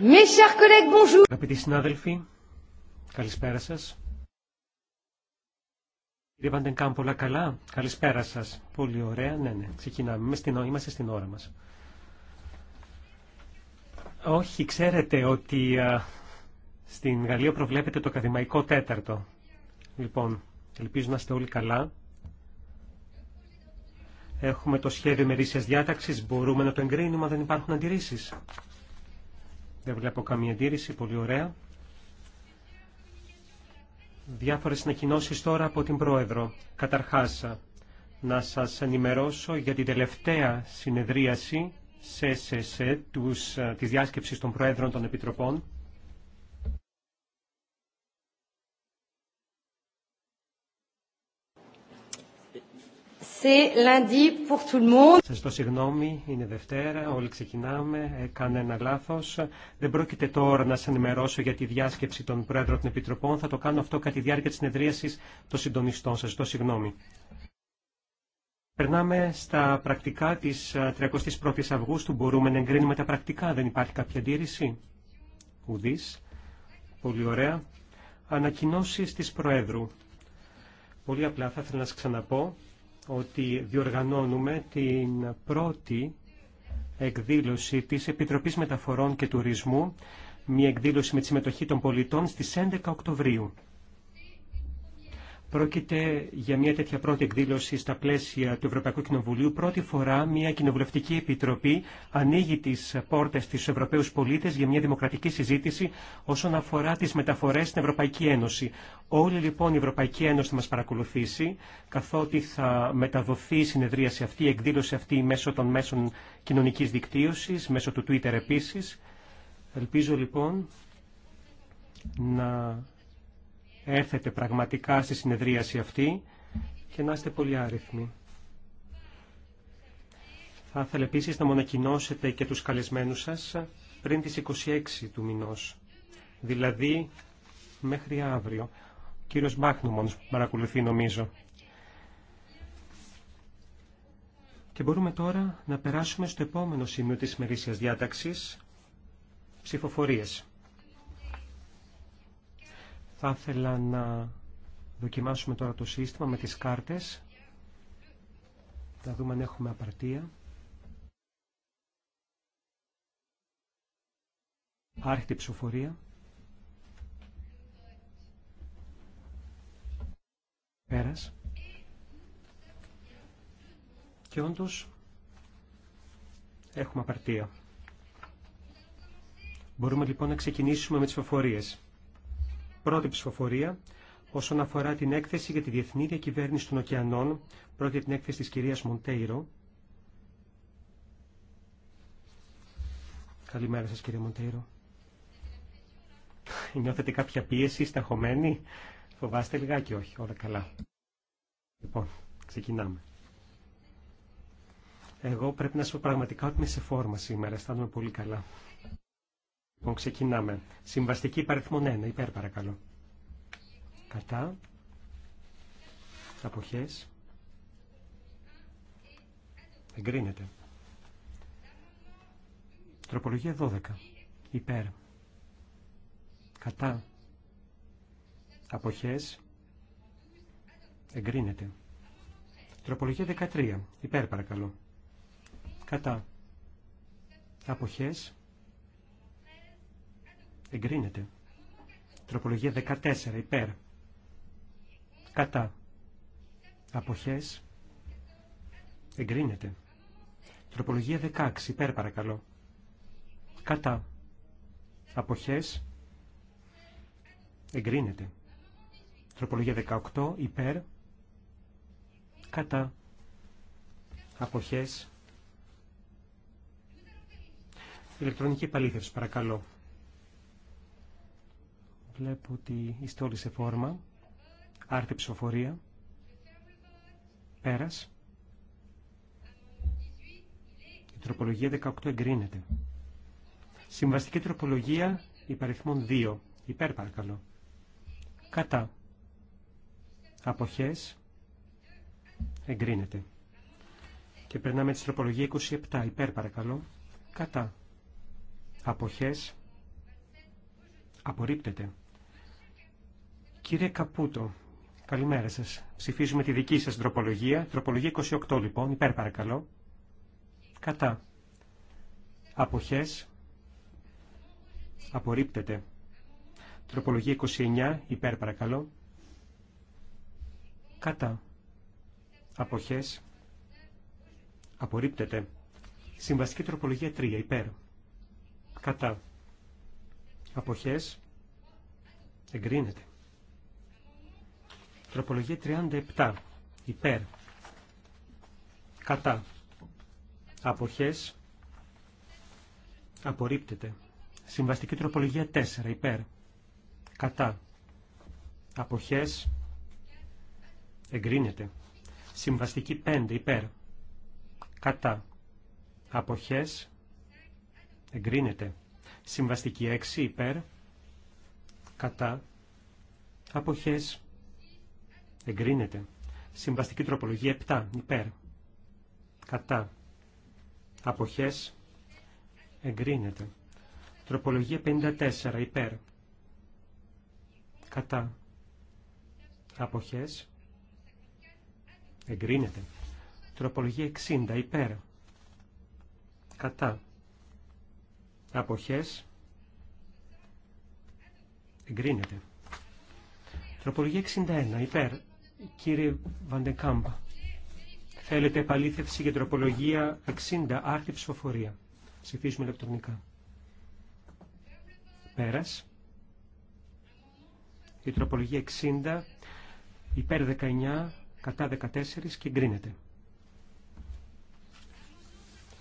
Mes Αγαπητοί συνάδελφοι, καλησπέρα σα. Κύριε Βαντενκάμ, πολλά καλά. Καλησπέρα σα, Πολύ ωραία. Ναι, ναι, ξεκινάμε. Είμαστε στην ώρα μας. Όχι, ξέρετε ότι στην Γαλλία προβλέπεται το ακαδημαϊκό τέταρτο. Λοιπόν, ελπίζω να είστε όλοι καλά. Έχουμε το σχέδιο μερίσιας διάταξη. Μπορούμε να το εγκρίνουμε δεν υπάρχουν αντιρρήσει. Δεν βλέπω καμία αντίρρηση. Πολύ ωραία. Διάφορες συνακοινώσεις τώρα από την Πρόεδρο. Καταρχάς, να σας ενημερώσω για την τελευταία συνεδρίαση σε, σε, τους, ε, της διάσκεψης των Προέδρων των Επιτροπών. Σα συγγνώμη, είναι Δευτέρα, όλοι ξεκινάμε, έκανε ε, ένα λάθος. Δεν πρόκειται τώρα να σα ενημερώσω για τη διάσκεψη των Πρόεδρων των Επιτροπών. Θα το κάνω αυτό κατά τη διάρκεια τη συνεδρίασης των συντονιστών. Σα το συγγνώμη. Περνάμε στα πρακτικά τη 31 ης Αυγούστου. Μπορούμε να εγκρίνουμε τα πρακτικά. Δεν υπάρχει κάποια αντίρρηση. Ουδή. Πολύ ωραία. Ανακοινώσει τη Προέδρου. Πολύ απλά θα ήθελα να σα ξαναπώ ότι διοργανώνουμε την πρώτη εκδήλωση της Επιτροπής Μεταφορών και Τουρισμού, μια εκδήλωση με τη συμμετοχή των πολιτών στις 11 Οκτωβρίου. Πρόκειται για μια τέτοια πρώτη εκδήλωση στα πλαίσια του Ευρωπαϊκού Κοινοβουλίου. Πρώτη φορά μια κοινοβουλευτική επιτροπή ανοίγει τι πόρτε στου Ευρωπαίου πολίτε για μια δημοκρατική συζήτηση όσον αφορά τι μεταφορέ στην Ευρωπαϊκή Ένωση. Όλη λοιπόν η Ευρωπαϊκή Ένωση θα μα παρακολουθήσει, καθότι θα μεταδοθεί η συνεδρίαση αυτή, η εκδήλωση αυτή μέσω των μέσων κοινωνική δικτύωση, μέσω του Twitter επίση. Ελπίζω λοιπόν να έρθετε πραγματικά στη συνεδρίαση αυτή και να είστε πολύ άριθμοι. Θα ήθελα επίση να μου και τους καλεσμένους σας πριν τις 26 του μηνός, δηλαδή μέχρι αύριο. Ο κύριος Μπάχνουμον παρακολουθεί νομίζω. Και μπορούμε τώρα να περάσουμε στο επόμενο σημείο της μερίσιας διάταξης, ψηφοφορίες. Θα ήθελα να δοκιμάσουμε τώρα το σύστημα με τις κάρτες. Να δούμε αν έχουμε απαρτία. Άρχεται η ψηφοφορία. Πέρας. Και όντως έχουμε απαρτία. Μπορούμε λοιπόν να ξεκινήσουμε με τις ψηφοφορίες πρώτη ψηφοφορία όσον αφορά την έκθεση για τη Διεθνή Διακυβέρνηση των Ωκεανών, πρώτη την έκθεση της κυρίας Μοντέιρο. Καλημέρα σας κύριε Μοντέιρο. Νιώθετε κάποια πίεση, σταχωμένη. Φοβάστε λιγάκι, όχι, όλα καλά. Λοιπόν, ξεκινάμε. Εγώ πρέπει να σου πω πραγματικά ότι είμαι σε φόρμα σήμερα, αισθάνομαι πολύ καλά. Λοιπόν, ξεκινάμε. Συμβαστική παριθμό 1. Υπέρ παρακαλώ. Κατά. Αποχές. Εγκρίνεται. Τροπολογία 12. Υπέρ. Κατά. Αποχές. Εγκρίνεται. Τροπολογία 13. Υπέρ παρακαλώ. Κατά. Αποχές. Εγκρίνεται. Τροπολογία 14 υπέρ. Κατά. Αποχές. Εγκρίνεται. Τροπολογία 16 υπέρ παρακαλώ. Κατά. Αποχές. Εγκρίνεται. Τροπολογία 18 υπέρ. Κατά. Αποχές. Ηλεκτρονική επαλήθευση παρακαλώ. Βλέπω ότι είστε όλοι σε φόρμα. Άρτη ψηφοφορία. Πέρας. Η τροπολογία 18 εγκρίνεται. Συμβαστική τροπολογία υπαριθμών 2. Υπέρ παρακαλώ. Κατά. Αποχές. Εγκρίνεται. Και περνάμε τη τροπολογία 27. Υπέρ παρακαλώ. Κατά. Αποχές. Απορρίπτεται. Κύριε Καπούτο, καλημέρα σας. Ψηφίζουμε τη δική σας τροπολογία. Τροπολογία 28 λοιπόν, υπέρ παρακαλώ. Κατά. Αποχές. Απορρίπτεται. Τροπολογία 29, υπέρ παρακαλώ. Κατά. Αποχές. Απορρίπτεται. Συμβαστική τροπολογία 3, υπέρ. Κατά. Αποχές. Εγκρίνεται. Τροπολογία 37. Υπέρ. Κατά. Αποχές. Απορρίπτεται. Συμβαστική τροπολογία 4. Υπέρ. Κατά. Αποχές. Εγκρίνεται. Συμβαστική 5. Υπέρ. Κατά. Αποχές. Εγκρίνεται. Συμβαστική 6. Υπέρ. Κατά. Αποχές Εγκρίνεται. Συμβαστική τροπολογία 7. Υπέρ. Κατά. Αποχές. Εγκρίνεται. Τροπολογία 54. Υπέρ. Κατά. Αποχές. Εγκρίνεται. Τροπολογία 60. Υπέρ. Κατά. Αποχές. Εγκρίνεται. Τροπολογία 61. Υπέρ. Κύριε Βαντεκάμπ, θέλετε επαλήθευση για τροπολογία 60, άρθρη ψηφοφορία. Ψηφίζουμε ηλεκτρονικά. Πέρας. Η τροπολογία 60, υπέρ 19, κατά 14 και εγκρίνεται.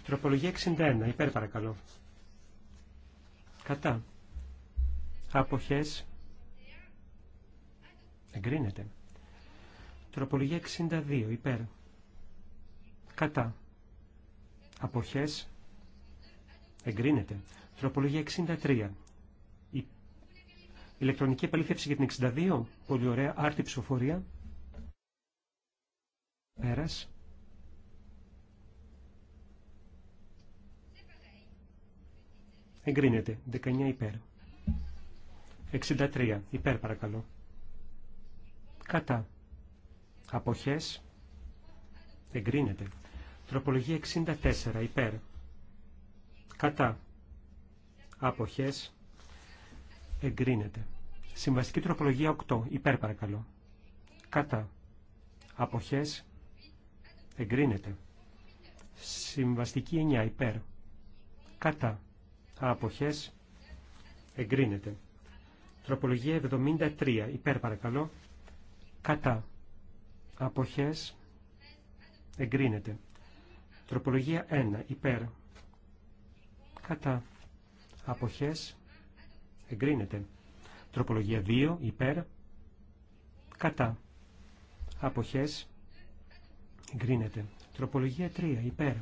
Τροπολογία 61, υπέρ παρακαλώ. Κατά. Αποχές. Εγκρίνεται. Τροπολογία 62 υπέρ. Κατά. Αποχές. Εγκρίνεται. Τροπολογία 63. Η... Ηλεκτρονική επαλήθευση για την 62. Πολύ ωραία. Άρτη ψηφοφορία. Πέρας. Εγκρίνεται. 19 υπέρ. 63. Υπέρ παρακαλώ. Κατά. Αποχές. Εγκρίνεται. Τροπολογία 64. Υπέρ. Κατά. Αποχές. Εγκρίνεται. Συμβαστική τροπολογία 8. Υπέρ παρακαλώ. Κατά. Αποχές. Εγκρίνεται. Συμβαστική 9. Υπέρ. Κατά. Αποχές. Εγκρίνεται. Τροπολογία 73. Υπέρ παρακαλώ. Κατά αποχές εγκρίνεται. Τροπολογία 1 υπέρ κατά αποχές εγκρίνεται. Τροπολογία 2 υπέρ κατά αποχές εγκρίνεται. Τροπολογία 3 υπέρ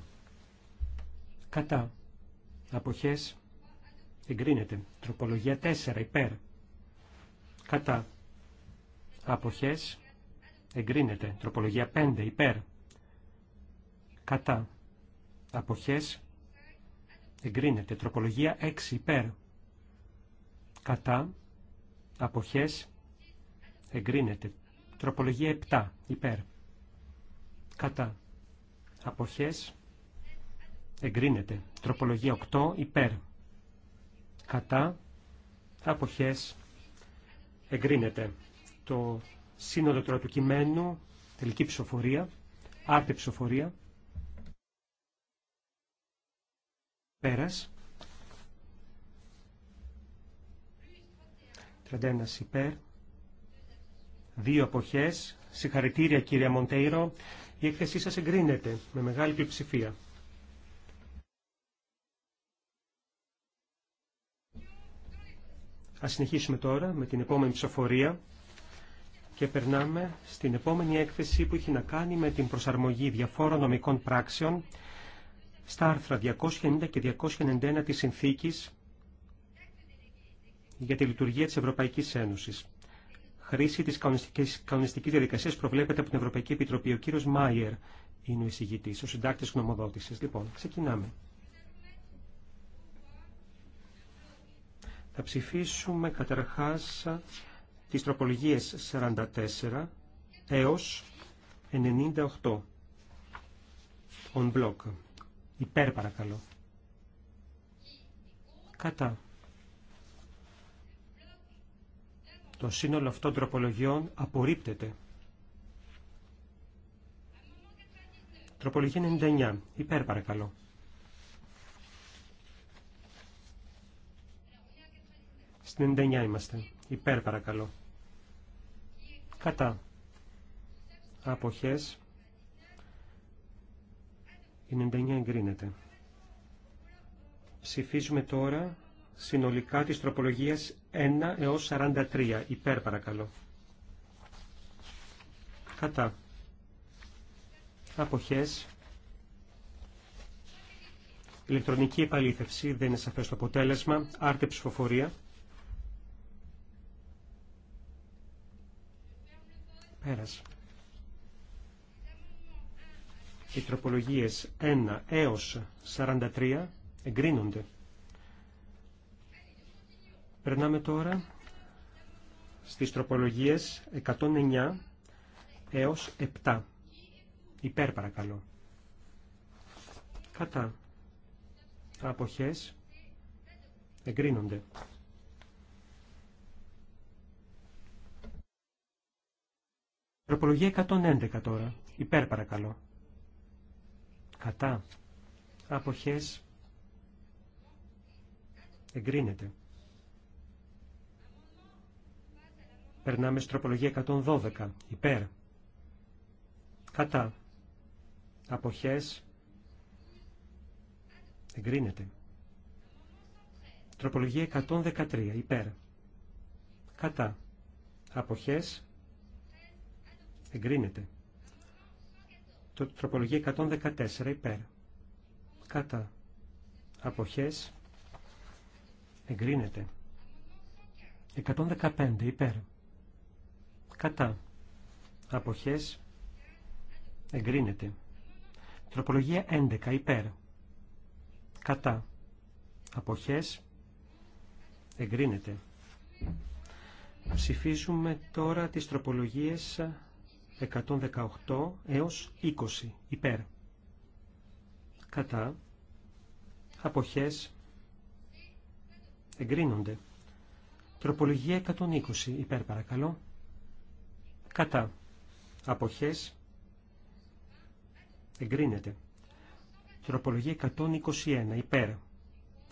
κατά αποχές εγκρίνεται. Τροπολογία 4 υπέρ κατά αποχές εγκρίνεται. Τροπολογία 5 υπέρ. Κατά. Αποχές εγκρίνεται. Τροπολογία 6 υπέρ. Κατά. Αποχές εγκρίνεται. Τροπολογία 7 υπέρ. Κατά. Αποχές εγκρίνεται. Τροπολογία 8 υπέρ. Κατά. Αποχές εγκρίνεται. Το Σύνολο τώρα του κειμένου, τελική ψηφοφορία, άρτη ψηφοφορία. Πέρας. 31 υπέρ. Δύο αποχές. Συγχαρητήρια κύριε Μοντέιρο. Η έκθεσή σας εγκρίνεται με μεγάλη πλειοψηφία. Ας συνεχίσουμε τώρα με την επόμενη ψηφοφορία. Και περνάμε στην επόμενη έκθεση που έχει να κάνει με την προσαρμογή διαφόρων νομικών πράξεων στα άρθρα 290 και 291 της Συνθήκης για τη λειτουργία της Ευρωπαϊκής Ένωσης. Χρήση της κανονιστικής, διαδικασίας προβλέπεται από την Ευρωπαϊκή Επιτροπή. Ο κύριος Μάιερ είναι ο εισηγητής, ο συντάκτης γνωμοδότησης. Λοιπόν, ξεκινάμε. Θα ψηφίσουμε καταρχάς τις τροπολογίες 44 έως 98. On block. Υπέρ παρακαλώ. Κατά. Το σύνολο αυτών τροπολογιών απορρίπτεται. Τροπολογία 99. Υπέρ παρακαλώ. Στην 99 είμαστε. Υπέρ παρακαλώ κατά αποχές η 99 εγκρίνεται. Ψηφίζουμε τώρα συνολικά τις τροπολογίες 1 έως 43. Υπέρ παρακαλώ. Κατά. Αποχές. Ηλεκτρονική επαλήθευση. Δεν είναι σαφές το αποτέλεσμα. Άρτε ψηφοφορία. Οι τροπολογίες 1 έως 43 εγκρίνονται. Περνάμε τώρα στις τροπολογίες 109 έως 7. Υπέρ παρακαλώ. Κατά. Αποχές εγκρίνονται. Τροπολογία 111 τώρα. Υπέρ παρακαλώ. Κατά. Αποχές. Εγκρίνεται. Περνάμε στην τροπολογία 112. Υπέρ. Κατά. Αποχές. Εγκρίνεται. Τροπολογία 113. Υπέρ. Κατά. Αποχές. Εγκρίνεται. Το τροπολογία 114 υπέρ. Κατά. Αποχές. Εγκρίνεται. 115 υπέρ. Κατά. Αποχές. Εγκρίνεται. Τροπολογία 11 υπέρ. Κατά. Αποχές. Εγκρίνεται. Ψηφίζουμε τώρα τις τροπολογίες 118 έως 20 υπέρ. Κατά αποχές εγκρίνονται. Τροπολογία 120 υπέρ παρακαλώ. Κατά αποχές εγκρίνεται. Τροπολογία 121 υπέρ.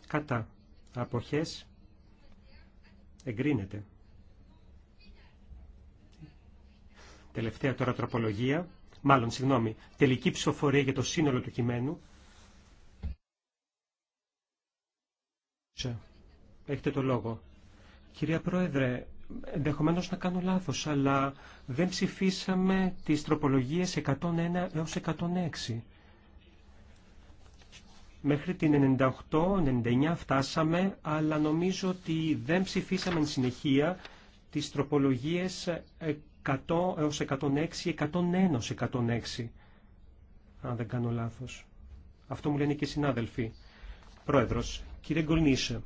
Κατά αποχές εγκρίνεται. Τελευταία τώρα τροπολογία, μάλλον συγγνώμη, τελική ψηφοφορία για το σύνολο του κειμένου. Έχετε το λόγο. Κυρία Πρόεδρε, ενδεχομένως να κάνω λάθος, αλλά δεν ψηφίσαμε τις τροπολογίες 101 έως 106. Μέχρι την 98-99 φτάσαμε, αλλά νομίζω ότι δεν ψηφίσαμε εν συνεχεία τις τροπολογίες 100 έως 106 ή 101 έως 106, αν δεν κάνω λάθος. Αυτό μου λένε και οι συνάδελφοι. Πρόεδρος, κύριε Γκολνίσο,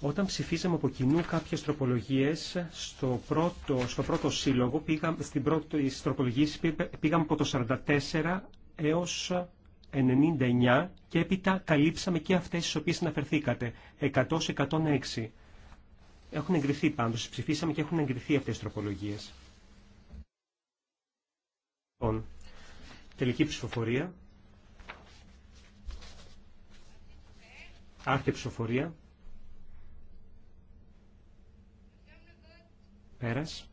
όταν ψηφίσαμε από κοινού κάποιες τροπολογίες στο πρώτο, στο πρώτο σύλλογο, πήγα, στην πρώτη τροπολογίες πήγαμε από το 44 έως 99 και έπειτα καλύψαμε και αυτές τις οποίες αναφερθήκατε, 100-106. Έχουν εγκριθεί πάντως, ψηφίσαμε και έχουν εγκριθεί αυτές οι τροπολογίες. Λοιπόν, τελική ψηφοφορία. Άρχεται ψηφοφορία. Πέρας.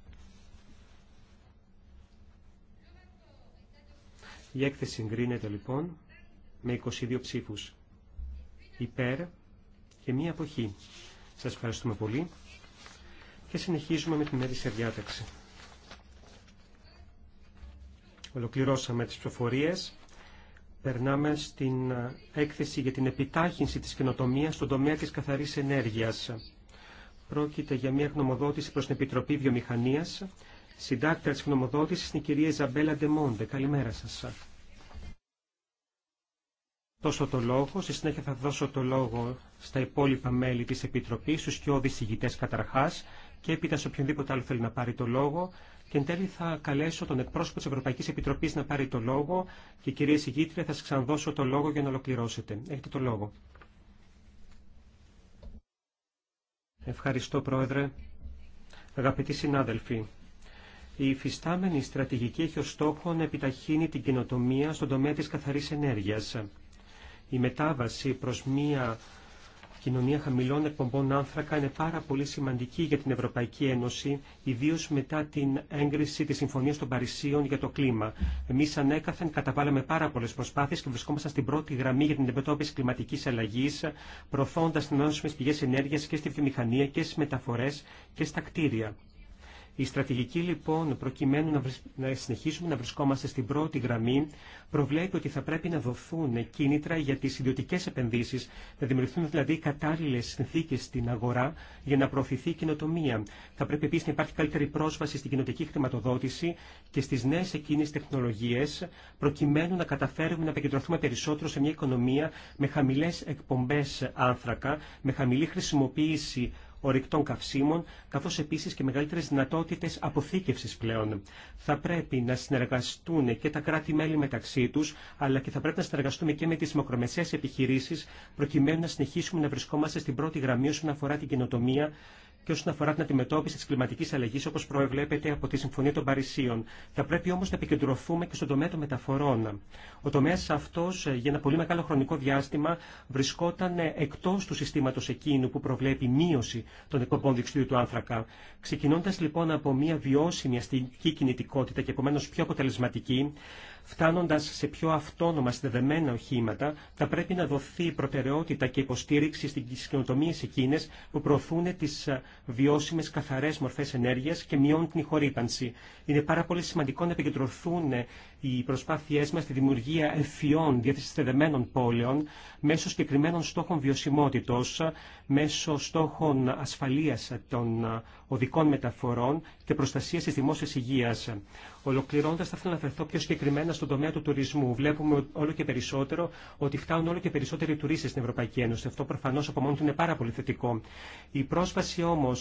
Η έκθεση συγκρίνεται λοιπόν με 22 ψήφους υπέρ και μία αποχή. Σας ευχαριστούμε πολύ και συνεχίζουμε με την μέρη διάταξη. Ολοκληρώσαμε τις προφορίες. Περνάμε στην ε, έκθεση για την επιτάχυνση της καινοτομία στον τομέα της καθαρής ενέργειας. Πρόκειται για μια γνωμοδότηση προς την Επιτροπή Βιομηχανίας. Συντάκτρα της γνωμοδότησης είναι η κυρία Ιζαμπέλα Ντεμόντε. Καλημέρα σας. Δώσω το λόγο, στη συνέχεια θα δώσω το λόγο στα υπόλοιπα μέλη της Επιτροπής, στους και οδησηγητές καταρχάς και έπειτα σε οποιονδήποτε άλλο θέλει να πάρει το λόγο. Και εν τέλει θα καλέσω τον εκπρόσωπο τη Ευρωπαϊκή Επιτροπή να πάρει το λόγο και κυρία Συγήτρια θα σα ξαναδώσω το λόγο για να ολοκληρώσετε. Έχετε το λόγο. Ευχαριστώ Πρόεδρε. Αγαπητοί συνάδελφοι, η υφιστάμενη στρατηγική έχει ως στόχο να επιταχύνει την καινοτομία στον τομέα της καθαρής ενέργειας. Η μετάβαση προς μία κοινωνία χαμηλών εκπομπών άνθρακα είναι πάρα πολύ σημαντική για την Ευρωπαϊκή Ένωση, ιδίω μετά την έγκριση τη Συμφωνία των Παρισίων για το κλίμα. Εμεί ανέκαθεν καταβάλαμε πάρα πολλέ προσπάθειες και βρισκόμασταν στην πρώτη γραμμή για την αντιμετώπιση κλιματικής αλλαγής, προωθώντας νέες πηγές ενέργεια και στη βιομηχανία και στι μεταφορέ και στα κτίρια. Η στρατηγική λοιπόν, προκειμένου να συνεχίσουμε να βρισκόμαστε στην πρώτη γραμμή, προβλέπει ότι θα πρέπει να δοθούν κίνητρα για τις ιδιωτικές επενδύσεις, να δημιουργηθούν δηλαδή κατάλληλες συνθήκες στην αγορά για να προωθηθεί η κοινοτομία. Θα πρέπει επίσης να υπάρχει καλύτερη πρόσβαση στην κοινοτική χρηματοδότηση και στις νέες εκείνες τεχνολογίες, προκειμένου να καταφέρουμε να επικεντρωθούμε περισσότερο σε μια οικονομία με χαμηλές εκπομπές άνθρακα, με χαμηλή χρησιμοποίηση ορυκτών καυσίμων, καθώς επίσης και μεγαλύτερες δυνατότητες αποθήκευσης πλέον. Θα πρέπει να συνεργαστούν και τα κράτη-μέλη μεταξύ τους, αλλά και θα πρέπει να συνεργαστούμε και με τις μικρομεσαίες επιχειρήσεις, προκειμένου να συνεχίσουμε να βρισκόμαστε στην πρώτη γραμμή όσον αφορά την καινοτομία και όσον αφορά την αντιμετώπιση τη κλιματική αλλαγή όπω προεβλέπεται από τη Συμφωνία των Παρισίων. Θα πρέπει όμω να επικεντρωθούμε και στον τομέα των μεταφορών. Ο τομέα αυτό ε, για ένα πολύ μεγάλο χρονικό διάστημα βρισκόταν ε, εκτό του συστήματο εκείνου που προβλέπει μείωση των εκπομπών διοξιδίου του άνθρακα. Ξεκινώντα λοιπόν από μια βιώσιμη αστική κινητικότητα και επομένω πιο αποτελεσματική, φτάνοντας σε πιο αυτόνομα συνδεδεμένα οχήματα, θα πρέπει να δοθεί προτεραιότητα και υποστήριξη στις κοινοτομίε εκείνες που προωθούν τις ε, βιώσιμες καθαρές μορφές ενέργειας και μειώνουν την ηχορύπανση. Είναι πάρα πολύ σημαντικό να επικεντρωθούν ε, οι προσπάθειέ μα στη δημιουργία ευφυών διαθεσιστεδεμένων πόλεων μέσω συγκεκριμένων στόχων βιωσιμότητο, μέσω στόχων ασφαλεία των οδικών μεταφορών και προστασία τη δημόσια υγεία. Ολοκληρώνοντα, θα ήθελα να αναφερθώ πιο συγκεκριμένα στον τομέα του τουρισμού. Βλέπουμε όλο και περισσότερο ότι φτάνουν όλο και περισσότεροι τουρίστε στην Ευρωπαϊκή Ένωση. Αυτό προφανώ από μόνο του είναι πάρα πολύ θετικό. Η πρόσβαση όμω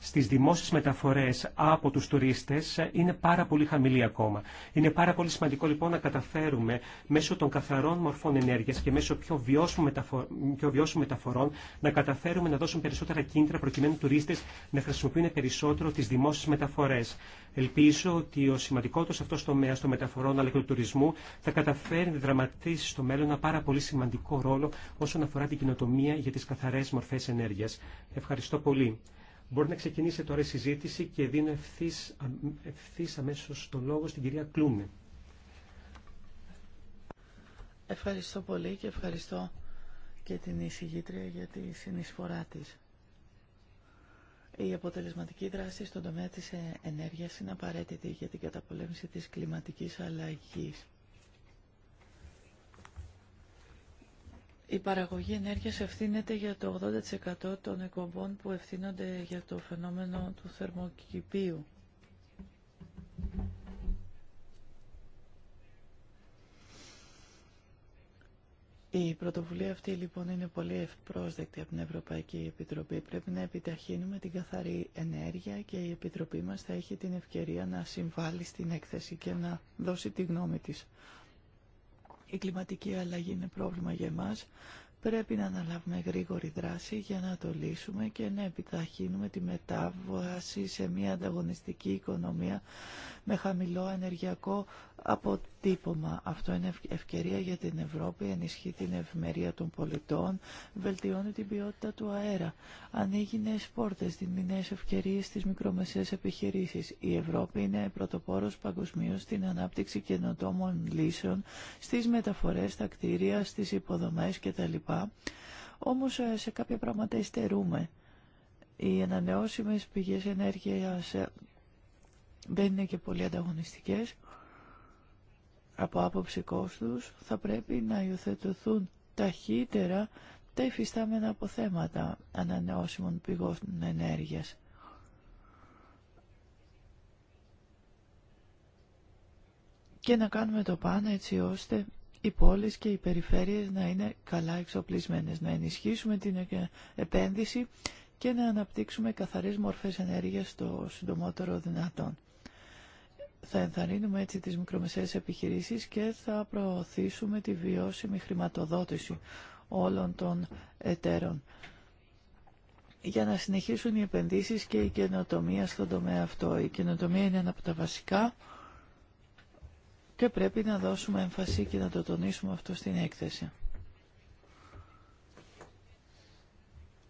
στι δημόσιε μεταφορέ από του τουρίστε είναι πάρα πολύ χαμηλή ακόμα. Είναι πάρα σημαντικό λοιπόν να καταφέρουμε μέσω των καθαρών μορφών ενέργειας και μέσω πιο βιώσιμων, μεταφορών να καταφέρουμε να δώσουμε περισσότερα κίνητρα προκειμένου τουρίστες να χρησιμοποιούν περισσότερο τις δημόσιες μεταφορές. Ελπίζω ότι ο σημαντικότερος αυτός τομέας των μεταφορών αλλά και του τουρισμού θα καταφέρει να δραματίσει στο μέλλον ένα πάρα πολύ σημαντικό ρόλο όσον αφορά την κοινοτομία για τις καθαρές μορφές ενέργειας. Ευχαριστώ πολύ. Μπορεί να ξεκινήσει τώρα η συζήτηση και δίνω ευθύ αμέσω το λόγο στην κυρία Κλούνε. Ευχαριστώ πολύ και ευχαριστώ και την εισηγήτρια για τη συνεισφορά της. Η αποτελεσματική δράση στον τομέα της ε, ενέργειας είναι απαραίτητη για την καταπολέμηση της κλιματικής αλλαγής. Η παραγωγή ενέργειας ευθύνεται για το 80% των εκπομπών που ευθύνονται για το φαινόμενο του θερμοκηπίου. Η πρωτοβουλία αυτή λοιπόν είναι πολύ ευπρόσδεκτη από την Ευρωπαϊκή Επιτροπή. Πρέπει να επιταχύνουμε την καθαρή ενέργεια και η Επιτροπή μας θα έχει την ευκαιρία να συμβάλλει στην έκθεση και να δώσει τη γνώμη της. Η κλιματική αλλαγή είναι πρόβλημα για εμάς. Πρέπει να αναλάβουμε γρήγορη δράση για να το λύσουμε και να επιταχύνουμε τη μετάβαση σε μια ανταγωνιστική οικονομία με χαμηλό ενεργειακό αποτύπωμα. Αυτό είναι ευκαιρία για την Ευρώπη, ενισχύει την ευημερία των πολιτών, βελτιώνει την ποιότητα του αέρα, ανοίγει νέε πόρτες, δίνει νέε ευκαιρίες στις μικρομεσαίες επιχειρήσεις. Η Ευρώπη είναι πρωτοπόρος παγκοσμίως στην ανάπτυξη καινοτόμων λύσεων, στις μεταφορές, στα κτίρια, στις υποδομές κτλ. Όμως ε, σε κάποια πράγματα υστερούμε. Οι ανανεώσιμες πηγές ενέργειας ε, δεν είναι και πολύ ανταγωνιστικές από άποψη κόστους θα πρέπει να υιοθετηθούν ταχύτερα τα υφιστάμενα αποθέματα ανανεώσιμων πηγών ενέργειας. Και να κάνουμε το πάνω έτσι ώστε οι πόλεις και οι περιφέρειες να είναι καλά εξοπλισμένες, να ενισχύσουμε την ε, επένδυση και να αναπτύξουμε καθαρές μορφές ενέργειας το συντομότερο δυνατόν. Θα ενθαρρύνουμε έτσι τις μικρομεσαίες επιχειρήσεις και θα προωθήσουμε τη βιώσιμη χρηματοδότηση όλων των εταίρων για να συνεχίσουν οι επενδύσεις και η καινοτομία στον τομέα αυτό. Η καινοτομία είναι ένα από τα βασικά και πρέπει να δώσουμε έμφαση και να το τονίσουμε αυτό στην έκθεση.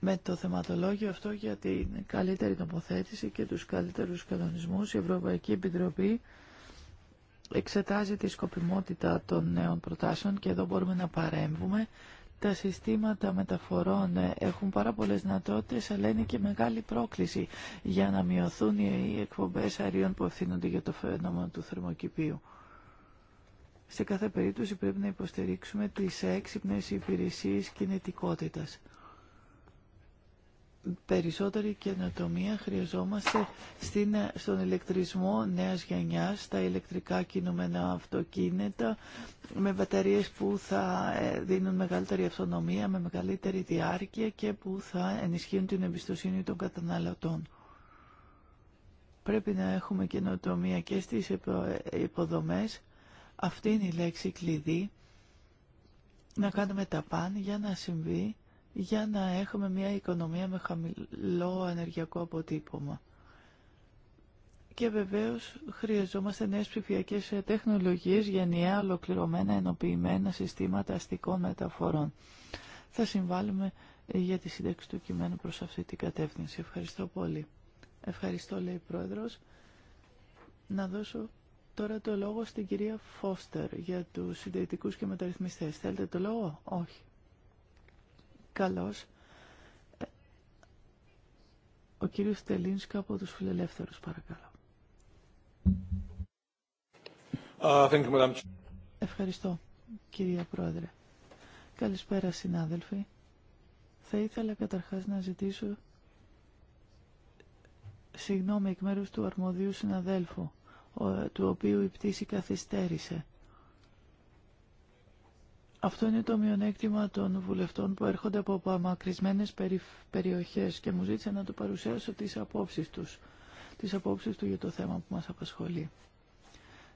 με το θεματολόγιο αυτό για την καλύτερη τοποθέτηση και τους καλύτερους κανονισμούς. Η Ευρωπαϊκή Επιτροπή εξετάζει τη σκοπιμότητα των νέων προτάσεων και εδώ μπορούμε να παρέμβουμε. Τα συστήματα μεταφορών έχουν πάρα πολλές δυνατότητε, αλλά είναι και μεγάλη πρόκληση για να μειωθούν οι εκπομπές αερίων που ευθύνονται για το φαινόμενο του θερμοκηπίου. Σε κάθε περίπτωση πρέπει να υποστηρίξουμε τις έξυπνες υπηρεσίες κινητικότητας περισσότερη καινοτομία χρειαζόμαστε στον ηλεκτρισμό νέας γενιάς, στα ηλεκτρικά κινούμενα αυτοκίνητα, με μπαταρίες που θα ε, δίνουν μεγαλύτερη αυτονομία, με μεγαλύτερη διάρκεια και που θα ενισχύουν την εμπιστοσύνη των καταναλωτών. Πρέπει να έχουμε καινοτομία και στις υποδομές. Αυτή είναι η λέξη κλειδί. Να κάνουμε τα παν για να συμβεί για να έχουμε μια οικονομία με χαμηλό ενεργειακό αποτύπωμα. Και βεβαίως χρειαζόμαστε νέες ψηφιακέ τεχνολογίες για νέα ολοκληρωμένα ενοποιημένα συστήματα αστικών μεταφορών. Θα συμβάλλουμε για τη σύνταξη του κειμένου προς αυτή την κατεύθυνση. Ευχαριστώ πολύ. Ευχαριστώ, λέει η Πρόεδρος. Να δώσω τώρα το λόγο στην κυρία Φώστερ για τους συντηρητικούς και μεταρρυθμιστές. Θέλετε το λόγο? Όχι καλός. Ο κύριος Τελίνσκα από τους φιλελεύθερους, παρακαλώ. Ευχαριστώ, κυρία Πρόεδρε. Καλησπέρα, συνάδελφοι. Θα ήθελα καταρχάς να ζητήσω συγγνώμη εκ μέρους του αρμοδίου συναδέλφου, του οποίου η πτήση καθυστέρησε. Αυτό είναι το μειονέκτημα των βουλευτών που έρχονται από απομακρυσμένε περιοχές και μου ζήτησε να του παρουσιάσω τι, απόψεις τους, τις απόψεις του για το θέμα που μας απασχολεί.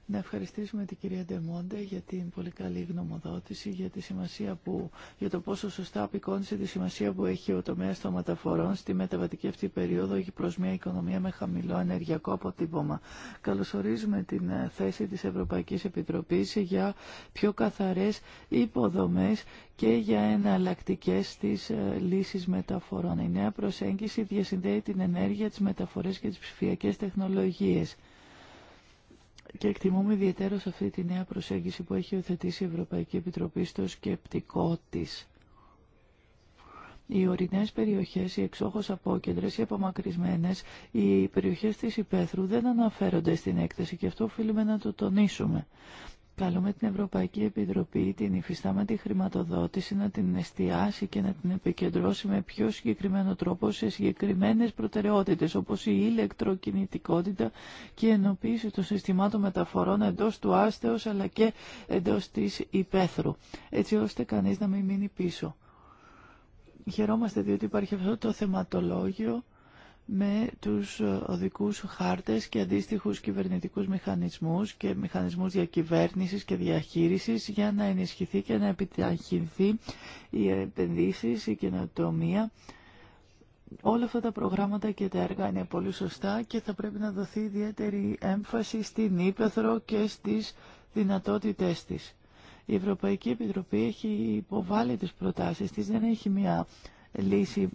Να ευχαριστήσουμε την κυρία Ντεμόντε για την πολύ καλή γνωμοδότηση, για, τη σημασία που, για το πόσο σωστά απεικόνισε τη σημασία που έχει ο τομέα των μεταφορών στη μεταβατική αυτή περίοδο προ μια οικονομία με χαμηλό ενεργειακό αποτύπωμα. Καλωσορίζουμε την ε, θέση τη Ευρωπαϊκή Επιτροπή για πιο καθαρέ υποδομέ και για εναλλακτικέ της ε, λύσεις μεταφορών. Η νέα προσέγγιση διασυνδέει την ενέργεια, τι μεταφορέ και τι ψηφιακέ τεχνολογίε και εκτιμούμε ιδιαίτερα σε αυτή τη νέα προσέγγιση που έχει οθετήσει η Ευρωπαϊκή Επιτροπή στο σκεπτικό της. Οι ορεινέ περιοχές, οι εξόχως απόκεντρες, οι απομακρυσμένες, οι περιοχές της υπαίθρου δεν αναφέρονται στην έκθεση και αυτό οφείλουμε να το τονίσουμε. Καλούμε την Ευρωπαϊκή Επιτροπή, την υφιστάμενη χρηματοδότηση, να την εστιάσει και να την επικεντρώσει με πιο συγκεκριμένο τρόπο σε συγκεκριμένες προτεραιότητες, όπως η ηλεκτροκινητικότητα και η ενοποίηση των συστημάτων μεταφορών εντός του άστεως αλλά και εντός της υπαίθρου, έτσι ώστε κανείς να μην μείνει πίσω. Χαιρόμαστε διότι υπάρχει αυτό το θεματολόγιο με τους ε, οδικούς χάρτες και αντίστοιχους κυβερνητικούς μηχανισμούς και μηχανισμούς διακυβέρνησης και διαχείρισης για να ενισχυθεί και να επιταχυνθεί οι επενδύσεις, η καινοτομία. Όλα αυτά τα προγράμματα και τα έργα είναι πολύ σωστά και θα πρέπει να δοθεί ιδιαίτερη έμφαση στην Ήπεθρο και στις δυνατότητές της. Η Ευρωπαϊκή Επιτροπή έχει υποβάλει τις προτάσεις της, δεν έχει μια λύση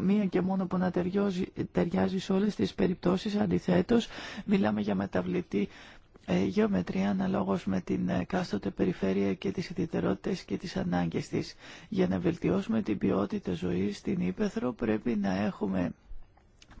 μία και μόνο που να ταιριάζει, σε όλες τις περιπτώσεις. Αντιθέτως, μιλάμε για μεταβλητή ε, γεωμετρία αναλόγως με την ε, κάστοτε περιφέρεια και τις ιδιαιτερότητες και τις ανάγκες της. Για να βελτιώσουμε την ποιότητα ζωής στην Ήπεθρο πρέπει να έχουμε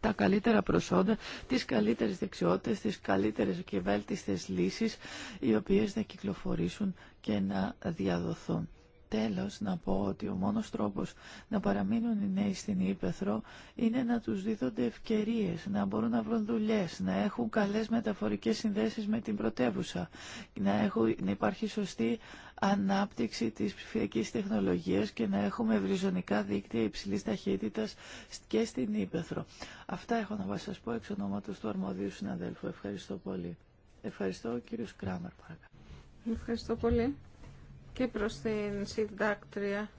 τα καλύτερα προσόντα, τις καλύτερες δεξιότητες, τις καλύτερες και βέλτιστες λύσεις οι οποίες να κυκλοφορήσουν και να διαδοθούν. Τέλος, να πω ότι ο μόνος τρόπος να παραμείνουν οι νέοι στην Ήπεθρο είναι να τους δίδονται ευκαιρίες, να μπορούν να βρουν δουλειέ, να έχουν καλές μεταφορικές συνδέσεις με την πρωτεύουσα, να, έχουν, να υπάρχει σωστή ανάπτυξη της ψηφιακής τεχνολογίας και να έχουμε ευρυζωνικά δίκτυα υψηλής ταχύτητας και στην Ήπεθρο. Αυτά έχω να σας πω εξ ονόματος του αρμοδίου συναδέλφου. Ευχαριστώ πολύ. Ευχαριστώ κύριο Κράμερ παρακαλώ. Ευχαριστώ πολύ και προς την συντάκτρια.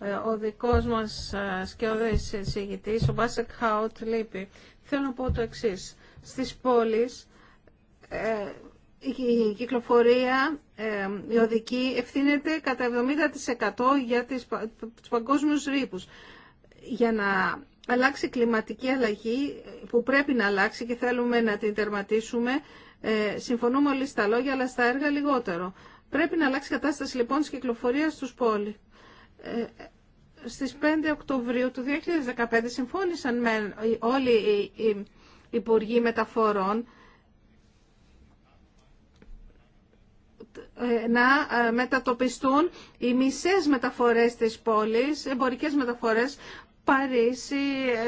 Ε, ο δικός μας ε, σκιώδης συγητής, ο Μπάσεκ Χαουτ, λείπει. Θέλω να πω το εξής. Στις πόλεις ε, η κυκλοφορία η οδική ευθύνεται κατά 70% για τις, τους παγκόσμιους ρήπους. Για να αλλάξει κλιματική αλλαγή που πρέπει να αλλάξει και θέλουμε να την τερματίσουμε, συμφωνούμε όλοι στα λόγια αλλά στα έργα λιγότερο. Πρέπει να αλλάξει η κατάσταση λοιπόν τη κυκλοφορία στους πόλεις. Ε, στις 5 Οκτωβρίου του 2015 συμφώνησαν με όλοι οι Υπουργοί Μεταφορών ε, να ε, μετατοπιστούν οι μισές μεταφορές της πόλης, εμπορικές μεταφορές, Παρίσι,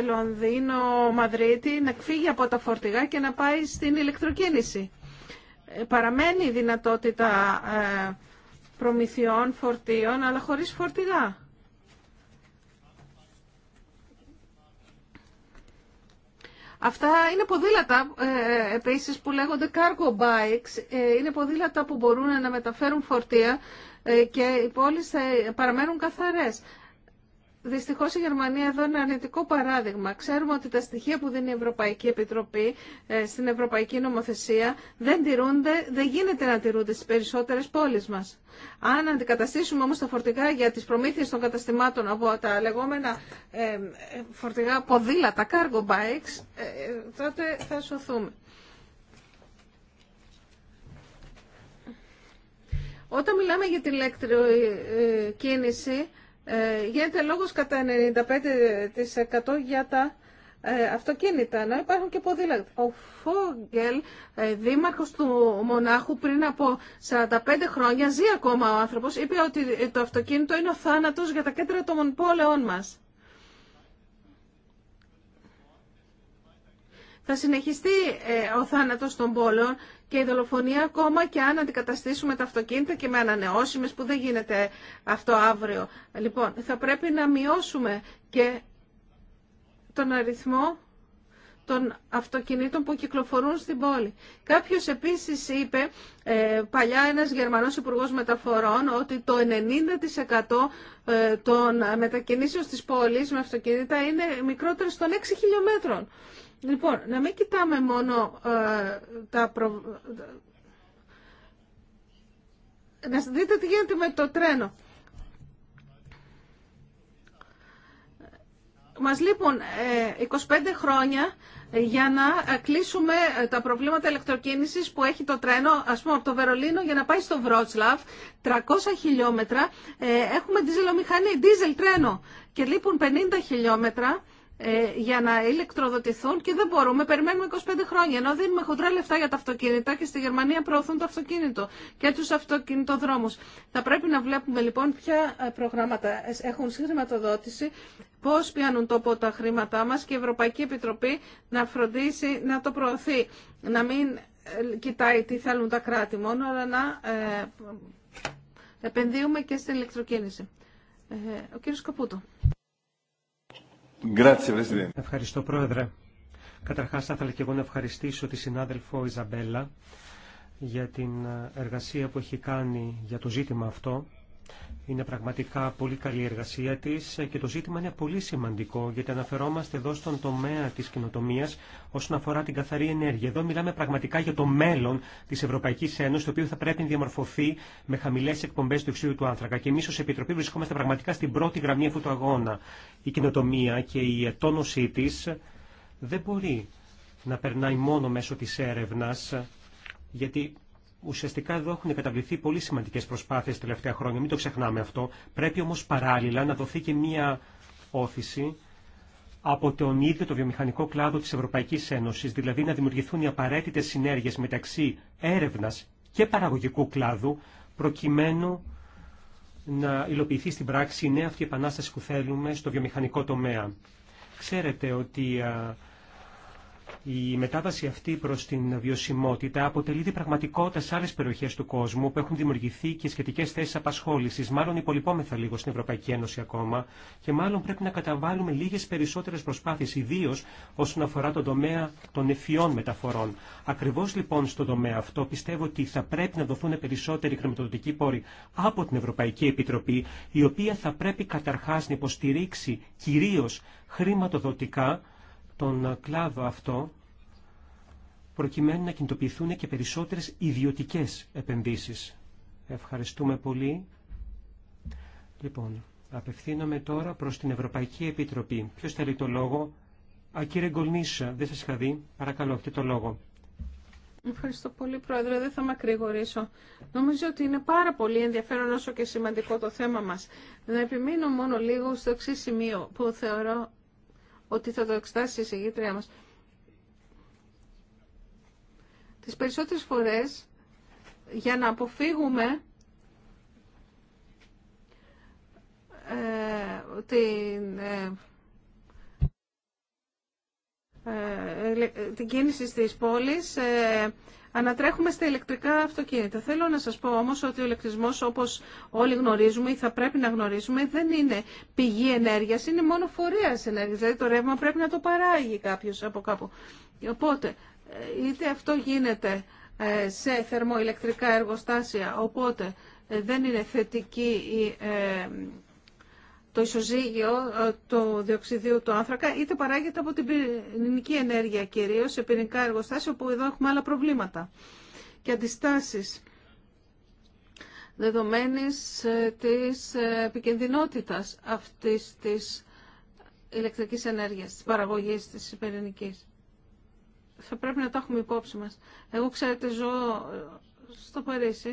Λονδίνο, Μαδρίτη, να φύγει από τα φορτηγά και να πάει στην ηλεκτροκίνηση παραμένει η δυνατότητα ε, προμηθειών φορτίων, αλλά χωρίς φορτηγά. Αυτά είναι ποδήλατα ε, επίσης που λέγονται cargo bikes. Ε, είναι ποδήλατα που μπορούν να μεταφέρουν φορτία και οι πόλεις παραμένουν καθαρές. Δυστυχώς η Γερμανία εδώ είναι αρνητικό παράδειγμα. Ξέρουμε ότι τα στοιχεία που δίνει η Ευρωπαϊκή Επιτροπή ε, στην Ευρωπαϊκή Νομοθεσία δεν τηρούνται, δεν γίνεται να τηρούνται στις περισσότερες πόλεις μας. Αν αντικαταστήσουμε όμως τα φορτηγά για τις προμήθειες των καταστημάτων από τα λεγόμενα ε, φορτηγά ποδήλατα, cargo bikes, ε, τότε θα σωθούμε. Όταν μιλάμε για την ηλεκτροκίνηση, ε, γίνεται λόγος κατά 95% για τα ε, αυτοκίνητα, Να υπάρχουν και ποδήλατα. Ο Φόγγελ, ε, δήμαρχος του Μονάχου πριν από 45 χρόνια, ζει ακόμα ο άνθρωπος, είπε ότι το αυτοκίνητο είναι ο θάνατος για τα κέντρα των πόλεων μας. θα συνεχιστεί ε, ο θάνατος των πόλεων και η δολοφονία ακόμα και αν αντικαταστήσουμε τα αυτοκίνητα και με ανανεώσιμες που δεν γίνεται αυτό αύριο. Λοιπόν, θα πρέπει να μειώσουμε και τον αριθμό των αυτοκινήτων που κυκλοφορούν στην πόλη. Κάποιος επίσης είπε ε, παλιά ένας Γερμανός Υπουργός Μεταφορών ότι το 90% ε, των μετακινήσεων στις πόλεις με αυτοκινήτα είναι μικρότερο των 6 χιλιόμετρων. Λοιπόν, να μην κοιτάμε μόνο ε, τα προ... Να δείτε τι γίνεται με το τρένο. Μας λείπουν 25 ε, χρόνια για να ε, κλείσουμε τα προβλήματα ηλεκτροκίνησης που έχει το τρένο, ας πούμε από το Βερολίνο για να πάει στο Βρότσλαβ, 300 χιλιόμετρα, έχουμε μηχανή, δίζελ τρένο και λείπουν 50 χιλιόμετρα ε, για να ηλεκτροδοτηθούν και δεν μπορούμε. Περιμένουμε 25 χρόνια. Ενώ δίνουμε χοντρά λεφτά για τα αυτοκίνητα και στη Γερμανία προωθούν το αυτοκίνητο και του αυτοκινητοδρόμου. Θα πρέπει να βλέπουμε λοιπόν ποια ε, προγράμματα έχουν συγχρηματοδότηση, πώ πιάνουν τόπο τα χρήματά μα και η Ευρωπαϊκή Επιτροπή να φροντίσει να το προωθεί. Να μην ε, κοιτάει τι θέλουν τα κράτη μόνο, αλλά να επενδύουμε και στην ηλεκτροκίνηση. ο κύριος Καπούτο. Ευχαριστώ, Πρόεδρε. Καταρχάς, θα ήθελα και εγώ να ευχαριστήσω τη συνάδελφο Ιζαμπέλα για την εργασία που έχει κάνει για το ζήτημα αυτό. Είναι πραγματικά πολύ καλή η εργασία της και το ζήτημα είναι πολύ σημαντικό γιατί αναφερόμαστε εδώ στον τομέα της κοινοτομία όσον αφορά την καθαρή ενέργεια. Εδώ μιλάμε πραγματικά για το μέλλον της Ευρωπαϊκής Ένωσης το οποίο θα πρέπει να διαμορφωθεί με χαμηλές εκπομπές του οξύδου του άνθρακα και εμείς ως Επιτροπή βρισκόμαστε πραγματικά στην πρώτη γραμμή αυτού του αγώνα. Η κοινοτομία και η τόνωσή της δεν μπορεί να περνάει μόνο μέσω τη έρευνας γιατί Ουσιαστικά εδώ έχουν καταβληθεί πολύ σημαντικέ προσπάθειε τελευταία χρόνια, μην το ξεχνάμε αυτό. Πρέπει όμω παράλληλα να δοθεί και μία όθηση από τον ίδιο το βιομηχανικό κλάδο τη Ευρωπαϊκή Ένωση, δηλαδή να δημιουργηθούν οι απαραίτητε συνέργειε μεταξύ έρευνα και παραγωγικού κλάδου, προκειμένου να υλοποιηθεί στην πράξη η νέα αυτή επανάσταση που θέλουμε στο βιομηχανικό τομέα. Ξέρετε ότι η μετάβαση αυτή προς την βιωσιμότητα αποτελεί πραγματικότητα σε άλλες περιοχές του κόσμου που έχουν δημιουργηθεί και σχετικές θέσεις απασχόλησης. Μάλλον υπολοιπόμεθα λίγο στην Ευρωπαϊκή Ένωση ακόμα και μάλλον πρέπει να καταβάλουμε λίγες περισσότερες προσπάθειες, ιδίω όσον αφορά τον τομέα των εφιών μεταφορών. Ακριβώς λοιπόν στον τομέα αυτό πιστεύω ότι θα πρέπει να δοθούν περισσότεροι χρηματοδοτικοί πόροι από την Ευρωπαϊκή Επιτροπή, η οποία θα πρέπει καταρχάς να υποστηρίξει κυρίως χρηματοδοτικά τον κλάδο αυτό προκειμένου να κινητοποιηθούν και περισσότερες ιδιωτικές επενδύσεις. Ευχαριστούμε πολύ. Λοιπόν, απευθύνομαι τώρα προς την Ευρωπαϊκή Επιτροπή. Ποιος θέλει το λόγο. Α, κύριε Γκολνίσσα, δεν σας είχα δει. Παρακαλώ, έχετε το λόγο. Ευχαριστώ πολύ, Πρόεδρε. Δεν θα με ακρηγορήσω. Νομίζω ότι είναι πάρα πολύ ενδιαφέρον όσο και σημαντικό το θέμα μας. Να επιμείνω μόνο λίγο στο εξή σημείο που θεωρώ ότι θα το εξετάσει η συγγήτριά μας. Τις περισσότερες φορές, για να αποφύγουμε ε, την, ε, ε, ε την κίνηση στις πόλεις ε, Ανατρέχουμε στα ηλεκτρικά αυτοκίνητα. Θέλω να σας πω όμως ότι ο ηλεκτρισμός όπως όλοι γνωρίζουμε ή θα πρέπει να γνωρίζουμε δεν είναι πηγή ενέργειας, είναι μόνο φορέας ενέργειας. Δηλαδή το ρεύμα πρέπει να το παράγει κάποιος από κάπου. Οπότε ε, είτε αυτό γίνεται ε, σε θερμοηλεκτρικά εργοστάσια, οπότε ε, δεν είναι θετική η το ισοζύγιο ε, του διοξιδίου του άνθρακα, είτε παράγεται από την πυρηνική ενέργεια κυρίως, σε πυρηνικά εργοστάσια, όπου εδώ έχουμε άλλα προβλήματα και αντιστάσεις δεδομένης ε, της ε, επικενδυνότητας αυτής της ηλεκτρικής ενέργειας, της παραγωγής της πυρηνικής. Θα πρέπει να το έχουμε υπόψη μας. Εγώ, ξέρετε, ζω στο Παρίσι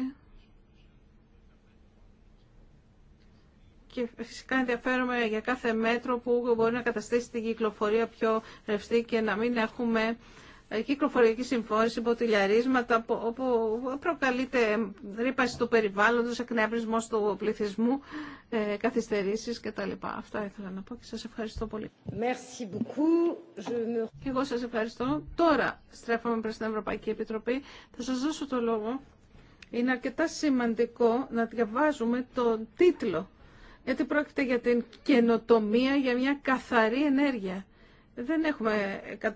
και φυσικά ενδιαφέρομαι για κάθε μέτρο που μπορεί να καταστήσει την κυκλοφορία πιο ρευστή και να μην έχουμε ε, κυκλοφοριακή συμφόρηση, ποτηλιαρίσματα, όπου προκαλείται ρήπαση του περιβάλλοντος, εκνευρισμός του πληθυσμού, ε, καθυστερήσεις κτλ. Αυτά ήθελα να πω και σας ευχαριστώ πολύ. Merci beaucoup. Je... Και εγώ σας ευχαριστώ. Τώρα στρέφομαι προς την Ευρωπαϊκή Επιτροπή. Θα σας δώσω το λόγο. Είναι αρκετά σημαντικό να διαβάζουμε τον τίτλο γιατί πρόκειται για την καινοτομία, για μια καθαρή ενέργεια. Δεν έχουμε 100.000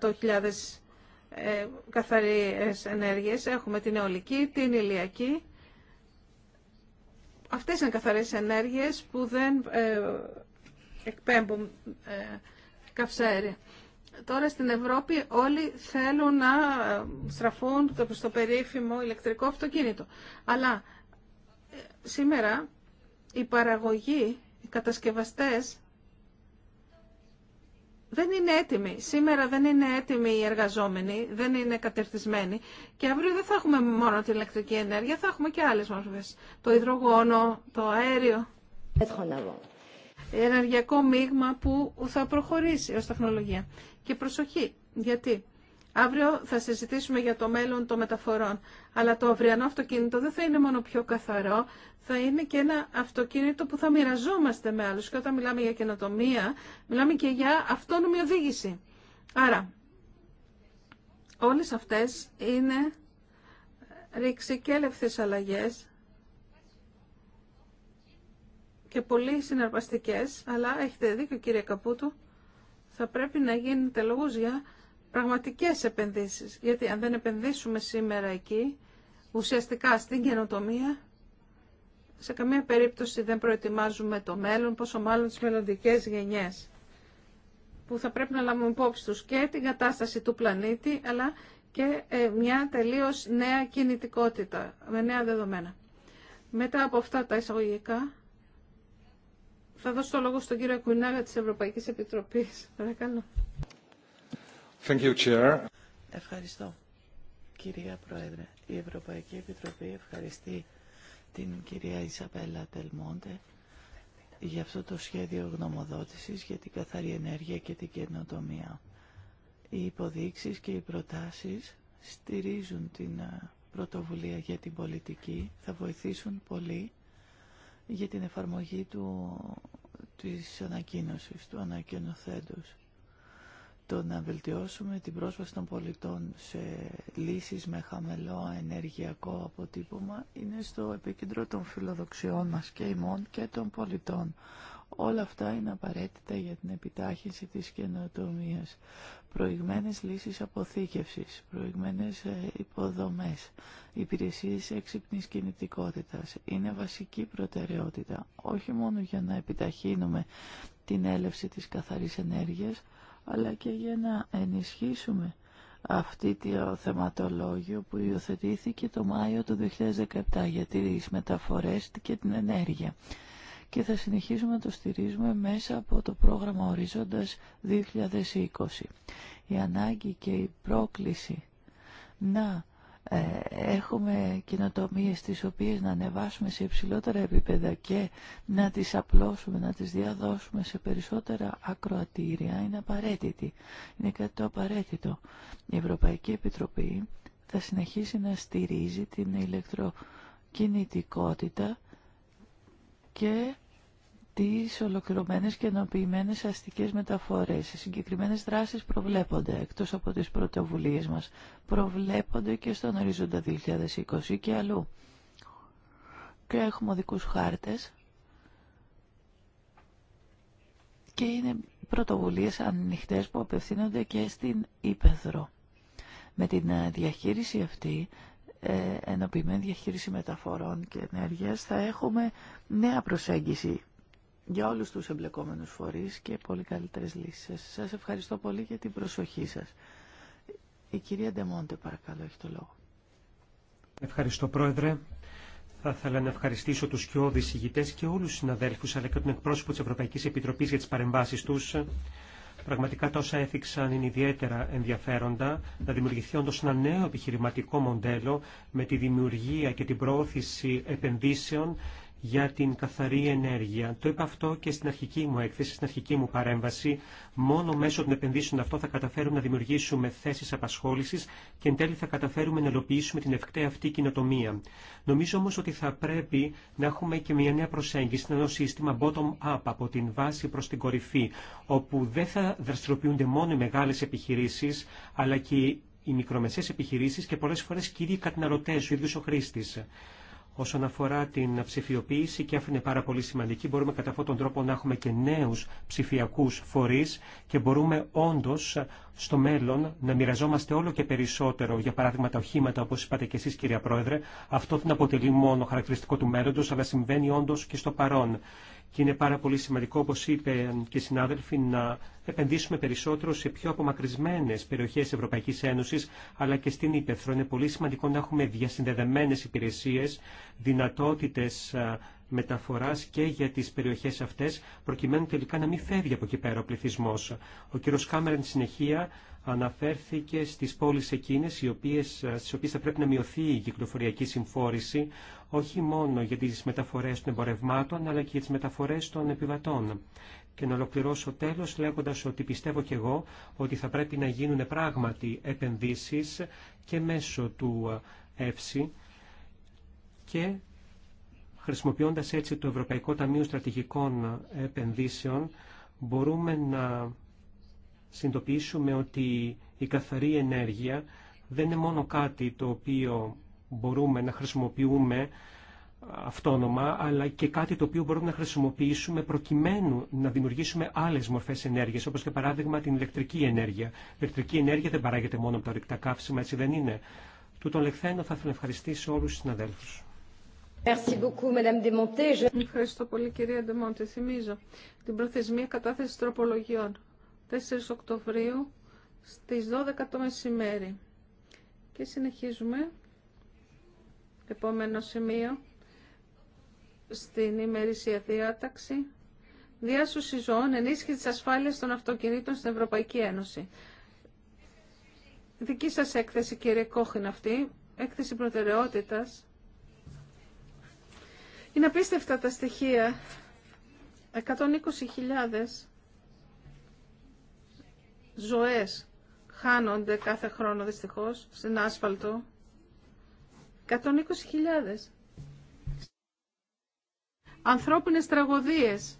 ε, καθαρές ενέργειες. Έχουμε την αιωλική, την ηλιακή. Αυτές είναι καθαρές ενέργειες που δεν ε, εκπέμπουν ε, Τώρα στην Ευρώπη όλοι θέλουν να στραφούν το, στο περίφημο ηλεκτρικό αυτοκίνητο. Αλλά ε, σήμερα οι παραγωγοί, οι κατασκευαστές δεν είναι έτοιμοι. Σήμερα δεν είναι έτοιμοι οι εργαζόμενοι, δεν είναι κατευθυσμένοι και αύριο δεν θα έχουμε μόνο την ηλεκτρική ενέργεια, θα έχουμε και άλλες μορφές. Το υδρογόνο, το αέριο. Ε, ενεργειακό μείγμα που θα προχωρήσει ως τεχνολογία. Και προσοχή, γιατί Αύριο θα συζητήσουμε για το μέλλον των μεταφορών. Αλλά το αυριανό αυτοκίνητο δεν θα είναι μόνο πιο καθαρό, θα είναι και ένα αυτοκίνητο που θα μοιραζόμαστε με άλλους. Και όταν μιλάμε για καινοτομία, μιλάμε και για αυτόνομη οδήγηση. Άρα, όλες αυτές είναι ρηξικέλευθες αλλαγές και πολύ συναρπαστικές, αλλά έχετε δίκιο κύριε Καπούτου, θα πρέπει να γίνεται λόγος για πραγματικές επενδύσεις. Γιατί αν δεν επενδύσουμε σήμερα εκεί, ουσιαστικά στην καινοτομία, σε καμία περίπτωση δεν προετοιμάζουμε το μέλλον, πόσο μάλλον τις μελλοντικές γενιές που θα πρέπει να λάβουμε υπόψη τους και την κατάσταση του πλανήτη, αλλά και ε, μια τελείως νέα κινητικότητα, με νέα δεδομένα. Μετά από αυτά τα εισαγωγικά, θα δώσω το λόγο στον κύριο Κουινάγα της Ευρωπαϊκής Επιτροπής. Παρακαλώ. Ευχαριστώ. Κυρία Πρόεδρε, η Ευρωπαϊκή Επιτροπή ευχαριστεί την κυρία Ισαπέλα Τελμόντε για αυτό το σχέδιο γνωμοδότησης για την καθαρή ενέργεια και την καινοτομία. Οι υποδείξεις και οι προτάσεις στηρίζουν την ε, πρωτοβουλία για την πολιτική, θα βοηθήσουν πολύ για την εφαρμογή του, της ανακοίνωσης, του ανακοινωθέντος το να βελτιώσουμε την πρόσβαση των πολιτών σε λύσεις με χαμελό ενεργειακό αποτύπωμα είναι στο επίκεντρο των φιλοδοξιών μας και ημών και των πολιτών. Όλα αυτά είναι απαραίτητα για την επιτάχυνση της καινοτομίας. Προηγμένες λύσεις αποθήκευσης, προηγμένες ε, υποδομές, υπηρεσίες έξυπνης κινητικότητας είναι βασική προτεραιότητα, όχι μόνο για να επιταχύνουμε την έλευση της καθαρής ενέργειας, αλλά και για να ενισχύσουμε αυτή το ε, θεματολόγιο που υιοθετήθηκε το Μάιο του 2017 για τις μεταφορές και την ενέργεια. Και θα συνεχίσουμε να το στηρίζουμε μέσα από το πρόγραμμα Ορίζοντας 2020. Η ανάγκη και η πρόκληση να ε, έχουμε κοινοτομίες τις οποίες να ανεβάσουμε σε υψηλότερα επίπεδα και να τις απλώσουμε, να τις διαδώσουμε σε περισσότερα ακροατήρια είναι απαραίτητη. Είναι κάτι το απαραίτητο. Η Ευρωπαϊκή Επιτροπή θα συνεχίσει να στηρίζει την ηλεκτροκινητικότητα και τις ολοκληρωμένες και ενοποιημένες αστικές μεταφορές. Οι συγκεκριμένες δράσεις προβλέπονται, εκτός από τις πρωτοβουλίες μας, προβλέπονται και στον ορίζοντα 2020 και αλλού. Και έχουμε οδικούς χάρτες και είναι πρωτοβουλίες ανοιχτές που απευθύνονται και στην Ήπεθρο. Με την ε, διαχείριση αυτή ε, ενοποιημένη διαχείριση μεταφορών και ενέργειας θα έχουμε νέα προσέγγιση για όλους τους εμπλεκόμενους φορείς και πολύ καλύτερες λύσεις. Σας ευχαριστώ πολύ για την προσοχή σας. Η κυρία Ντεμόντε παρακαλώ έχει το λόγο. Ευχαριστώ Πρόεδρε. Θα ήθελα να ευχαριστήσω τους κοιόδης ηγητές και όλους τους συναδέλφους αλλά και τον εκπρόσωπο της Ευρωπαϊκής Επιτροπής για τις παρεμβάσεις τους. Πραγματικά τα όσα έθιξαν είναι ιδιαίτερα ενδιαφέροντα, να δημιουργηθεί όντως ένα νέο επιχειρηματικό μοντέλο με τη δημιουργία και την προώθηση επενδύσεων για την καθαρή ενέργεια. Το είπα αυτό και στην αρχική μου έκθεση, στην αρχική μου παρέμβαση. Μόνο μέσω των επενδύσεων αυτό θα καταφέρουμε να δημιουργήσουμε θέσει απασχόληση και εν τέλει θα καταφέρουμε να ελοποιήσουμε την ευκταία αυτή κοινοτομία. Νομίζω όμω ότι θα πρέπει να έχουμε και μια νέα προσέγγιση, ένα σύστημα bottom-up, από την βάση προ την κορυφή, όπου δεν θα δραστηριοποιούνται μόνο οι μεγάλε επιχειρήσει, αλλά και οι μικρομεσαίες επιχειρήσεις και πολλές φορές και οι ο ο όσον αφορά την ψηφιοποίηση και αυτή είναι πάρα πολύ σημαντική. Μπορούμε κατά αυτόν τον τρόπο να έχουμε και νέους ψηφιακούς φορείς και μπορούμε όντως στο μέλλον να μοιραζόμαστε όλο και περισσότερο, για παράδειγμα τα οχήματα όπως είπατε και εσείς κυρία Πρόεδρε. Αυτό δεν αποτελεί μόνο χαρακτηριστικό του μέλλοντος αλλά συμβαίνει όντως και στο παρόν και είναι πάρα πολύ σημαντικό, όπως είπε και οι συνάδελφοι, να επενδύσουμε περισσότερο σε πιο απομακρυσμένες περιοχές Ευρωπαϊκής Ένωσης, αλλά και στην Ήπεθρο. Είναι πολύ σημαντικό να έχουμε διασυνδεδεμένες υπηρεσίες, δυνατότητες μεταφοράς και για τις περιοχές αυτές, προκειμένου τελικά να μην φεύγει από εκεί πέρα ο πληθυσμός. Ο κ. Κάμερεν συνεχεία αναφέρθηκε στις πόλεις εκείνες, οι οποίες, στις οποίες θα πρέπει να μειωθεί η κυκλοφοριακή συμφόρηση, όχι μόνο για τις μεταφορές των εμπορευμάτων, αλλά και για τις μεταφορές των επιβατών. Και να ολοκληρώσω τέλος λέγοντας ότι πιστεύω και εγώ ότι θα πρέπει να γίνουν πράγματι επενδύσεις και μέσω του ΕΦΣΥ και χρησιμοποιώντας έτσι το Ευρωπαϊκό Ταμείο Στρατηγικών Επενδύσεων μπορούμε να συνειδητοποιήσουμε ότι η καθαρή ενέργεια δεν είναι μόνο κάτι το οποίο μπορούμε να χρησιμοποιούμε αυτόνομα, αλλά και κάτι το οποίο μπορούμε να χρησιμοποιήσουμε προκειμένου να δημιουργήσουμε άλλε μορφέ ενέργεια, όπω για παράδειγμα την ηλεκτρική ενέργεια. Η ηλεκτρική ενέργεια δεν παράγεται μόνο από τα ορυκτά καύσιμα, έτσι δεν είναι. Τούτων λεχθένω θα ήθελα να ευχαριστήσω όλου του συναδέλφου. Ευχαριστώ πολύ, κυρία Ντεμόντε. Θυμίζω την προθεσμία κατάθεση τροπολογιών 4 Οκτωβρίου στις 12 το μεσημέρι. Και συνεχίζουμε. Επόμενο σημείο στην ημερήσια διάταξη. Διάσωση ζώων, ενίσχυση της ασφάλειας των αυτοκινήτων στην Ευρωπαϊκή Ένωση. Δική σας έκθεση κύριε Κόχιν αυτή, έκθεση προτεραιότητας. Είναι απίστευτα τα στοιχεία. 120.000 ζωές χάνονται κάθε χρόνο δυστυχώς στην άσφαλτο 120.000 ανθρώπινες τραγωδίες.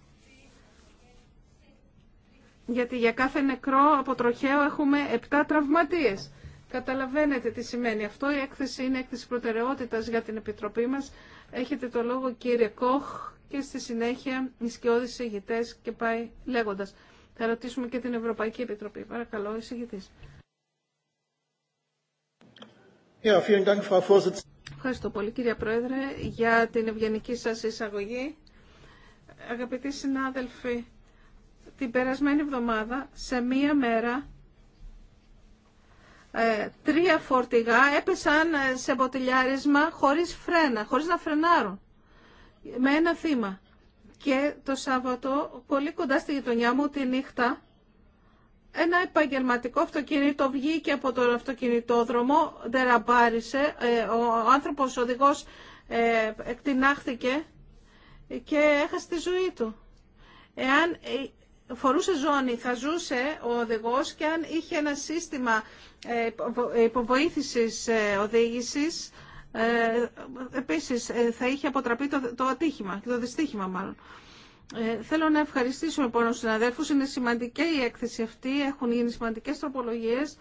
Γιατί για κάθε νεκρό από τροχαίο έχουμε 7 τραυματίες. Καταλαβαίνετε τι σημαίνει αυτό. Η έκθεση είναι έκθεση προτεραιότητας για την Επιτροπή μας. Έχετε το λόγο κύριε Κόχ και στη συνέχεια οι σκιώδεις ηγητές και πάει λέγοντας. Θα ρωτήσουμε και την Ευρωπαϊκή Επιτροπή. Παρακαλώ, εισηγητής. Ja, vielen Dank, Frau Ευχαριστώ πολύ κύριε Πρόεδρε για την ευγενική σας εισαγωγή. Αγαπητοί συνάδελφοι, την περασμένη εβδομάδα σε μία μέρα ε, τρία φορτηγά έπεσαν ε, σε ποτηλιάρισμα χωρίς φρένα, χωρίς να φρενάρουν, με ένα θύμα. Και το Σάββατο, πολύ κοντά στη γειτονιά μου, τη νύχτα, ένα επαγγελματικό αυτοκίνητο βγήκε από τον αυτοκινητόδρομο, δεραπάρισε, ε, ο άνθρωπος ο οδηγός ε, εκτινάχθηκε και έχασε τη ζωή του. Εάν ε, φορούσε ζώνη, θα ζούσε ο οδηγός και αν είχε ένα σύστημα υποβοήθησης οδήγησης, επίσης θα είχε αποτραπεί το ατύχημα, το δυστύχημα μάλλον. Ε, θέλω να ευχαριστήσω λοιπόν του συναδέλφους. Είναι σημαντική η έκθεση αυτή. Έχουν γίνει σημαντικές τροπολογίες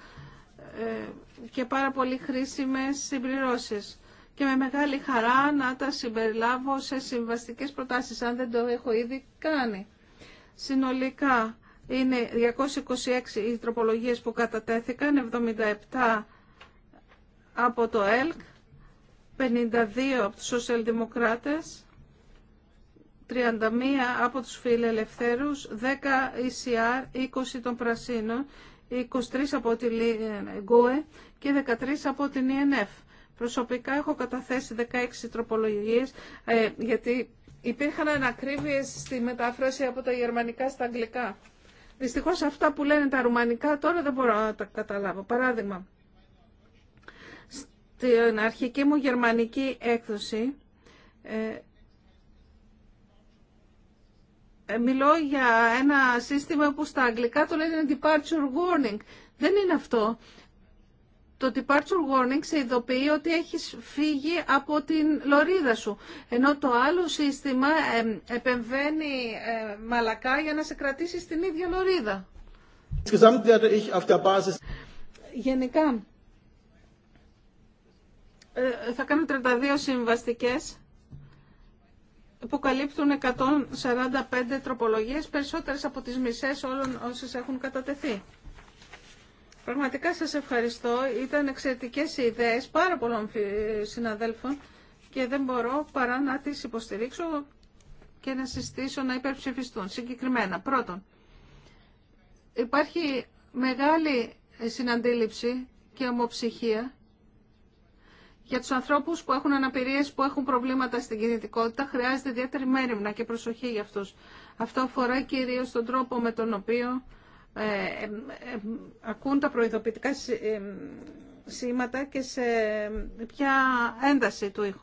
ε, και πάρα πολύ χρήσιμες συμπληρώσει. Και με μεγάλη χαρά να τα συμπεριλάβω σε συμβαστικέ προτάσεις, αν δεν το έχω ήδη κάνει. Συνολικά είναι 226 οι τροπολογίες που κατατέθηκαν, 77 από το ΕΛΚ, 52 από τους σοσιαλδημοκράτες, 31 από τους φιλελευθέρους, 10 ECR, 20 των Πρασίνων, 23 από τη Γοέ και 13 από την ΕΝΕΦ. Προσωπικά έχω καταθέσει 16 τροπολογίες ε, γιατί υπήρχαν ανακρίβειες στη μετάφραση από τα γερμανικά στα αγγλικά. Δυστυχώς αυτά που λένε τα ρουμανικά τώρα δεν μπορώ να τα καταλάβω. Παράδειγμα, στην αρχική μου γερμανική έκδοση ε, ε, μιλώ για ένα σύστημα που στα αγγλικά το λένε departure warning. Δεν είναι αυτό. Το departure warning σε ειδοποιεί ότι έχεις φύγει από την λωρίδα σου, ενώ το άλλο σύστημα επεμβαίνει ε, μαλακά για να σε κρατήσει στην ίδια λωρίδα. Γενικά, ε, θα κάνω 32 συμβαστικές που καλύπτουν 145 τροπολογίες, περισσότερες από τις μισές όλων όσες έχουν κατατεθεί. Πραγματικά σας ευχαριστώ. Ήταν εξαιρετικές οι ιδέες πάρα πολλών συναδέλφων και δεν μπορώ παρά να τις υποστηρίξω και να συστήσω να υπερψηφιστούν. Συγκεκριμένα, πρώτον, υπάρχει μεγάλη συναντήληψη και ομοψυχία για τους ανθρώπους που έχουν αναπηρίες, που έχουν προβλήματα στην κινητικότητα, χρειάζεται ιδιαίτερη μέρημνα και προσοχή για αυτού. Αυτό αφορά κυρίω τον τρόπο με τον οποίο ε, ε, ε ακούν τα προειδοποιητικά ε, σήματα και σε ε, ποια ένταση του ήχου.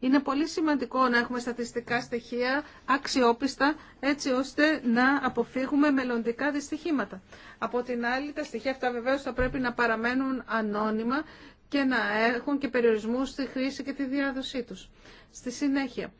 Είναι πολύ σημαντικό να έχουμε στατιστικά στοιχεία αξιόπιστα έτσι ώστε να αποφύγουμε μελλοντικά δυστυχήματα. Από την άλλη τα στοιχεία αυτά βεβαίως θα πρέπει να παραμένουν ανώνυμα και να έχουν και περιορισμούς στη χρήση και τη διάδοσή τους. Στη συνέχεια.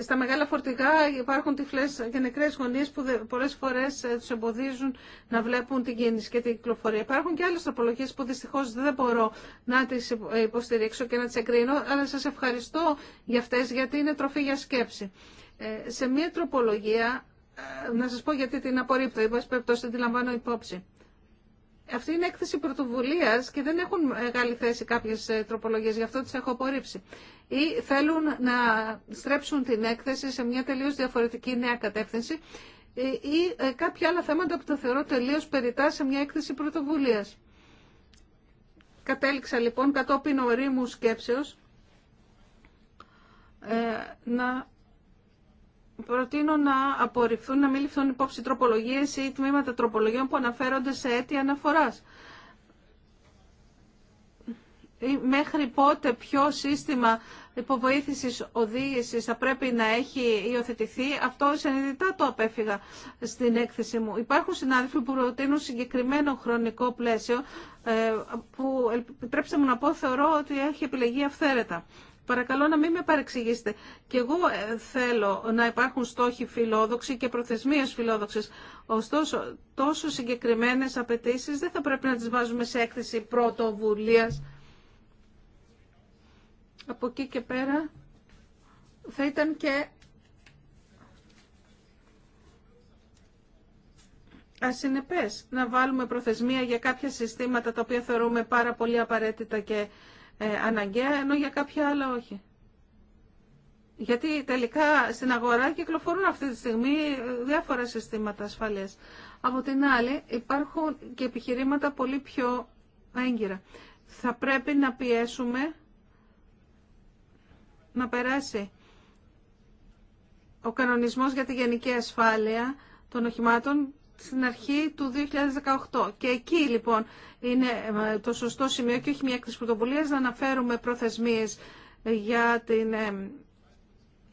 Στα μεγάλα φορτηγά υπάρχουν τυφλές και νεκρές γωνίες που πολλές φορές ε, τους εμποδίζουν να βλέπουν την κίνηση και την κυκλοφορία. Υπάρχουν και άλλες τροπολογίες που δυστυχώς δεν μπορώ να τις ε, υποστηρίξω και να τις εγκρίνω, αλλά σας ευχαριστώ για αυτές γιατί είναι τροφή για σκέψη. Ε, σε μία τροπολογία ε, να σας πω γιατί την απορρίπτω, είπα πάση δεν την λαμβάνω υπόψη. Αυτή είναι έκθεση πρωτοβουλία και δεν έχουν μεγάλη θέση κάποιε τροπολογίε, γι' αυτό τι έχω απορρίψει. Ή θέλουν να στρέψουν την έκθεση σε μια τελείω διαφορετική νέα κατεύθυνση ε, ή ε, κάποια άλλα θέματα που τα θεωρώ τελείω περιτά σε μια έκθεση πρωτοβουλία. Κατέληξα λοιπόν κατόπιν ορίμου σκέψεως να προτείνω να απορριφθούν, να μην ληφθούν υπόψη τροπολογίε ή τμήματα τροπολογιών που αναφέρονται σε αίτια αναφοράς. Μέχρι πότε ποιο σύστημα υποβοήθησης οδήγηση θα πρέπει να έχει υιοθετηθεί, αυτό συνειδητά το απέφυγα στην έκθεση μου. Υπάρχουν συνάδελφοι που προτείνουν συγκεκριμένο χρονικό πλαίσιο, ε, που ε, επιτρέψτε μου να πω θεωρώ ότι έχει επιλεγεί αυθαίρετα. Παρακαλώ να μην με παρεξηγήσετε. Και εγώ ε, θέλω να υπάρχουν στόχοι φιλόδοξοι και προθεσμίες φιλόδοξες. Ωστόσο, τόσο συγκεκριμένες απαιτήσει δεν θα πρέπει να τις βάζουμε σε έκθεση πρωτοβουλία. Από εκεί και πέρα θα ήταν και ασυνεπές να βάλουμε προθεσμία για κάποια συστήματα τα οποία θεωρούμε πάρα πολύ απαραίτητα και ε, αναγκαία, ενώ για κάποια άλλα όχι. Γιατί τελικά στην αγορά κυκλοφορούν αυτή τη στιγμή ε, διάφορα συστήματα ασφαλείας. Από την άλλη υπάρχουν και επιχειρήματα πολύ πιο έγκυρα. Θα πρέπει να πιέσουμε να περάσει ο κανονισμός για τη γενική ασφάλεια των οχημάτων στην αρχή του 2018. Και εκεί λοιπόν είναι ε, το σωστό σημείο και όχι μια έκθεση πρωτοβουλία να αναφέρουμε προθεσμίες για την ε,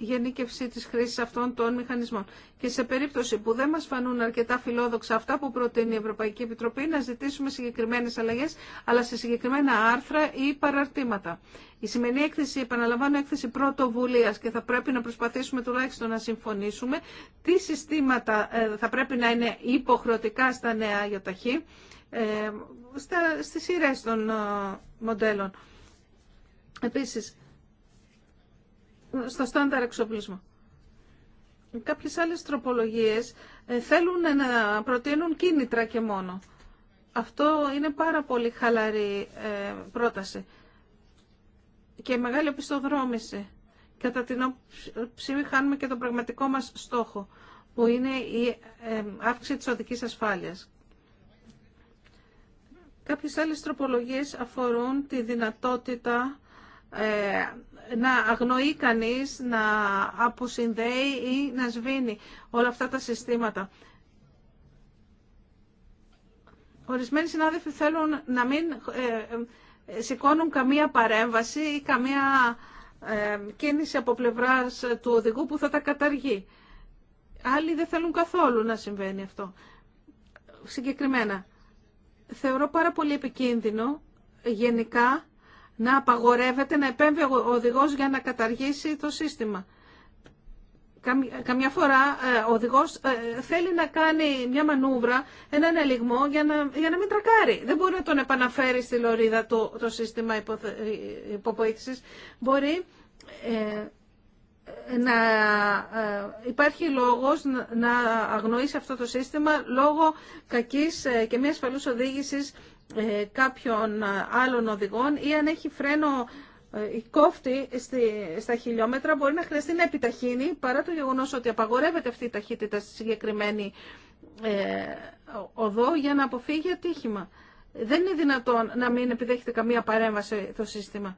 γενίκευση της χρήσης αυτών των μηχανισμών. Και σε περίπτωση που δεν μας φανούν αρκετά φιλόδοξα αυτά που προτείνει η Ευρωπαϊκή Επιτροπή, να ζητήσουμε συγκεκριμένες αλλαγές, αλλά σε συγκεκριμένα άρθρα ή παραρτήματα. Η σημερινή έκθεση, επαναλαμβάνω, έκθεση πρωτοβουλίας και θα πρέπει να προσπαθήσουμε τουλάχιστον να συμφωνήσουμε τι συστήματα ε, θα πρέπει να είναι υποχρεωτικά στα νέα τα ε, στα, στις σειρές των ε, μοντέλων. Επίσης, στο στάνταρ εξοπλισμό. Κάποιες άλλες τροπολογίες ε, θέλουν να προτείνουν κίνητρα και μόνο. Αυτό είναι πάρα πολύ χαλαρή ε, πρόταση και μεγάλη επιστοδρόμηση Κατά την ψήμη χάνουμε και τον πραγματικό μας στόχο, που είναι η ε, αύξηση της οδικής ασφάλειας. Κάποιες άλλες τροπολογίες αφορούν τη δυνατότητα να αγνοεί κανείς, να αποσυνδέει ή να σβήνει όλα αυτά τα συστήματα. Ορισμένοι συνάδελφοι θέλουν να μην ε, ε, σηκώνουν καμία παρέμβαση ή καμία ε, κίνηση από πλευράς του οδηγού που θα τα καταργεί. Άλλοι δεν θέλουν καθόλου να συμβαίνει αυτό. Συγκεκριμένα, θεωρώ πάρα πολύ επικίνδυνο γενικά να απαγορεύεται να επέμβει ο οδηγός για να καταργήσει το σύστημα. Καμιά φορά ε, ο οδηγός ε, θέλει να κάνει μια μανούβρα, έναν ελιγμό για να, για να μην τρακάρει. Δεν μπορεί να τον επαναφέρει στη λωρίδα το, το σύστημα υποποίησης. Μπορεί ε, να υπάρχει λόγος να αγνοήσει αυτό το σύστημα λόγω κακής και μια ασφαλούς οδήγησης ε, κάποιων άλλων οδηγών ή αν έχει φρένο ε, η κόφτη στα χιλιόμετρα μπορεί να χρειαστεί να επιταχύνει παρά το γεγονός ότι απαγορεύεται αυτή η ταχύτητα στη συγκεκριμένη ε, οδό για να αποφύγει ατύχημα. Δεν είναι δυνατόν να μην επιδέχεται καμία παρέμβαση το σύστημα.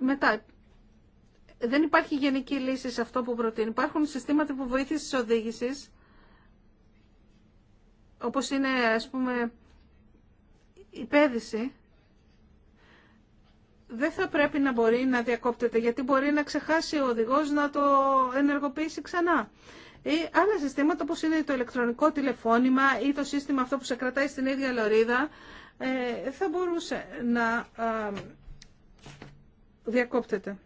Μετά, δεν υπάρχει γενική λύση σε αυτό που προτείνει. Υπάρχουν συστήματα που βοήθησης οδήγησης, όπως είναι, ας πούμε, η πέδηση δεν θα πρέπει να μπορεί να διακόπτεται γιατί μπορεί να ξεχάσει ο οδηγός να το ενεργοποιήσει ξανά. Ή άλλα συστήματα όπως είναι το ηλεκτρονικό τηλεφώνημα ή το σύστημα αυτό που σε κρατάει στην ίδια λωρίδα ε, θα μπορούσε να διακόπτεται.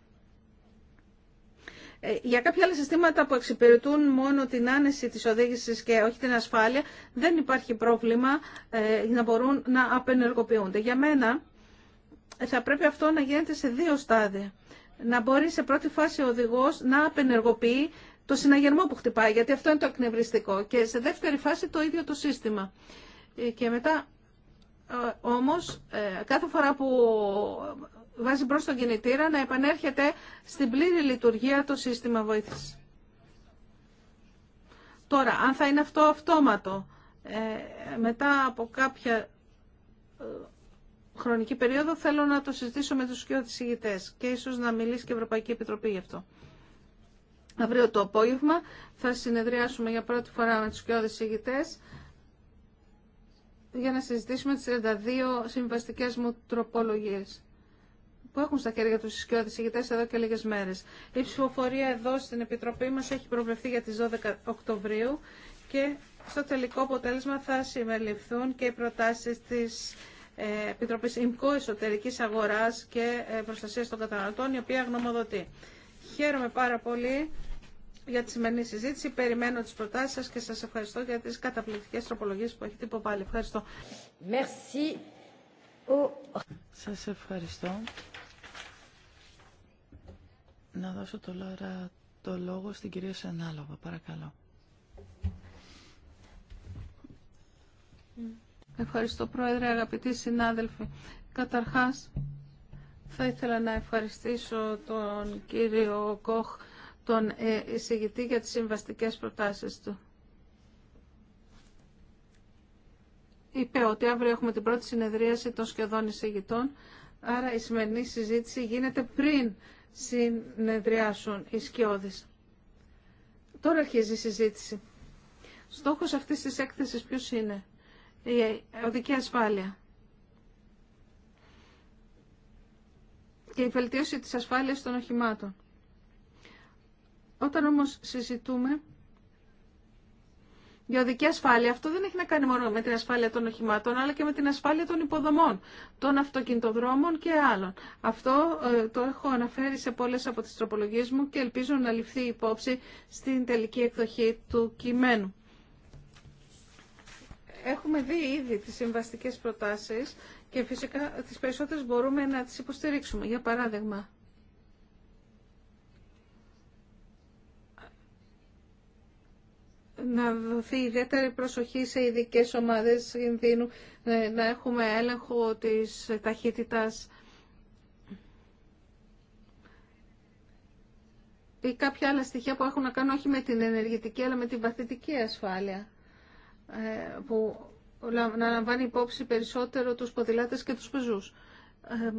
Ε, για κάποια άλλα συστήματα που εξυπηρετούν μόνο την άνεση της οδήγησης και όχι την ασφάλεια, δεν υπάρχει πρόβλημα ε, να μπορούν να απενεργοποιούνται. Για μένα θα πρέπει αυτό να γίνεται σε δύο στάδια. Να μπορεί σε πρώτη φάση ο οδηγός να απενεργοποιεί το συναγερμό που χτυπάει, γιατί αυτό είναι το εκνευριστικό. Και σε δεύτερη φάση το ίδιο το σύστημα. Ε, και μετά όμως κάθε φορά που βάζει μπρος τον κινητήρα να επανέρχεται στην πλήρη λειτουργία το σύστημα βοήθησης. Τώρα, αν θα είναι αυτό αυτόματο, ε, μετά από κάποια ε, χρονική περίοδο θέλω να το συζητήσω με τους κοιότητες ηγητές και ίσως να μιλήσει και η Ευρωπαϊκή Επιτροπή γι' αυτό. Αύριο το απόγευμα θα συνεδριάσουμε για πρώτη φορά με τους κοιότητες ηγητές για να συζητήσουμε τις 32 συμβαστικές μου τροπολογίες που έχουν στα χέρια τους οι σκιώδεις εδώ και λίγες μέρες. Η ψηφοφορία εδώ στην Επιτροπή μας έχει προβλεφθεί για τις 12 Οκτωβρίου και στο τελικό αποτέλεσμα θα συμμεληφθούν και οι προτάσεις της ε, Επιτροπής ΙΜΚΟ εσωτερική Αγοράς και ε, Προστασίας των Καταναλωτών, η οποία γνωμοδοτεί. Χαίρομαι πάρα πολύ για τη σημερινή συζήτηση. Περιμένω τις προτάσεις σας και σας ευχαριστώ για τις καταπληκτικές τροπολογίες που έχετε υποβάλει. Ευχαριστώ. Merci. Σας ευχαριστώ. Να δώσω το, το λόγο στην κυρία Σενάλοβα, παρακαλώ. Ευχαριστώ Πρόεδρε, αγαπητοί συνάδελφοι. Καταρχάς, θα ήθελα να ευχαριστήσω τον κύριο Κοχ, τον ε, εισηγητή για τις συμβαστικές προτάσεις του. Είπε ότι αύριο έχουμε την πρώτη συνεδρίαση των σχεδόν εισηγητών, άρα η σημερινή συζήτηση γίνεται πριν συνεδριάσουν οι σκιώδεις. Τώρα αρχίζει η συζήτηση. Στόχος αυτής της έκθεσης ποιος είναι. Η οδική ασφάλεια. Και η βελτίωση της ασφάλειας των οχημάτων. Όταν όμως συζητούμε οδική ασφάλεια, αυτό δεν έχει να κάνει μόνο με την ασφάλεια των οχημάτων, αλλά και με την ασφάλεια των υποδομών, των αυτοκινητοδρόμων και άλλων. Αυτό ε, το έχω αναφέρει σε πολλές από τις τροπολογίες μου και ελπίζω να ληφθεί υπόψη στην τελική εκδοχή του κειμένου. Έχουμε δει ήδη τις συμβαστικές προτάσεις και φυσικά τις περισσότερες μπορούμε να τις υποστηρίξουμε. Για παράδειγμα, να δοθεί ιδιαίτερη προσοχή σε ειδικέ ομάδε, κινδύνου, ε, να έχουμε έλεγχο τη ταχύτητας ή κάποια άλλα στοιχεία που έχουν να κάνουν όχι με την ενεργητική αλλά με την παθητική ασφάλεια ε, που να λαμβάνει υπόψη περισσότερο τους ποδηλάτες και τους πεζούς. Ε,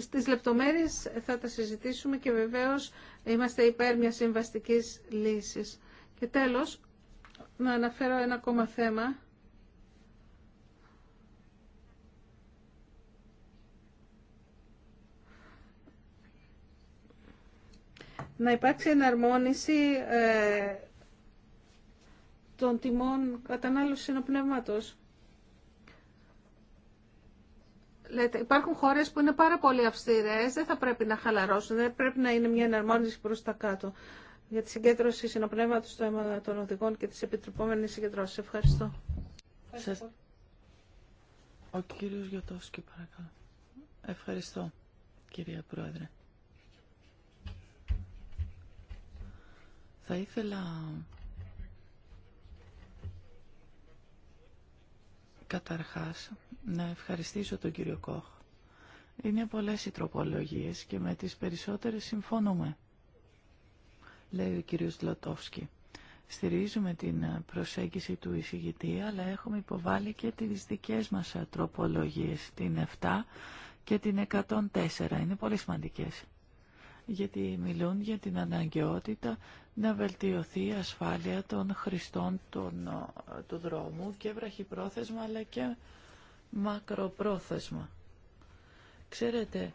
στις λεπτομέρειες θα τα συζητήσουμε και βεβαίως είμαστε υπέρ μιας συμβαστικής λύσης. Και τέλος, να αναφέρω ένα ακόμα θέμα. Να υπάρξει εναρμόνιση ε, των τιμών κατανάλωση ενοπνεύματος. Λέτε, υπάρχουν χώρες που είναι πάρα πολύ αυστηρές, δεν θα πρέπει να χαλαρώσουν, δεν πρέπει να είναι μια εναρμόνιση προς τα κάτω για τη συγκέντρωση συνοπνεύματος των οδηγών και της επιτρεπόμενης συγκεντρώσης. Ευχαριστώ. Ο κύριος Γιωτόσκη, παρακαλώ. Ευχαριστώ, κυρία Πρόεδρε. Θα ήθελα καταρχάς να ευχαριστήσω τον κύριο Κόχ. Είναι πολλές οι τροπολογίες και με τις περισσότερες συμφωνούμε λέει ο κύριος Λοτόφσκι. Στηρίζουμε την προσέγγιση του εισηγητή, αλλά έχουμε υποβάλει και τις δικές μας τροπολογίες, την 7 και την 104. Είναι πολύ σημαντικές, γιατί μιλούν για την αναγκαιότητα να βελτιωθεί η ασφάλεια των χρηστών του δρόμου και βραχυπρόθεσμα, αλλά και μακροπρόθεσμα. Ξέρετε,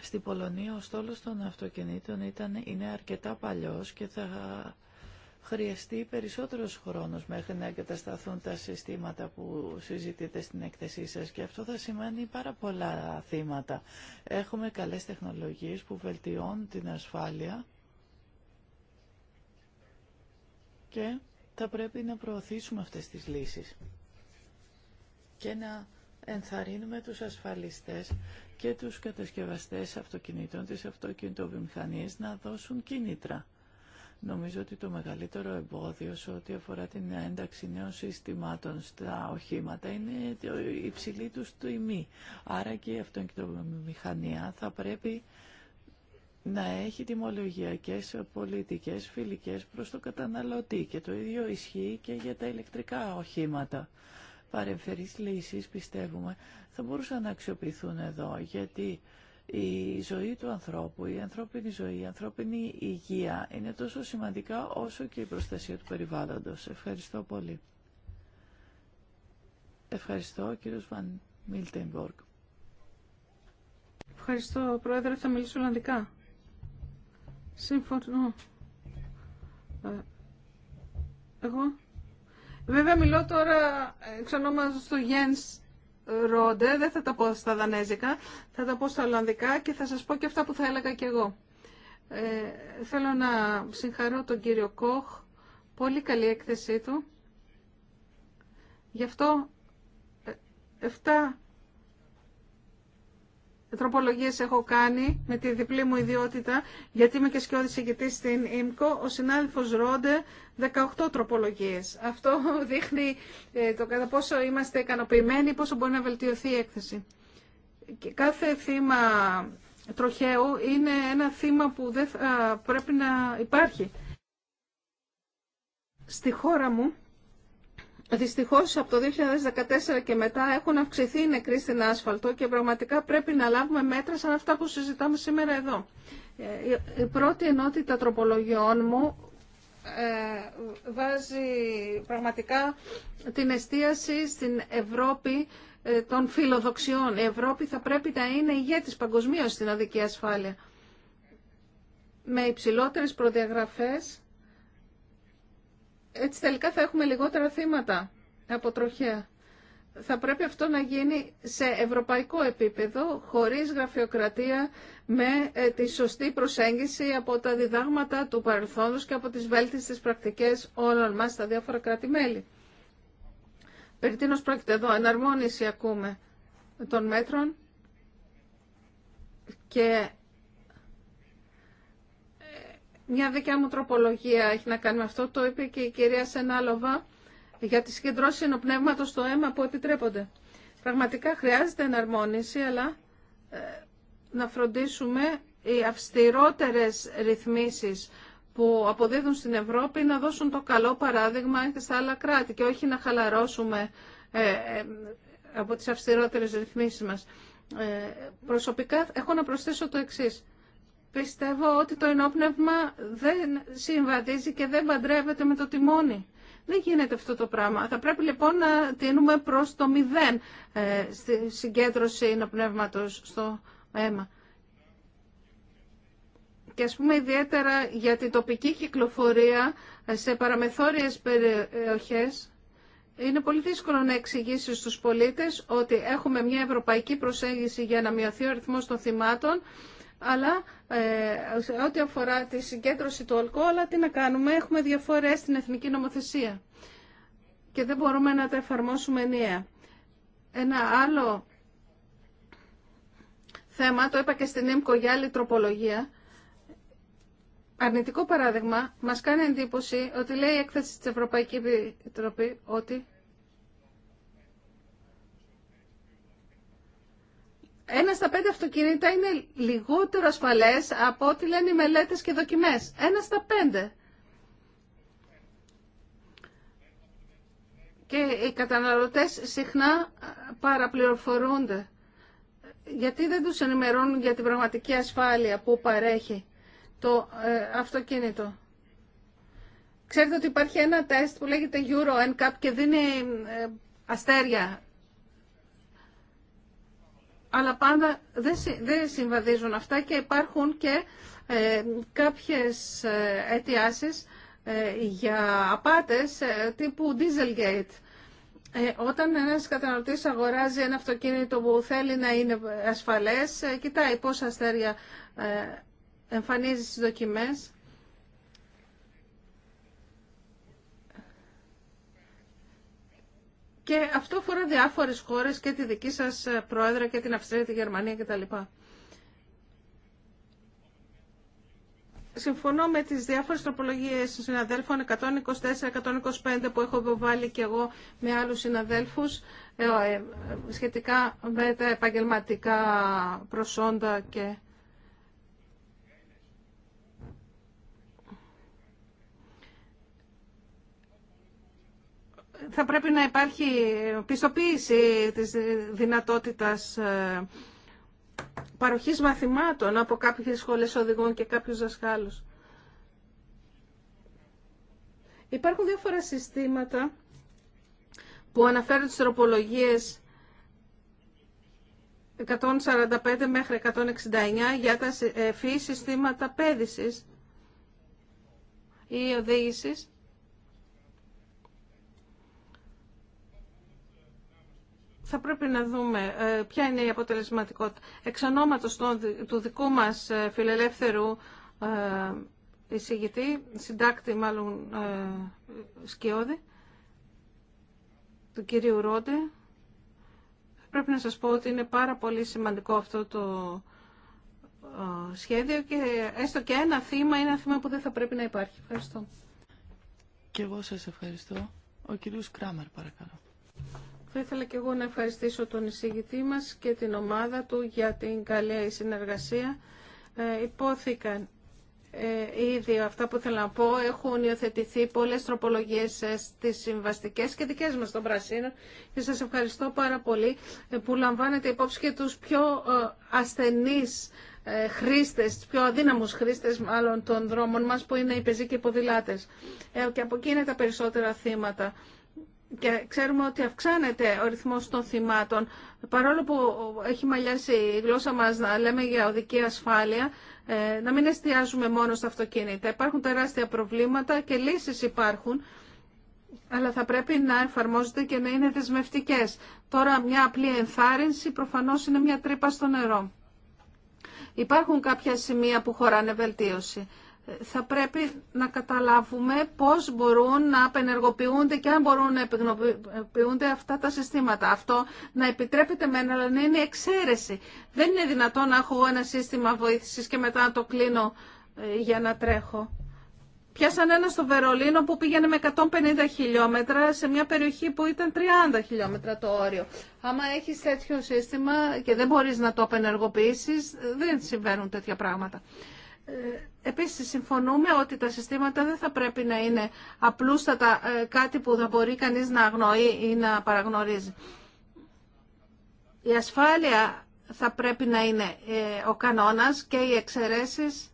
στην Πολωνία ο στόλος των αυτοκινήτων ήταν, είναι αρκετά παλιός και θα χρειαστεί περισσότερος χρόνος μέχρι να εγκατασταθούν τα συστήματα που συζητείτε στην έκθεσή σας και αυτό θα σημαίνει πάρα πολλά θύματα. Έχουμε καλές τεχνολογίες που βελτιώνουν την ασφάλεια και θα πρέπει να προωθήσουμε αυτές τις λύσεις και να ενθαρρύνουμε τους ασφαλιστές και τους κατασκευαστές αυτοκινήτων τις αυτοκινητοβιομηχανίας να δώσουν κίνητρα. Νομίζω ότι το μεγαλύτερο εμπόδιο σε ό,τι αφορά την ένταξη νέων συστημάτων στα οχήματα είναι η υψηλή του τιμή. Άρα και η αυτοκινητοβιομηχανία θα πρέπει να έχει τιμολογιακές πολιτικές φιλικές προς το καταναλωτή και το ίδιο ισχύει και για τα ηλεκτρικά οχήματα παρεμφερείς λύσεις, πιστεύουμε, θα μπορούσαν να αξιοποιηθούν εδώ, γιατί η ζωή του ανθρώπου, η ανθρώπινη ζωή, η ανθρώπινη υγεία είναι τόσο σημαντικά όσο και η προστασία του περιβάλλοντος. Ευχαριστώ πολύ. Ευχαριστώ, κύριος Βαν Μίλτεμπορκ. Ευχαριστώ, Πρόεδρε. Θα μιλήσω Ολλανδικά. Συμφωνώ. Ε, εγώ Βέβαια μιλώ τώρα ε, εξ ονόματος του Γιένς Ρόντε, δεν θα τα πω στα δανέζικα, θα τα πω στα ολλανδικά και θα σας πω και αυτά που θα έλεγα κι εγώ. Ε, θέλω να συγχαρώ τον κύριο Κόχ, πολύ καλή έκθεσή του. Γι' αυτό 7 ε, τροπολογίες έχω κάνει με τη διπλή μου ιδιότητα, γιατί είμαι και σκιώδη ηγητή στην ΙΜΚΟ, ο συνάδελφος Ρόντε 18 τροπολογίες. Αυτό δείχνει ε, το κατά πόσο είμαστε ικανοποιημένοι, πόσο μπορεί να βελτιωθεί η έκθεση. Και κάθε θύμα τροχαίου είναι ένα θύμα που δεν πρέπει να υπάρχει. Στη χώρα μου, Δυστυχώ, από το 2014 και μετά έχουν αυξηθεί οι νεκροί στην άσφαλτο και πραγματικά πρέπει να λάβουμε μέτρα σαν αυτά που συζητάμε σήμερα εδώ. Ε, η πρώτη ενότητα τροπολογιών μου ε, βάζει πραγματικά την εστίαση στην Ευρώπη ε, των φιλοδοξιών. Η Ευρώπη θα πρέπει να είναι ηγέτης παγκοσμίως στην αδική ασφάλεια. Με υψηλότερες προδιαγραφές έτσι τελικά θα έχουμε λιγότερα θύματα από τροχέα. Θα πρέπει αυτό να γίνει σε ευρωπαϊκό επίπεδο, χωρίς γραφειοκρατία, με ε, τη σωστή προσέγγιση από τα διδάγματα του παρελθόντος και από τις βέλτιστες πρακτικές όλων μας στα διάφορα κράτη-μέλη. Περί τίνος πρόκειται εδώ, εναρμόνιση ακούμε των μέτρων και μια δικιά μου τροπολογία έχει να κάνει με αυτό. Το είπε και η κυρία Σενάλοβα για τη συγκεντρώση ενοπνεύματο στο αίμα που επιτρέπονται. Πραγματικά χρειάζεται εναρμόνιση, αλλά ε, να φροντίσουμε οι αυστηρότερες ρυθμίσεις που αποδίδουν στην Ευρώπη να δώσουν το καλό παράδειγμα και στα άλλα κράτη και όχι να χαλαρώσουμε ε, ε, από τις αυστηρότερες ρυθμίσεις μας. προσωπικά έχω να προσθέσω το εξής πιστεύω ότι το ενόπνευμα δεν συμβαδίζει και δεν παντρεύεται με το τιμόνι. Δεν γίνεται αυτό το πράγμα. Θα πρέπει λοιπόν να τίνουμε προς το μηδέν ε, στη συγκέντρωση ενοπνεύματος στο αίμα. Και ας πούμε ιδιαίτερα για την τοπική κυκλοφορία ε, σε παραμεθόριες περιοχές είναι πολύ δύσκολο να εξηγήσει στους πολίτες ότι έχουμε μια ευρωπαϊκή προσέγγιση για να μειωθεί ο αριθμός των θυμάτων αλλά ε, ό,τι αφορά τη συγκέντρωση του αλκοόλα, τι να κάνουμε, έχουμε διαφορές στην εθνική νομοθεσία και δεν μπορούμε να τα εφαρμόσουμε ενιαία. Ένα άλλο θέμα, το είπα και στην ΕΜΚΟ για άλλη τροπολογία, αρνητικό παράδειγμα, μας κάνει εντύπωση ότι λέει η έκθεση της Ευρωπαϊκής Επιτροπής ότι ένα στα πέντε αυτοκίνητα είναι λιγότερο ασφαλές από ό,τι λένε οι μελέτες και δοκιμές. Ένα στα πέντε. Και οι καταναλωτές συχνά παραπληροφορούνται. Γιατί δεν τους ενημερώνουν για την πραγματική ασφάλεια που παρέχει το ε, αυτοκίνητο. Ξέρετε ότι υπάρχει ένα τεστ που λέγεται Euro NCAP και δίνει ε, αστέρια αλλά πάντα δεν συμβαδίζουν αυτά και υπάρχουν και ε, κάποιες ε, αιτιάσεις ε, για απάτες τύπου Dieselgate. Όταν ένας καταναλωτής αγοράζει ένα αυτοκίνητο που θέλει να είναι ασφαλές, κοιτάει πόσα αστέρια εμφανίζει στις δοκιμές Και αυτό αφορά διάφορε χώρε και τη δική σα ε, πρόεδρα και την Αυστρία, τη Γερμανία κτλ. Συμφωνώ με τις διάφορες τροπολογίες συναδέλφων 124-125 που έχω βάλει και εγώ με άλλους συναδέλφους ε, ε, σχετικά με τα επαγγελματικά προσόντα και θα πρέπει να υπάρχει πιστοποίηση της δυνατότητας ε, παροχής μαθημάτων από κάποιες σχολές οδηγών και κάποιους δασκάλους. Υπάρχουν διάφορα συστήματα που αναφέρουν τις τροπολογίες 145 μέχρι 169 για τα ευφύ συστήματα πέδησης ή οδήγησης θα πρέπει να δούμε ε, ποια είναι η αποτελεσματικότητα. Εξ ονόματος του δικού μας ε, φιλελεύθερου ε, εισηγητή, συντάκτη μάλλον σκιώδη, του κυρίου Ρόντε, πρέπει να σας πω ότι είναι πάρα πολύ σημαντικό αυτό το σχέδιο και έστω και ένα θύμα είναι ένα θύμα που δεν θα πρέπει να υπάρχει. Ευχαριστώ. Και εγώ σας ευχαριστώ. Ο κύριος Κράμερ παρακαλώ. Θα ήθελα και εγώ να ευχαριστήσω τον εισηγητή μας και την ομάδα του για την καλή συνεργασία. Ε, υπόθηκαν ε, ήδη αυτά που θέλω να πω. Έχουν υιοθετηθεί πολλές τροπολογίες ε, στις συμβαστικές και δικές μας των Πρασίνων και σας ευχαριστώ πάρα πολύ ε, που λαμβάνετε υπόψη και τους πιο ασθενείς χρήστες, τους πιο αδύναμους χρήστες μάλλον των δρόμων μας που είναι οι πεζοί και οι ποδηλάτες. Ε, και από εκεί είναι τα περισσότερα θύματα και ξέρουμε ότι αυξάνεται ο ρυθμός των θυμάτων. Παρόλο που έχει μαλλιάσει η γλώσσα μας να λέμε για οδική ασφάλεια, ε, να μην εστιάζουμε μόνο στα αυτοκίνητα. Υπάρχουν τεράστια προβλήματα και λύσεις υπάρχουν, αλλά θα πρέπει να εφαρμόζονται και να είναι δεσμευτικές. Τώρα μια απλή ενθάρρυνση προφανώς είναι μια τρύπα στο νερό. Υπάρχουν κάποια σημεία που χωράνε βελτίωση θα πρέπει να καταλάβουμε πώς μπορούν να απενεργοποιούνται και αν μπορούν να επενεργοποιούνται αυτά τα συστήματα. Αυτό να επιτρέπεται μένα, αλλά να είναι εξαίρεση. Δεν είναι δυνατόν να έχω ένα σύστημα βοήθησης και μετά να το κλείνω ε, για να τρέχω. Πιάσαν ένα στο Βερολίνο που πήγαινε με 150 χιλιόμετρα σε μια περιοχή που ήταν 30 χιλιόμετρα το όριο. Άμα έχει τέτοιο σύστημα και δεν μπορείς να το απενεργοποιήσεις, δεν συμβαίνουν τέτοια πράγματα. Ε, επίσης, συμφωνούμε ότι τα συστήματα δεν θα πρέπει να είναι απλούστατα ε, κάτι που θα μπορεί κανείς να αγνοεί ή να παραγνωρίζει. Η ασφάλεια θα πρέπει να είναι ε, ο κανόνας και οι εξαιρέσεις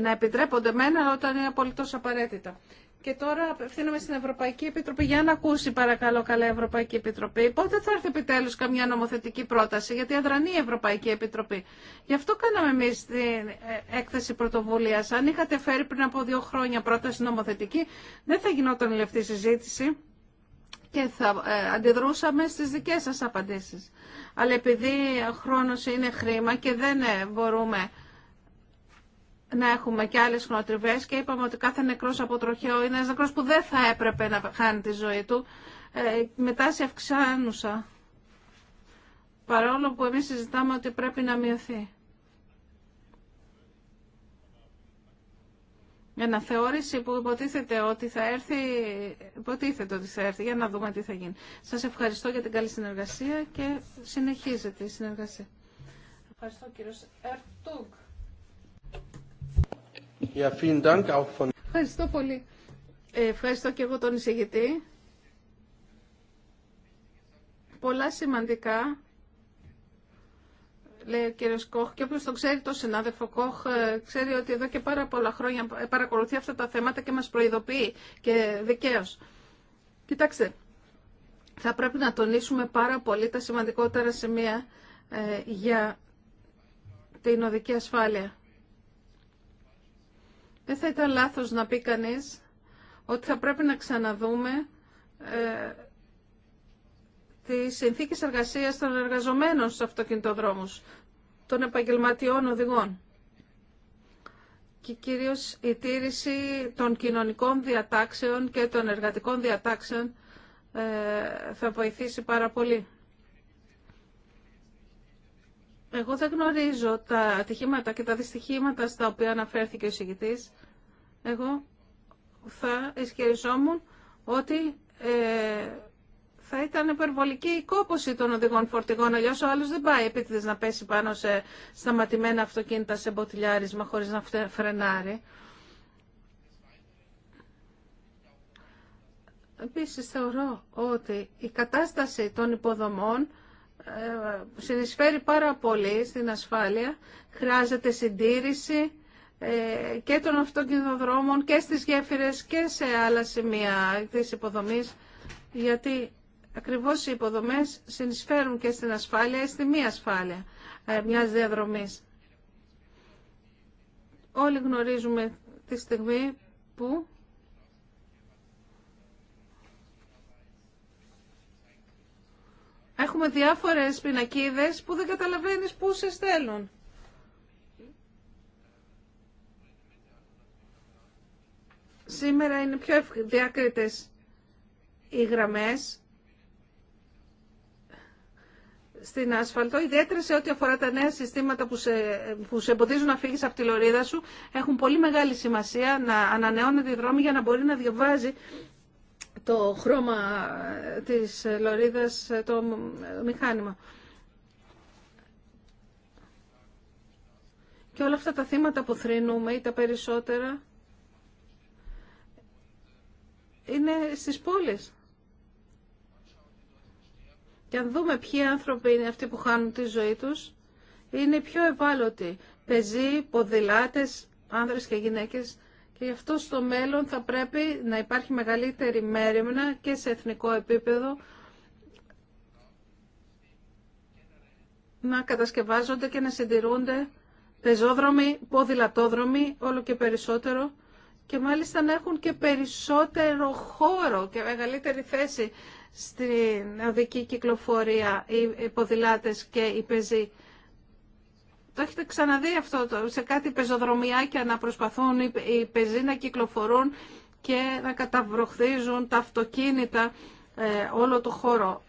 να επιτρέπονται μένα όταν είναι απολύτως απαραίτητα. Και τώρα απευθύνομαι στην Ευρωπαϊκή Επιτροπή. Για να ακούσει, παρακαλώ, καλά Ευρωπαϊκή Επιτροπή. Πότε θα έρθει επιτέλου καμιά νομοθετική πρόταση, γιατί αδρανεί η Ευρωπαϊκή Επιτροπή. Γι' αυτό κάναμε εμεί την ε, έκθεση πρωτοβουλία. Αν είχατε φέρει πριν από δύο χρόνια πρόταση νομοθετική, δεν θα γινόταν η λεφτή συζήτηση και θα ε, αντιδρούσαμε στις δικές σας απαντήσεις. Αλλά επειδή χρόνο είναι χρήμα και δεν ε, μπορούμε να έχουμε και άλλες χρονοτριβές και είπαμε ότι κάθε νεκρός από τροχαίο είναι ένας νεκρός που δεν θα έπρεπε να χάνει τη ζωή του ε, με τάση αυξάνουσα παρόλο που εμείς συζητάμε ότι πρέπει να μειωθεί. Ένα θεώρηση που υποτίθεται ότι θα έρθει, υποτίθεται ότι θα έρθει, για να δούμε τι θα γίνει. Σας ευχαριστώ για την καλή συνεργασία και συνεχίζεται η συνεργασία. Ευχαριστώ κύριος Ερτούγκ. Ευχαριστώ πολύ. Ε, ευχαριστώ και εγώ τον εισηγητή. Πολλά σημαντικά, λέει ο κύριος Κόχ, και όποιος τον ξέρει τον συνάδελφο Κόχ, ε, ξέρει ότι εδώ και πάρα πολλά χρόνια παρακολουθεί αυτά τα θέματα και μας προειδοποιεί και δικαίως. Κοιτάξτε, θα πρέπει να τονίσουμε πάρα πολύ τα σημαντικότερα σημεία ε, για την οδική ασφάλεια. Δεν θα ήταν λάθος να πει κανείς ότι θα πρέπει να ξαναδούμε ε, τις συνθήκες εργασίας των εργαζομένων στους αυτοκινητοδρόμους, των επαγγελματιών οδηγών και κυρίως η τήρηση των κοινωνικών διατάξεων και των εργατικών διατάξεων ε, θα βοηθήσει πάρα πολύ. Εγώ δεν γνωρίζω τα ατυχήματα και τα δυστυχήματα στα οποία αναφέρθηκε ο εισηγητής. Εγώ θα ισχυριζόμουν ότι ε, θα ήταν υπερβολική η κόπωση των οδηγών φορτηγών, αλλιώ ο άλλος δεν πάει επίτηδες να πέσει πάνω σε σταματημένα αυτοκίνητα σε μποτιλιάρισμα χωρίς να φρενάρει. Επίσης θεωρώ ότι η κατάσταση των υποδομών ε, συνεισφέρει πάρα πολύ στην ασφάλεια. Χρειάζεται συντήρηση ε, και των αυτοκινητοδρόμων και στις γέφυρες και σε άλλα σημεία της υποδομής, γιατί ακριβώς οι υποδομές συνεισφέρουν και στην ασφάλεια ή στη μη ασφάλεια ε, μιας διαδρομής. Όλοι γνωρίζουμε τη στιγμή που Έχουμε διάφορες πινακίδες που δεν καταλαβαίνεις πού σε στέλνουν. Σήμερα είναι πιο διάκριτες οι γραμμές στην ασφαλτό, ιδιαίτερα σε ό,τι αφορά τα νέα συστήματα που σε, που εμποδίζουν να φύγεις από τη λωρίδα σου, έχουν πολύ μεγάλη σημασία να ανανεώνεται η δρόμη για να μπορεί να διαβάζει το χρώμα της λωρίδας, το μηχάνημα. Και όλα αυτά τα θύματα που θρυνούμε ή τα περισσότερα είναι στις πόλεις. Και αν δούμε ποιοι άνθρωποι είναι αυτοί που χάνουν τη ζωή τους, είναι οι πιο ευάλωτοι. Πεζοί, ποδηλάτες, άνδρες και γυναίκες γι' αυτό στο μέλλον θα πρέπει να υπάρχει μεγαλύτερη μέρημνα και σε εθνικό επίπεδο να κατασκευάζονται και να συντηρούνται πεζόδρομοι, ποδηλατόδρομοι, όλο και περισσότερο και μάλιστα να έχουν και περισσότερο χώρο και μεγαλύτερη θέση στην οδική κυκλοφορία οι ποδηλάτες και οι πεζοί. Το έχετε ξαναδεί αυτό σε κάτι πεζοδρομιάκια να προσπαθούν οι πεζοί να κυκλοφορούν και να καταβροχθίζουν τα αυτοκίνητα ε, όλο το χώρο.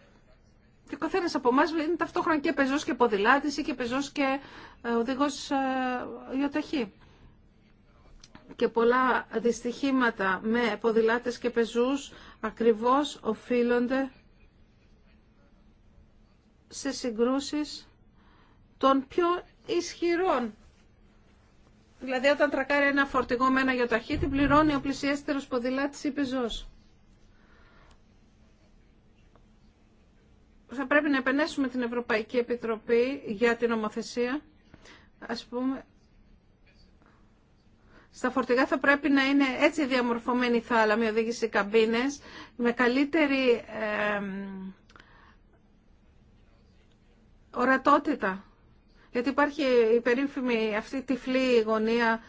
Και ο καθένα από εμά είναι ταυτόχρονα και πεζό και ποδηλάτη ή και πεζό και ε, οδηγό ιοταχή. Ε, και πολλά δυστυχήματα με ποδηλάτε και πεζούς ακριβώς οφείλονται σε συγκρούσεις των πιο ισχυρών. Δηλαδή όταν τρακάρει ένα φορτηγό με ένα γιοταχή την πληρώνει ο πλησιέστερος ποδηλάτης ή πεζός. Θα πρέπει να επενέσουμε την Ευρωπαϊκή Επιτροπή για την ομοθεσία. Ας πούμε, στα φορτηγά θα πρέπει να είναι έτσι διαμορφωμένη η θάλαμη οδήγηση καμπίνες με καλύτερη ορατότητα. Γιατί υπάρχει η περίφημη αυτή τυφλή γωνία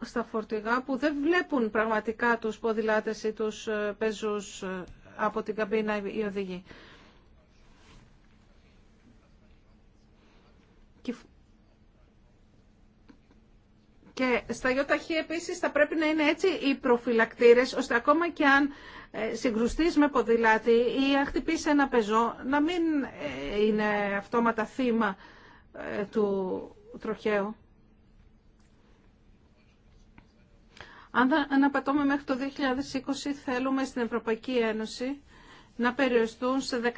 στα φορτηγά που δεν βλέπουν πραγματικά τους ποδηλάτες ή τους ε, πεζούς ε, από την καμπίνα οι οδηγοί. Και στα ΙΟΤΑΧΗ επίσης θα πρέπει να είναι έτσι οι προφυλακτήρες, ώστε ακόμα και αν ε, συγκρουστείς με ποδηλάτη ή αν χτυπήσει ένα πεζό, να μην ε, είναι αυτόματα θύμα ε, του τροχαίου. Αν αναπατώμε μέχρι το 2020, θέλουμε στην Ευρωπαϊκή Ένωση να περιοριστούν σε 15.000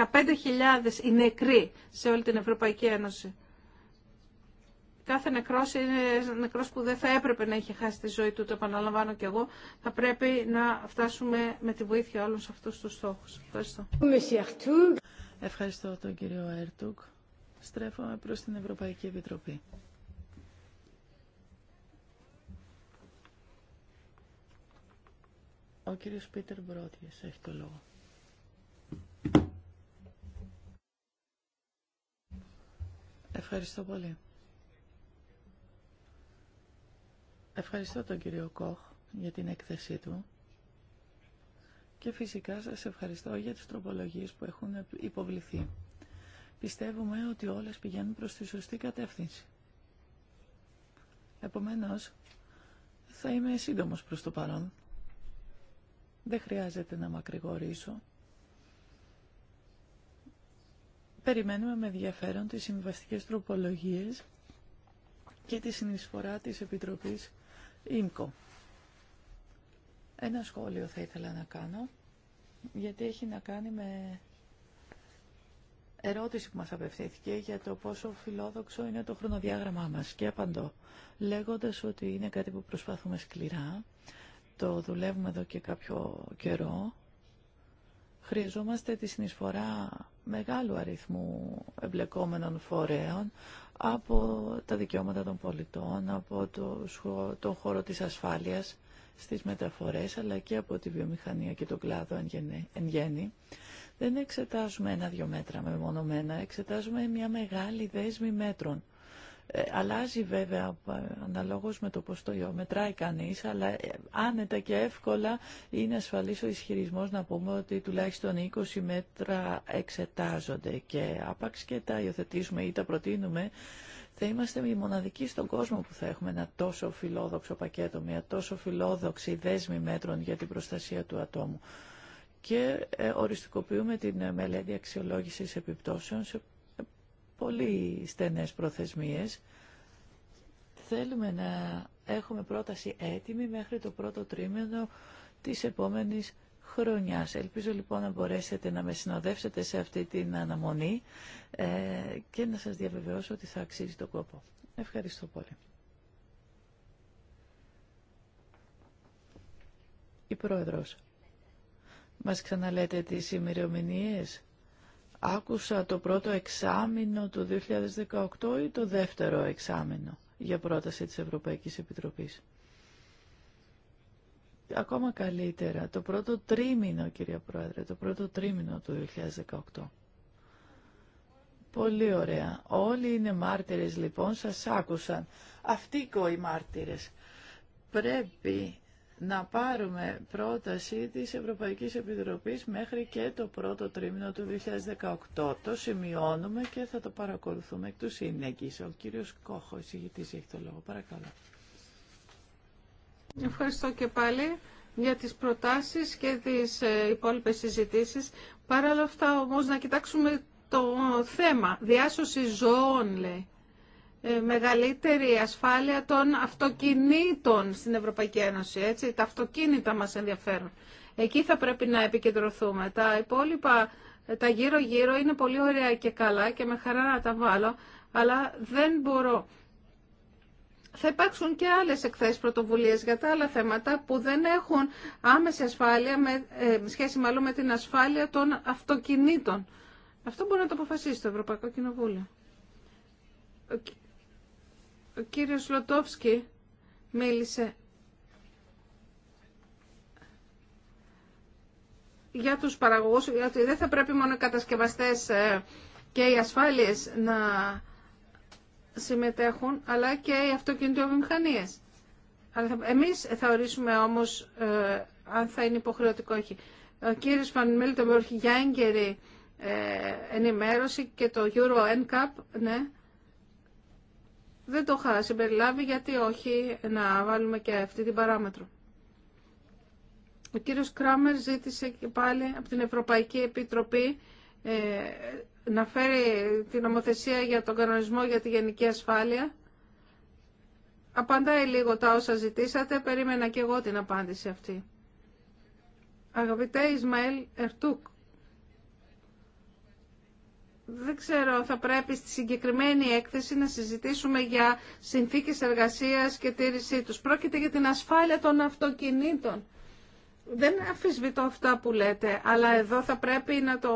οι νεκροί σε όλη την Ευρωπαϊκή Ένωση κάθε νεκρός είναι νεκρός που δεν θα έπρεπε να είχε χάσει τη ζωή του, το επαναλαμβάνω και εγώ, θα πρέπει να φτάσουμε με τη βοήθεια όλων σε αυτούς τους στόχους. Ευχαριστώ. Ευχαριστώ τον κύριο Έρτουγκ. Στρέφομαι προς την Ευρωπαϊκή Επιτροπή. Ο κύριος Πίτερ Μπρότιες έχει το λόγο. Ευχαριστώ πολύ. Ευχαριστώ τον κύριο Κόχ για την έκθεσή του και φυσικά σας ευχαριστώ για τις τροπολογίες που έχουν υποβληθεί. Πιστεύουμε ότι όλες πηγαίνουν προς τη σωστή κατεύθυνση. Επομένως, θα είμαι σύντομος προς το παρόν. Δεν χρειάζεται να μακρηγορήσω. Περιμένουμε με ενδιαφέρον τις συμβαστικές τροπολογίες και τη συνεισφορά της Επιτροπής Ίμκο. Ένα σχόλιο θα ήθελα να κάνω, γιατί έχει να κάνει με ερώτηση που μας απευθύνθηκε για το πόσο φιλόδοξο είναι το χρονοδιάγραμμά μας και απαντώ λέγοντας ότι είναι κάτι που προσπαθούμε σκληρά, το δουλεύουμε εδώ και κάποιο καιρό χρειαζόμαστε τη συνεισφορά μεγάλου αριθμού εμπλεκόμενων φορέων από τα δικαιώματα των πολιτών, από το, τον χώρο της ασφάλειας στις μεταφορές, αλλά και από τη βιομηχανία και τον κλάδο εν γέννη. Δεν εξετάζουμε ένα-δυο μέτρα μεμονωμένα, εξετάζουμε μια μεγάλη δέσμη μέτρων ε, αλλάζει βέβαια αναλόγως με το πώς το μετράει κανείς, αλλά ε, άνετα και εύκολα είναι ασφαλής ο ισχυρισμός να πούμε ότι τουλάχιστον 20 μέτρα εξετάζονται και άπαξ και τα υιοθετήσουμε ή τα προτείνουμε, θα είμαστε οι μοναδικοί στον κόσμο που θα έχουμε ένα τόσο φιλόδοξο πακέτο, μια τόσο φιλόδοξη δέσμη μέτρων για την προστασία του ατόμου. Και ε, οριστικοποιούμε την μελέτη αξιολόγησης επιπτώσεων πολύ στενές προθεσμίες. Θέλουμε να έχουμε πρόταση έτοιμη μέχρι το πρώτο τρίμηνο της επόμενης χρονιάς. Ελπίζω λοιπόν να μπορέσετε να με συνοδεύσετε σε αυτή την αναμονή ε, και να σας διαβεβαιώσω ότι θα αξίζει το κόπο. Ευχαριστώ πολύ. Η Πρόεδρος, μας ξαναλέτε τις ημερομηνίες Άκουσα το πρώτο εξάμεινο του 2018 ή το δεύτερο εξάμεινο για πρόταση της Ευρωπαϊκής Επιτροπής. Ακόμα καλύτερα, το πρώτο τρίμηνο, κυρία Πρόεδρε, το πρώτο τρίμηνο του 2018. Πολύ ωραία. Όλοι είναι μάρτυρες λοιπόν, σας άκουσαν. Αυτοί οι μάρτυρες. Πρέπει να πάρουμε πρόταση της Ευρωπαϊκής Επιτροπής μέχρι και το πρώτο τρίμηνο του 2018. Το σημειώνουμε και θα το παρακολουθούμε εκ του συνέγγυς. Ο κύριος Κόχο, εισηγητής, έχει το λόγο. Παρακαλώ. Ευχαριστώ και πάλι για τις προτάσεις και τις ε, υπόλοιπες συζητήσεις. Παρ' όλα αυτά όμως να κοιτάξουμε το θέμα. Διάσωση ζώων λέει. Ε, μεγαλύτερη ασφάλεια των αυτοκινήτων στην Ευρωπαϊκή Ένωση. Έτσι. Τα αυτοκίνητα μας ενδιαφέρουν. Εκεί θα πρέπει να επικεντρωθούμε. Τα υπόλοιπα, τα γύρω-γύρω είναι πολύ ωραία και καλά και με χαρά να τα βάλω, αλλά δεν μπορώ. Θα υπάρξουν και άλλες εκθέσεις πρωτοβουλίες για τα άλλα θέματα που δεν έχουν άμεση ασφάλεια, με, ε, σχέση μάλλον με την ασφάλεια των αυτοκινήτων. Αυτό μπορεί να το αποφασίσει το Ευρωπαϊκό Κοινοβούλιο ο κύριος Λοτόφσκι μίλησε για τους παραγωγούς, γιατί δεν θα πρέπει μόνο οι κατασκευαστές ε, και οι ασφάλειες να συμμετέχουν, αλλά και οι αυτοκινητοβιομηχανίες. εμείς θα ορίσουμε όμως ε, αν θα είναι υποχρεωτικό όχι. Ο κύριος Πανμέλη για έγκαιρη ε, ενημέρωση και το Euro NCAP, ναι δεν το είχα συμπεριλάβει γιατί όχι να βάλουμε και αυτή την παράμετρο. Ο κύριος Κράμερ ζήτησε και πάλι από την Ευρωπαϊκή Επιτροπή ε, να φέρει την νομοθεσία για τον κανονισμό για τη γενική ασφάλεια. Απαντάει λίγο τα όσα ζητήσατε, περίμενα και εγώ την απάντηση αυτή. Αγαπητέ Ισμαήλ Ερτούκ, δεν ξέρω, θα πρέπει στη συγκεκριμένη έκθεση να συζητήσουμε για συνθήκες εργασίας και τήρησή τους. Πρόκειται για την ασφάλεια των αυτοκινήτων. Δεν αφισβητώ αυτά που λέτε, αλλά εδώ θα πρέπει να το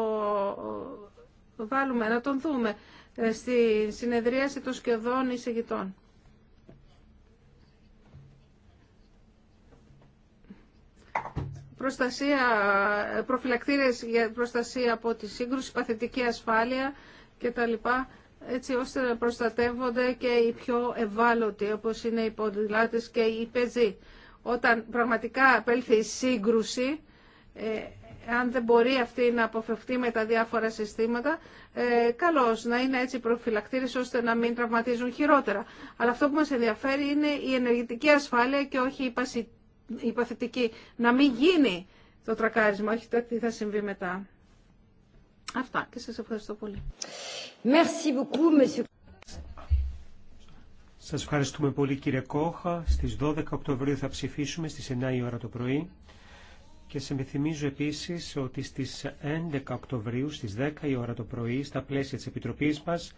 βάλουμε, να τον δούμε ε, στη συνεδρίαση των σκεδών εισηγητών. προστασία, προφυλακτήρες για προστασία από τη σύγκρουση, παθητική ασφάλεια κτλ. Έτσι ώστε να προστατεύονται και οι πιο ευάλωτοι όπως είναι οι ποδηλάτες και οι πεζοί. Όταν πραγματικά απέλθει η σύγκρουση, ε, αν δεν μπορεί αυτή να αποφευχθεί με τα διάφορα συστήματα, ε, καλώς να είναι έτσι προφυλακτήρες ώστε να μην τραυματίζουν χειρότερα. Αλλά αυτό που μας ενδιαφέρει είναι η ενεργητική ασφάλεια και όχι η πασιτική υποθετική, να μην γίνει το τρακάρισμα, όχι το τι θα συμβεί μετά. Αυτά και σας ευχαριστώ πολύ. Merci beaucoup, monsieur. Σας ευχαριστούμε πολύ κύριε Κόχα. Στις 12 Οκτωβρίου θα ψηφίσουμε στις 9 η ώρα το πρωί. Και σε θυμίζω επίσης ότι στις 11 Οκτωβρίου στις 10 η ώρα το πρωί στα πλαίσια της Επιτροπής μας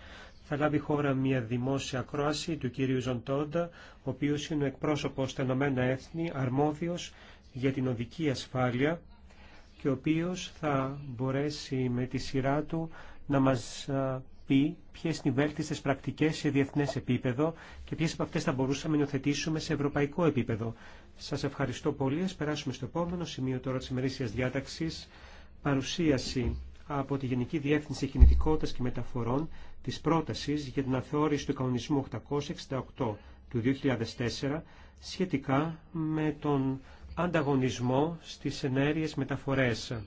θα λάβει χώρα μια δημόσια ακρόαση του κυρίου Ζοντόντα, ο οποίος είναι ο εκπρόσωπος στα Ηνωμένα Έθνη, αρμόδιος για την οδική ασφάλεια και ο οποίος θα μπορέσει με τη σειρά του να μας πει ποιε είναι οι βέλτιστε πρακτικέ σε διεθνέ επίπεδο και ποιε από αυτέ θα μπορούσαμε να υιοθετήσουμε σε ευρωπαϊκό επίπεδο. Σα ευχαριστώ πολύ. Α περάσουμε στο επόμενο σημείο τώρα τη ημερήσια διάταξη, Παρουσίαση από τη Γενική Διεύθυνση κινητικότητα και Μεταφορών της πρότασης για την αθεώρηση του κανονισμού 868 του 2004 σχετικά με τον ανταγωνισμό στις ενέργειες μεταφορές.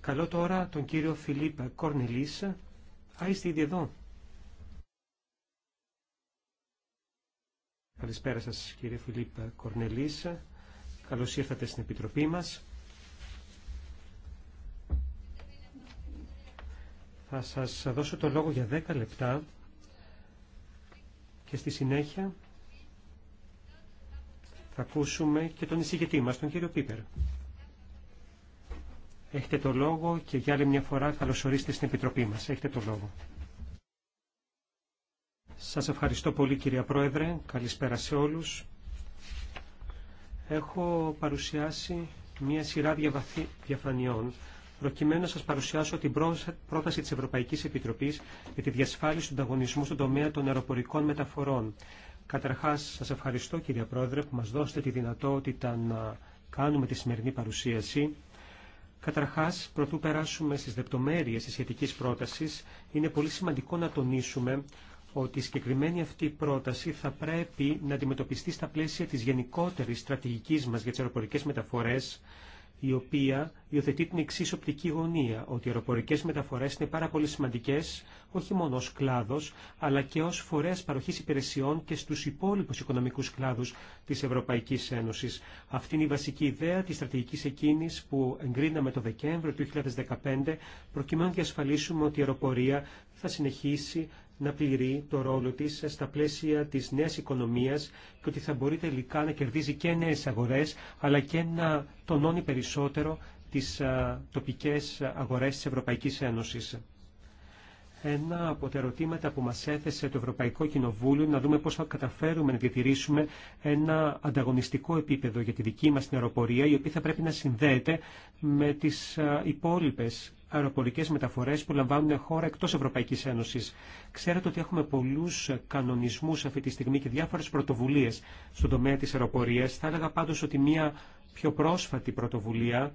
Καλό τώρα τον κύριο Φιλίπ Κορνελής. Α, είστε ήδη εδώ. Καλησπέρα σας κύριε Φιλίπ Κορνελής. Καλώς ήρθατε στην Επιτροπή μας. Θα σας δώσω το λόγο για 10 λεπτά και στη συνέχεια θα ακούσουμε και τον εισηγητή μας, τον κύριο Πίπερ. Έχετε το λόγο και για άλλη μια φορά καλωσορίστε στην Επιτροπή μας. Έχετε το λόγο. Σας ευχαριστώ πολύ κυρία Πρόεδρε. Καλησπέρα σε όλους. Έχω παρουσιάσει μια σειρά διαφανειών προκειμένου να σα παρουσιάσω την πρόταση τη Ευρωπαϊκή Επιτροπή για τη διασφάλιση του ανταγωνισμού στον τομέα των αεροπορικών μεταφορών. Καταρχά, σα ευχαριστώ κύριε Πρόεδρε που μα δώσετε τη δυνατότητα να κάνουμε τη σημερινή παρουσίαση. Καταρχάς, προτού περάσουμε στι λεπτομέρειες τη σχετική πρόταση, είναι πολύ σημαντικό να τονίσουμε ότι η συγκεκριμένη αυτή πρόταση θα πρέπει να αντιμετωπιστεί στα πλαίσια της γενικότερης στρατηγικής μας για τις αεροπορικές μεταφορές, η οποία υιοθετεί την εξή οπτική γωνία, ότι οι αεροπορικέ μεταφορέ είναι πάρα πολύ σημαντικέ όχι μόνο ω κλάδο, αλλά και ω φορέα παροχή υπηρεσιών και στου υπόλοιπου οικονομικού κλάδου τη Ευρωπαϊκή Ένωση. Αυτή είναι η βασική ιδέα τη στρατηγική εκείνη που εγκρίναμε το Δεκέμβριο του 2015, προκειμένου να διασφαλίσουμε ότι η αεροπορία θα συνεχίσει να πληρεί το ρόλο της στα πλαίσια της νέας οικονομίας και ότι θα μπορεί τελικά να κερδίζει και νέες αγορές αλλά και να τονώνει περισσότερο τις τοπικές αγορές της Ευρωπαϊκής Ένωσης. Ένα από τα ερωτήματα που μας έθεσε το Ευρωπαϊκό Κοινοβούλιο να δούμε πώς θα καταφέρουμε να διατηρήσουμε ένα ανταγωνιστικό επίπεδο για τη δική μας την αεροπορία, η οποία θα πρέπει να συνδέεται με τις υπόλοιπες αεροπορικές μεταφορές που λαμβάνουν χώρα εκτός Ευρωπαϊκής Ένωσης. Ξέρετε ότι έχουμε πολλούς κανονισμούς αυτή τη στιγμή και διάφορες πρωτοβουλίες στον τομέα της αεροπορίας. Θα έλεγα πάντως ότι μια πιο πρόσφατη πρωτοβουλία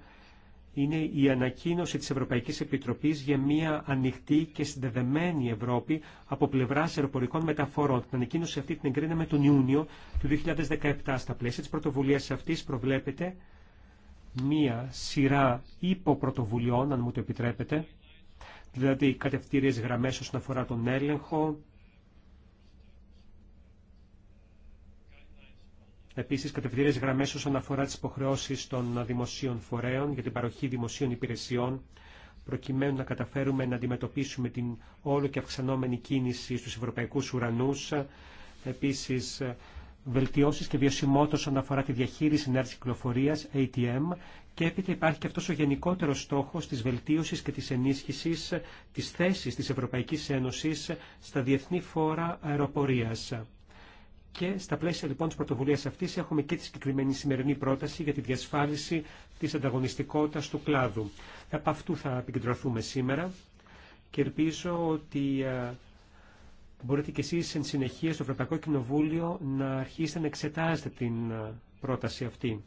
είναι η ανακοίνωση της Ευρωπαϊκής Επιτροπής για μια ανοιχτή και συνδεδεμένη Ευρώπη από πλευράς αεροπορικών μεταφορών. Την ανακοίνωση αυτή την εγκρίναμε τον Ιούνιο του 2017. Στα πλαίσια της πρωτοβουλίας αυτής προβλέπεται μία σειρά υποπρωτοβουλειών, αν μου το επιτρέπετε, δηλαδή κατευθύριες γραμμές όσον αφορά τον έλεγχο, Επίσης, κατευθυντήρες γραμμές όσον αφορά τις υποχρεώσεις των δημοσίων φορέων για την παροχή δημοσίων υπηρεσιών, προκειμένου να καταφέρουμε να αντιμετωπίσουμε την όλο και αυξανόμενη κίνηση στους ευρωπαϊκούς ουρανούς. Επίσης, βελτιώσεις και βιωσιμότητα όσον αφορά τη διαχείριση νέας κυκλοφορίας, ATM, και έπειτα υπάρχει και αυτός ο γενικότερος στόχος της βελτίωσης και της ενίσχυσης της θέσης της Ευρωπαϊκής Ένωσης στα διεθνή φόρα αεροπορίας. Και στα πλαίσια λοιπόν της πρωτοβουλίας αυτής έχουμε και τη συγκεκριμένη σημερινή πρόταση για τη διασφάλιση της ανταγωνιστικότητας του κλάδου. Από αυτού θα επικεντρωθούμε σήμερα και ελπίζω ότι ε, μπορείτε και εσείς εν συνεχεία στο Ευρωπαϊκό Κοινοβούλιο να αρχίσετε να εξετάζετε την ε, πρόταση αυτή.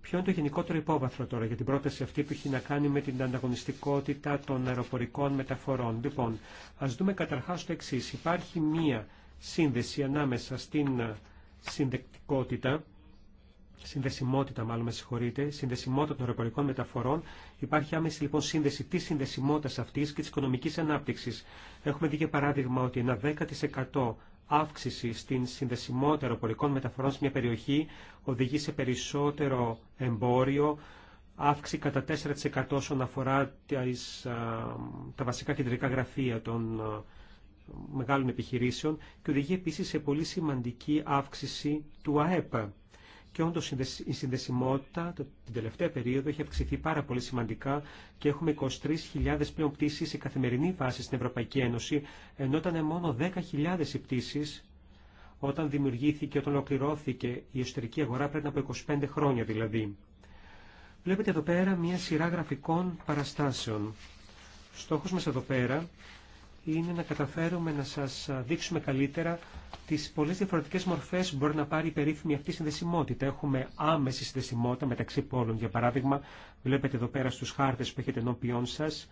Ποιο είναι το γενικότερο υπόβαθρο τώρα για την πρόταση αυτή που έχει να κάνει με την ανταγωνιστικότητα των αεροπορικών μεταφορών. Λοιπόν, ας δούμε καταρχάς το εξής. Υπάρχει μία σύνδεση ανάμεσα στην ε, συνδεκτικότητα συνδεσιμότητα μάλλον με συγχωρείτε, συνδεσιμότητα των αεροπορικών μεταφορών. Υπάρχει άμεση λοιπόν σύνδεση τη συνδεσιμότητα αυτή και τη οικονομική ανάπτυξη. Έχουμε δει για παράδειγμα ότι ένα 10% αύξηση στην συνδεσιμότητα αεροπορικών μεταφορών σε μια περιοχή οδηγεί σε περισσότερο εμπόριο, αύξηση κατά 4% όσον αφορά τα βασικά κεντρικά γραφεία των μεγάλων επιχειρήσεων και οδηγεί επίσης σε πολύ σημαντική αύξηση του ΑΕΠ. Και όντω η συνδεσιμότητα την τελευταία περίοδο έχει αυξηθεί πάρα πολύ σημαντικά και έχουμε 23.000 πλέον πτήσει σε καθημερινή βάση στην Ευρωπαϊκή Ένωση, ενώ ήταν μόνο 10.000 οι πτήσει όταν δημιουργήθηκε, όταν ολοκληρώθηκε η εσωτερική αγορά πριν από 25 χρόνια δηλαδή. Βλέπετε εδώ πέρα μία σειρά γραφικών παραστάσεων. Στόχος μας εδώ πέρα είναι να καταφέρουμε να σας δείξουμε καλύτερα τις πολλές διαφορετικές μορφές που μπορεί να πάρει η περίφημη αυτή συνδεσιμότητα. Έχουμε άμεση συνδεσιμότητα μεταξύ πόλων. Για παράδειγμα, βλέπετε εδώ πέρα στους χάρτες που έχετε ενώπιόν σας,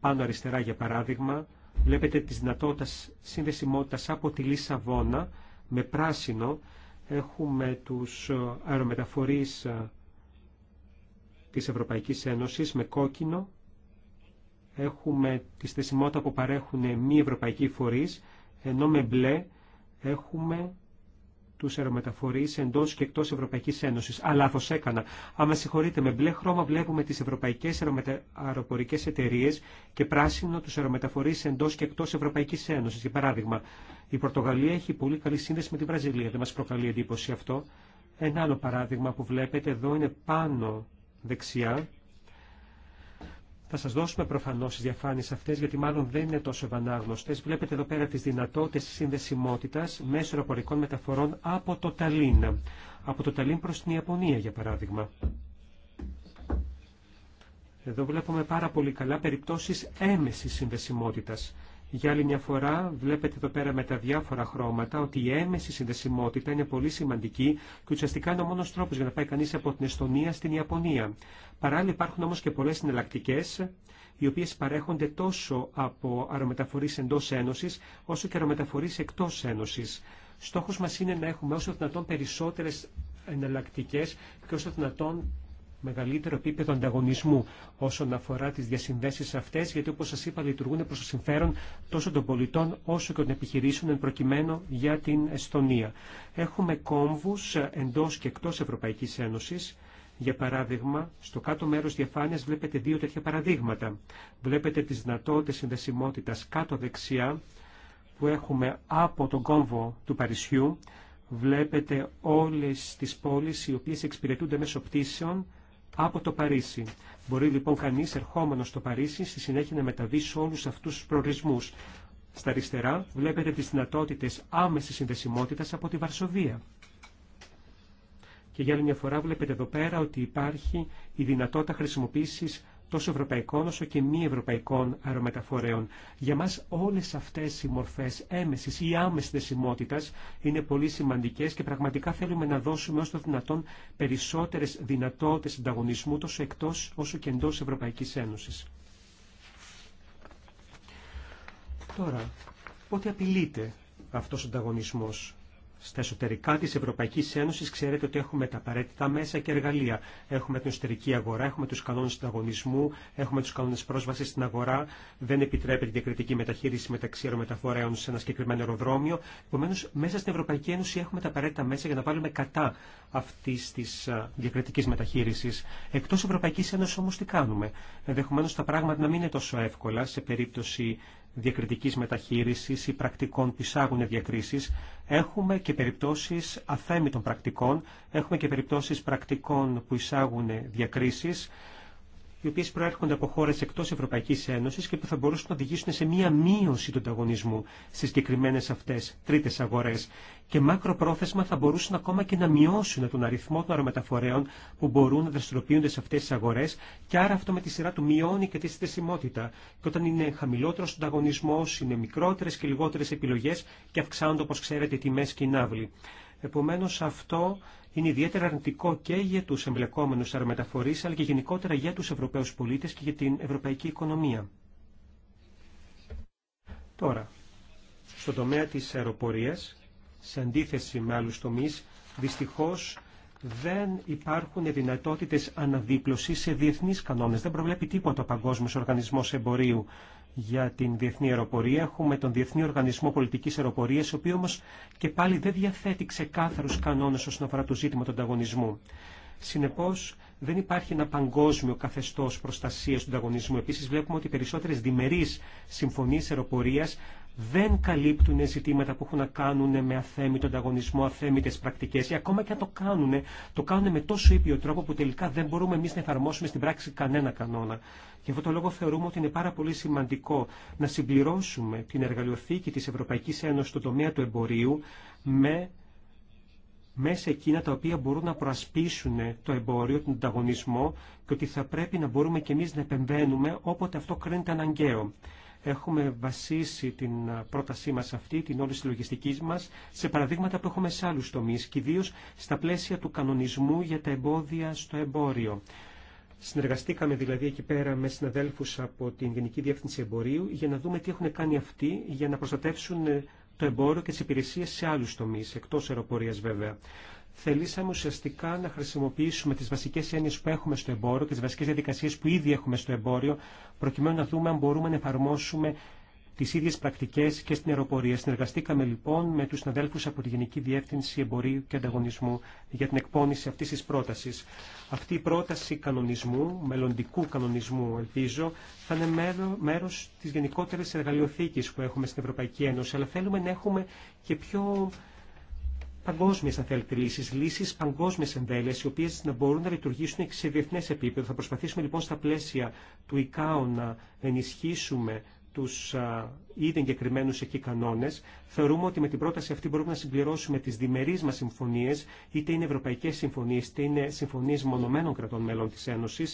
πάνω αριστερά για παράδειγμα, βλέπετε τις δυνατότητες συνδεσιμότητας από τη Λισαβόνα με πράσινο. Έχουμε τους αερομεταφορείς ε, της Ευρωπαϊκής Ένωσης με κόκκινο έχουμε τη στεσιμότητα που παρέχουν μη ευρωπαϊκοί φορείς, ενώ με μπλε έχουμε του αερομεταφορείς εντό και εκτό Ευρωπαϊκή Ένωση. Αλλά λάθος έκανα. Άμα συγχωρείτε, με μπλε χρώμα βλέπουμε τι ευρωπαϊκέ αεροπορικέ εταιρείε και πράσινο του αερομεταφορείς εντό και εκτό Ευρωπαϊκή Ένωση. Για παράδειγμα, η Πορτογαλία έχει πολύ καλή σύνδεση με τη Βραζιλία. Δεν μα προκαλεί εντύπωση αυτό. Ένα άλλο παράδειγμα που βλέπετε εδώ είναι πάνω δεξιά. Θα σα δώσουμε προφανώ τι διαφάνειε αυτές, γιατί μάλλον δεν είναι τόσο ευανάγνωστε. Βλέπετε εδώ πέρα τις δυνατότητες συνδεσιμότητας μέσω αεροπορικών μεταφορών από το Ταλίν. Από το Ταλίν προς την Ιαπωνία, για παράδειγμα. Εδώ βλέπουμε πάρα πολύ καλά περιπτώσεις έμεσης συνδεσιμότητας. Για άλλη μια φορά βλέπετε εδώ πέρα με τα διάφορα χρώματα ότι η έμεση συνδεσιμότητα είναι πολύ σημαντική και ουσιαστικά είναι ο μόνος τρόπος για να πάει κανείς από την Εστονία στην Ιαπωνία. Παράλληλα υπάρχουν όμως και πολλές συναλλακτικέ οι οποίες παρέχονται τόσο από αερομεταφορείς εντός Ένωσης όσο και αερομεταφορείς εκτός Ένωσης. Στόχος μας είναι να έχουμε όσο δυνατόν περισσότερες εναλλακτικέ και όσο δυνατόν μεγαλύτερο επίπεδο ανταγωνισμού όσον αφορά τις διασυνδέσεις αυτές, γιατί όπως σας είπα λειτουργούν προς το συμφέρον τόσο των πολιτών όσο και των επιχειρήσεων εν προκειμένου για την Εστονία. Έχουμε κόμβους εντός και εκτός Ευρωπαϊκής Ένωσης, για παράδειγμα, στο κάτω μέρος διαφάνειας βλέπετε δύο τέτοια παραδείγματα. Βλέπετε τις δυνατότητε συνδεσιμότητας κάτω δεξιά που έχουμε από τον κόμβο του Παρισιού. Βλέπετε όλες τις πόλεις οι οποίες εξυπηρετούνται μέσω πτήσεων από το Παρίσι. Μπορεί λοιπόν κανείς ερχόμενος στο Παρίσι στη συνέχεια να μεταβεί σε όλους αυτούς τους προορισμούς. Στα αριστερά βλέπετε τις δυνατότητες άμεσης συνδεσιμότητας από τη Βαρσοβία. Και για άλλη μια φορά βλέπετε εδώ πέρα ότι υπάρχει η δυνατότητα χρησιμοποίησης τόσο ευρωπαϊκών όσο και μη ευρωπαϊκών αερομεταφορέων. Για μας όλες αυτές οι μορφές έμεσης ή άμεσης δεσιμότητας είναι πολύ σημαντικές και πραγματικά θέλουμε να δώσουμε όσο το δυνατόν περισσότερες δυνατότητες ανταγωνισμού τόσο εκτός όσο και εντός Ευρωπαϊκής Ένωσης. Τώρα, πότε απειλείται αυτός ο ανταγωνισμός στα εσωτερικά της Ευρωπαϊκής Ένωσης ξέρετε ότι έχουμε τα απαραίτητα μέσα και εργαλεία. Έχουμε την εσωτερική αγορά, έχουμε τους κανόνες ανταγωνισμού, έχουμε τους κανόνες πρόσβασης στην αγορά, δεν επιτρέπεται η διακριτική μεταχείριση μεταξύ αερομεταφορέων σε ένα συγκεκριμένο αεροδρόμιο. Επομένως, μέσα στην Ευρωπαϊκή Ένωση έχουμε τα απαραίτητα μέσα για να βάλουμε κατά αυτή τη διακριτική μεταχείρισης. Εκτό Ευρωπαϊκή Ένωση όμω τι κάνουμε. Ενδεχομένω τα πράγματα να μην είναι τόσο εύκολα σε περίπτωση Διακριτική μεταχείρισης ή πρακτικών που εισάγουν διακρίσει. Έχουμε και περιπτώσεις αθέμητων πρακτικών, έχουμε και περιπτώσεις πρακτικών που εισάγουν διακρίσει οι οποίε προέρχονται από χώρε εκτό Ευρωπαϊκή Ένωση και που θα μπορούσαν να οδηγήσουν σε μία μείωση του ανταγωνισμού στι συγκεκριμένε αυτέ τρίτε αγορέ. Και μακροπρόθεσμα θα μπορούσαν ακόμα και να μειώσουν τον αριθμό των αερομεταφορέων που μπορούν να δραστηριοποιούνται σε αυτέ τι αγορέ και άρα αυτό με τη σειρά του μειώνει και τη συνδεσιμότητα. Και όταν είναι χαμηλότερο ο ανταγωνισμό, είναι μικρότερε και λιγότερε επιλογέ και αυξάνονται όπω ξέρετε οι τιμέ και οι ναύλοι. Επομένω αυτό είναι ιδιαίτερα αρνητικό και για τους εμπλεκόμενους αερομεταφορείς, αλλά και γενικότερα για τους Ευρωπαίους πολίτες και για την ευρωπαϊκή οικονομία. Τώρα, στον τομέα της αεροπορίας, σε αντίθεση με άλλους τομείς, δυστυχώς δεν υπάρχουν δυνατότητες αναδίπλωσης σε διεθνείς κανόνες. Δεν προβλέπει τίποτα ο Παγκόσμιος Οργανισμός Εμπορίου για την διεθνή αεροπορία. Έχουμε τον Διεθνή Οργανισμό Πολιτική Αεροπορία, ο οποίο όμω και πάλι δεν διαθέτει ξεκάθαρου κανόνε όσον αφορά το ζήτημα του ανταγωνισμού. Συνεπώ, δεν υπάρχει ένα παγκόσμιο καθεστώ προστασία του ανταγωνισμού. Επίση, βλέπουμε ότι περισσότερε διμερεί συμφωνίε αεροπορία δεν καλύπτουν ζητήματα που έχουν να κάνουν με αθέμητο ανταγωνισμό, αθέμητε πρακτικέ ή ακόμα και αν το κάνουν, το κάνουν με τόσο ήπιο τρόπο που τελικά δεν μπορούμε εμεί να εφαρμόσουμε στην πράξη κανένα κανόνα. Και αυτό το λόγο θεωρούμε ότι είναι πάρα πολύ σημαντικό να συμπληρώσουμε την εργαλειοθήκη τη Ευρωπαϊκή Ένωση στον τομέα του εμπορίου με μέσα εκείνα τα οποία μπορούν να προασπίσουν το εμπόριο, τον ανταγωνισμό και ότι θα πρέπει να μπορούμε και εμείς να επεμβαίνουμε όποτε αυτό κρίνεται αναγκαίο. Έχουμε βασίσει την πρότασή μας αυτή, την όλη τη λογιστική μας, σε παραδείγματα που έχουμε σε άλλους τομείς και ιδίω στα πλαίσια του κανονισμού για τα εμπόδια στο εμπόριο. Συνεργαστήκαμε δηλαδή εκεί πέρα με συναδέλφους από την Γενική Διεύθυνση Εμπορίου για να δούμε τι έχουν κάνει αυτοί για να προστατεύσουν το εμπόριο και τις υπηρεσίες σε άλλους τομείς, εκτός αεροπορίας βέβαια. Θελήσαμε ουσιαστικά να χρησιμοποιήσουμε τις βασικές έννοιες που έχουμε στο εμπόριο και τις βασικές διαδικασίες που ήδη έχουμε στο εμπόριο, προκειμένου να δούμε αν μπορούμε να εφαρμόσουμε τις ίδιες πρακτικές και στην αεροπορία. Συνεργαστήκαμε λοιπόν με τους συναδέλφους από τη Γενική Διεύθυνση Εμπορίου και Ανταγωνισμού για την εκπόνηση αυτής της πρότασης. Αυτή η πρόταση κανονισμού, μελλοντικού κανονισμού ελπίζω, θα είναι μέρος της γενικότερη εργαλειοθήκης που έχουμε στην Ευρωπαϊκή Ένωση, αλλά θέλουμε να έχουμε και πιο παγκόσμιε, αν θέλετε λύσει, λύσει οι οποίε να μπορούν να λειτουργήσουν και σε διεθνέ επίπεδο. Θα προσπαθήσουμε λοιπόν στα πλαίσια του ΙΚΑΟ να ενισχύσουμε του ήδη εγκεκριμένου εκεί κανόνε. Θεωρούμε ότι με την πρόταση αυτή μπορούμε να συμπληρώσουμε τι διμερεί μα συμφωνίε, είτε είναι ευρωπαϊκέ συμφωνίε, είτε είναι συμφωνίε μονομένων κρατών μέλων τη Ένωση.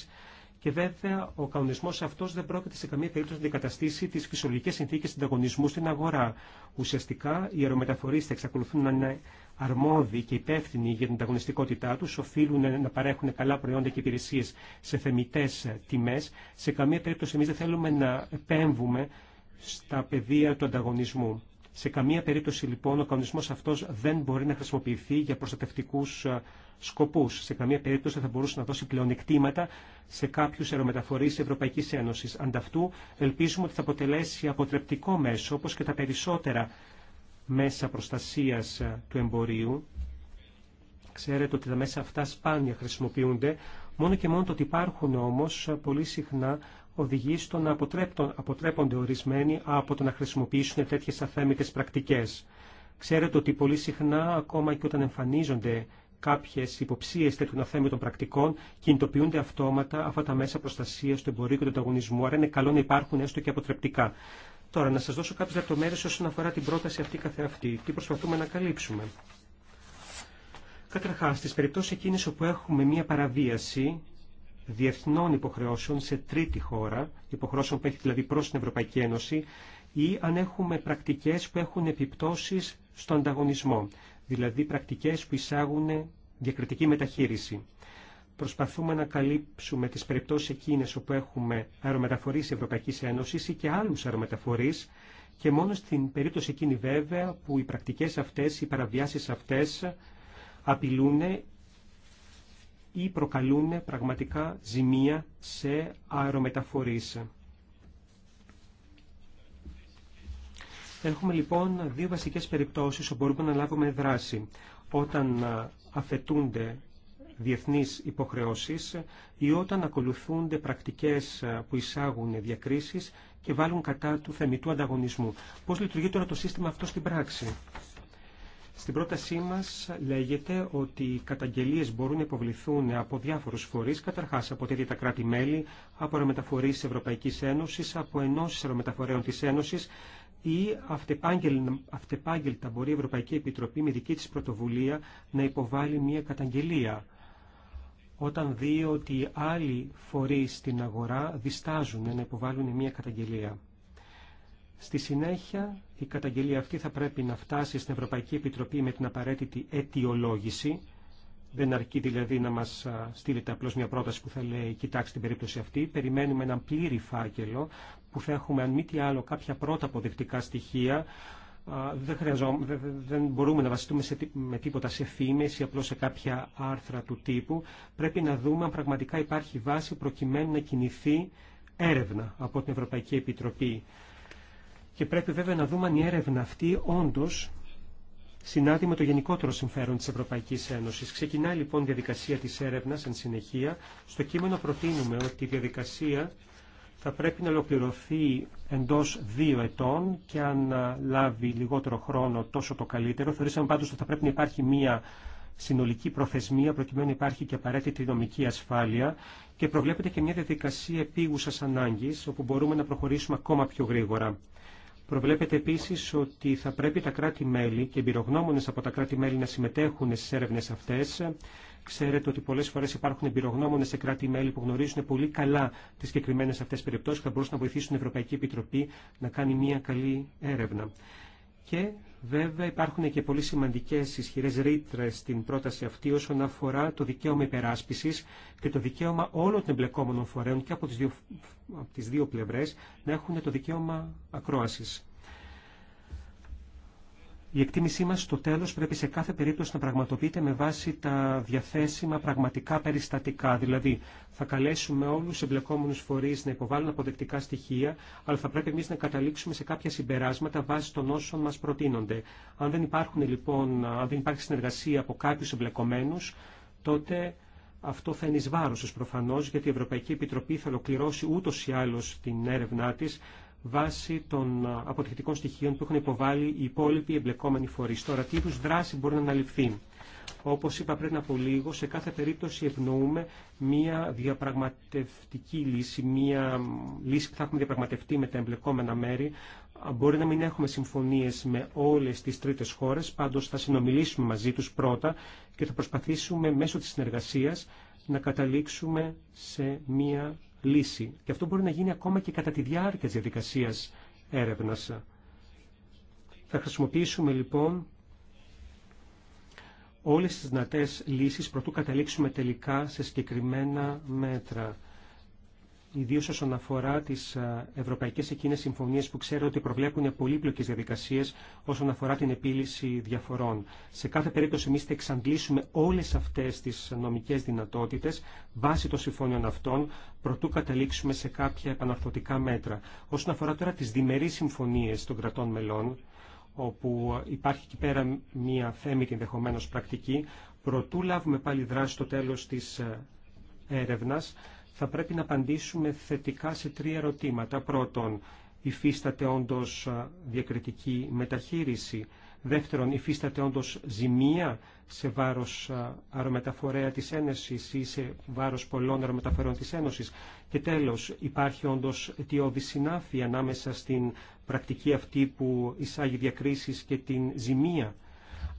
Και βέβαια ο κανονισμό αυτό δεν πρόκειται σε καμία περίπτωση να αντικαταστήσει τι φυσιολογικέ συνθήκε συνταγωνισμού στην αγορά. Ουσιαστικά οι αερομεταφορεί θα εξακολουθούν να είναι αρμόδιοι και υπεύθυνοι για την ανταγωνιστικότητά τους οφείλουν να παρέχουν καλά προϊόντα και υπηρεσίες σε θεμητές τιμές. Σε καμία περίπτωση εμείς δεν θέλουμε να επέμβουμε στα πεδία του ανταγωνισμού. Σε καμία περίπτωση λοιπόν ο κανονισμός αυτός δεν μπορεί να χρησιμοποιηθεί για προστατευτικούς ε, σκοπούς. Σε καμία περίπτωση δεν θα μπορούσε να δώσει πλεονεκτήματα σε κάποιους αερομεταφορείς της Ευρωπαϊκής Ένωσης. Ανταυτού ελπίζουμε ότι θα αποτελέσει αποτρεπτικό μέσο όπως και τα περισσότερα μέσα προστασίας του εμπορίου. Ξέρετε ότι τα μέσα αυτά σπάνια χρησιμοποιούνται, μόνο και μόνο το ότι υπάρχουν όμως πολύ συχνά οδηγεί στο να αποτρέπονται ορισμένοι από το να χρησιμοποιήσουν τέτοιες αθέμητες πρακτικές. Ξέρετε ότι πολύ συχνά, ακόμα και όταν εμφανίζονται κάποιε υποψίε τέτοιων αθέμητων πρακτικών κινητοποιούνται αυτόματα αυτά τα μέσα προστασία του εμπορίου και του ανταγωνισμού. Άρα είναι καλό να υπάρχουν έστω και αποτρεπτικά. Τώρα, να σας δώσω κάποιες λεπτομέρειε όσον αφορά την πρόταση αυτή καθεαυτή. Τι προσπαθούμε να καλύψουμε. Καταρχά, στις περιπτώσεις εκείνες όπου έχουμε μία παραβίαση διεθνών υποχρεώσεων σε τρίτη χώρα, υποχρεώσεων που έχει δηλαδή προς την Ευρωπαϊκή Ένωση, ή αν έχουμε πρακτικές που έχουν επιπτώσει στον ανταγωνισμό, δηλαδή πρακτικέ που εισάγουν διακριτική μεταχείριση προσπαθούμε να καλύψουμε τις περιπτώσεις εκείνες όπου έχουμε αερομεταφορείς Ευρωπαϊκής Ένωσης ή και άλλους αερομεταφορείς και μόνο στην περίπτωση εκείνη βέβαια που οι πρακτικές αυτές, οι παραβιάσεις αυτές απειλούν ή προκαλούν πραγματικά ζημία σε αερομεταφορείς. Έχουμε λοιπόν δύο βασικές περιπτώσεις όπου μπορούμε να λάβουμε δράση. Όταν αφαιτούνται διεθνείς υποχρεώσεις ή όταν ακολουθούνται πρακτικές ε, που εισάγουν διακρίσεις και βάλουν κατά του θεμητού ανταγωνισμού. Πώς λειτουργεί τώρα το σύστημα αυτό στην πράξη. Στην πρότασή μας λέγεται ότι οι καταγγελίες μπορούν να υποβληθούν από διάφορους φορείς, καταρχάς από τέτοια τα κράτη-μέλη, από αερομεταφορείς της Ευρωπαϊκής Ένωσης, από ενώσεις αερομεταφορέων της Ένωσης ή αυτεπάγγελτα μπορεί η Ευρωπαϊκή Επιτροπή με δική της πρωτοβουλία να υποβάλει μια καταγγελία όταν δει ότι άλλοι φορεί στην αγορά διστάζουν να υποβάλουν μια καταγγελία. Στη συνέχεια, η καταγγελία αυτή θα πρέπει να φτάσει στην Ευρωπαϊκή Επιτροπή με την απαραίτητη αιτιολόγηση. Δεν αρκεί δηλαδή να μας στείλετε απλώς μια πρόταση που θα λέει «Κοιτάξτε την περίπτωση αυτή». Περιμένουμε έναν πλήρη φάκελο που θα έχουμε αν μη τι άλλο κάποια πρώτα αποδεικτικά στοιχεία δεν, δεν μπορούμε να βασιστούμε σε, με τίποτα σε φήμες ή απλώς σε κάποια άρθρα του τύπου. Πρέπει να δούμε αν πραγματικά υπάρχει βάση προκειμένου να κινηθεί έρευνα από την Ευρωπαϊκή Επιτροπή. Και πρέπει βέβαια να δούμε αν η έρευνα αυτή όντως συνάδει με το γενικότερο συμφέρον της Ευρωπαϊκής Ένωσης. Ξεκινάει λοιπόν η διαδικασία της έρευνας εν συνεχεία. Στο κείμενο προτείνουμε ότι η διαδικασία θα πρέπει να ολοκληρωθεί εντός δύο ετών και αν λάβει λιγότερο χρόνο τόσο το καλύτερο. Θεωρήσαμε πάντως ότι θα πρέπει να υπάρχει μία συνολική προθεσμία προκειμένου να υπάρχει και απαραίτητη νομική ασφάλεια και προβλέπεται και μια διαδικασία επίγουσας ανάγκης όπου μπορούμε να προχωρήσουμε ακόμα πιο γρήγορα. Προβλέπεται επίση ότι θα πρέπει τα κράτη-μέλη και εμπειρογνώμονε από τα κράτη-μέλη να συμμετέχουν στι έρευνε αυτέ. Ξέρετε ότι πολλέ φορέ υπάρχουν εμπειρογνώμονε σε κράτη-μέλη που γνωρίζουν πολύ καλά τι συγκεκριμένε αυτέ περιπτώσει και θα μπορούσαν να βοηθήσουν την Ευρωπαϊκή Επιτροπή να κάνει μια καλή έρευνα. Και Βέβαια υπάρχουν και πολύ σημαντικές ισχυρές ρήτρε στην πρόταση αυτή όσον αφορά το δικαίωμα υπεράσπισης και το δικαίωμα όλων των εμπλεκόμενων φορέων και από τι δύο, από τις δύο πλευρές να έχουν το δικαίωμα ακρόασης. Η εκτίμησή μας στο τέλος πρέπει σε κάθε περίπτωση να πραγματοποιείται με βάση τα διαθέσιμα πραγματικά περιστατικά. Δηλαδή, θα καλέσουμε όλους τους εμπλεκόμενους φορείς να υποβάλουν αποδεκτικά στοιχεία, αλλά θα πρέπει εμείς να καταλήξουμε σε κάποια συμπεράσματα βάσει των όσων μας προτείνονται. Αν δεν, υπάρχουν, λοιπόν, αν δεν υπάρχει συνεργασία από κάποιους εμπλεκομένους, τότε αυτό θα είναι εις βάρος προφανώς, γιατί η Ευρωπαϊκή Επιτροπή θα ολοκληρώσει ούτως ή άλλως την έρευνά της βάσει των αποτυχητικών στοιχείων που έχουν υποβάλει οι υπόλοιποι εμπλεκόμενοι φορεί. Τώρα, τι είδου δράση μπορεί να αναλυφθεί. Όπω είπα πριν από λίγο, σε κάθε περίπτωση ευνοούμε μία διαπραγματευτική λύση, μία λύση που θα έχουμε διαπραγματευτεί με τα εμπλεκόμενα μέρη. Μπορεί να μην έχουμε συμφωνίε με όλε τι τρίτε χώρε, πάντω θα συνομιλήσουμε μαζί του πρώτα και θα προσπαθήσουμε μέσω τη συνεργασία να καταλήξουμε σε μία λύση. Και αυτό μπορεί να γίνει ακόμα και κατά τη διάρκεια της διαδικασίας έρευνας. Θα χρησιμοποιήσουμε λοιπόν όλες τις δυνατές λύσεις προτού καταλήξουμε τελικά σε συγκεκριμένα μέτρα ιδίως όσον αφορά τις ευρωπαϊκές εκείνες συμφωνίες που ξέρω ότι προβλέπουν πολύπλοκες διαδικασίες όσον αφορά την επίλυση διαφορών. Σε κάθε περίπτωση εμείς θα εξαντλήσουμε όλες αυτές τις νομικές δυνατότητες βάσει των συμφωνιών αυτών προτού καταλήξουμε σε κάποια επαναρθωτικά μέτρα. Όσον αφορά τώρα τις διμερείς συμφωνίες των κρατών μελών, όπου υπάρχει εκεί πέρα μια θέμητη ενδεχομένω πρακτική, προτού λάβουμε πάλι δράση στο τέλος της ε, έρευνας, θα πρέπει να απαντήσουμε θετικά σε τρία ερωτήματα. Πρώτον, υφίσταται όντως διακριτική μεταχείριση. Δεύτερον, υφίσταται όντως ζημία σε βάρος αερομεταφορέα της Ένωσης ή σε βάρος πολλών αερομεταφορέων της Ένωσης. Και τέλος, υπάρχει όντως αιτιώδη συνάφη ανάμεσα στην πρακτική αυτή που εισάγει διακρίσεις και την ζημία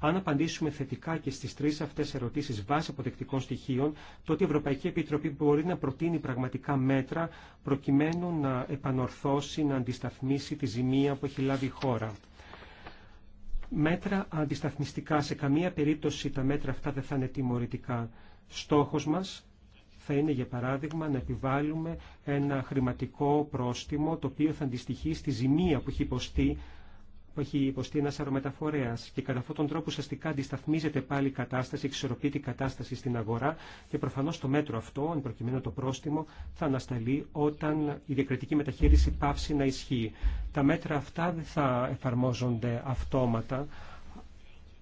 αν απαντήσουμε θετικά και στι τρει αυτέ ερωτήσει βάσει αποδεκτικών στοιχείων, τότε η Ευρωπαϊκή Επιτροπή μπορεί να προτείνει πραγματικά μέτρα προκειμένου να επανορθώσει, να αντισταθμίσει τη ζημία που έχει λάβει η χώρα. Μέτρα αντισταθμιστικά. Σε καμία περίπτωση τα μέτρα αυτά δεν θα είναι τιμωρητικά. Στόχος μας θα είναι για παράδειγμα να επιβάλλουμε ένα χρηματικό πρόστιμο το οποίο θα αντιστοιχεί στη ζημία που έχει υποστεί που έχει υποστεί ένα αερομεταφορέα. Και κατά αυτόν τον τρόπο ουσιαστικά αντισταθμίζεται πάλι η κατάσταση, εξορροπεί την κατάσταση στην αγορά και προφανώ το μέτρο αυτό, αν προκειμένου το πρόστιμο, θα ανασταλεί όταν η διακριτική μεταχείριση πάυσει να ισχύει. Τα μέτρα αυτά δεν θα εφαρμόζονται αυτόματα,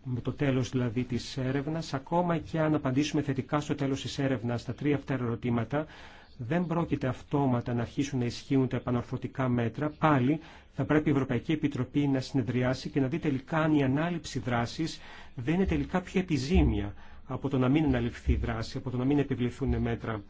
με το τέλος δηλαδή της έρευνας, ακόμα και αν απαντήσουμε θετικά στο τέλος της έρευνας τα τρία αυτά ερωτήματα, δεν πρόκειται αυτόματα να αρχίσουν να ισχύουν τα επανορθωτικά μέτρα, πάλι θα πρέπει η Ευρωπαϊκή Επιτροπή να συνεδριάσει και να δει τελικά αν η ανάληψη δράση δεν είναι τελικά πιο επιζήμια από το να μην αναλυφθεί δράση, από το να μην επιβληθούν μέτρα.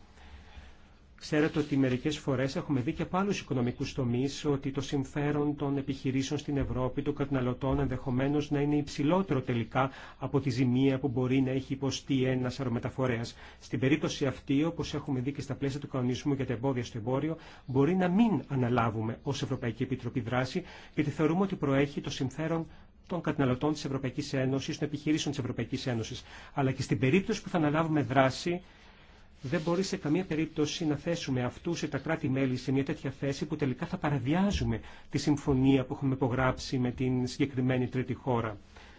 Ξέρετε ότι μερικές φορές έχουμε δει και από άλλους οικονομικούς τομείς ότι το συμφέρον των επιχειρήσεων στην Ευρώπη, των καταναλωτών ενδεχομένως να είναι υψηλότερο τελικά από τη ζημία που μπορεί να έχει υποστεί ένας αερομεταφορέας. Στην περίπτωση αυτή, όπως έχουμε δει και στα πλαίσια του κανονισμού για τα εμπόδια στο εμπόριο, μπορεί να μην αναλάβουμε ως Ευρωπαϊκή Επιτροπή δράση, γιατί θεωρούμε ότι προέχει το συμφέρον των καταναλωτών της Ευρωπαϊκής Ένωσης, των επιχειρήσεων της Ευρωπαϊκής Ένωσης. Αλλά και στην περίπτωση που θα αναλάβουμε δράση, δεν μπορεί σε καμία περίπτωση να θέσουμε αυτού ή τα κράτη-μέλη σε μια τέτοια θέση που τελικά θα παραβιάζουμε τη συμφωνία που έχουμε υπογράψει με την συγκεκριμένη τρίτη χώρα.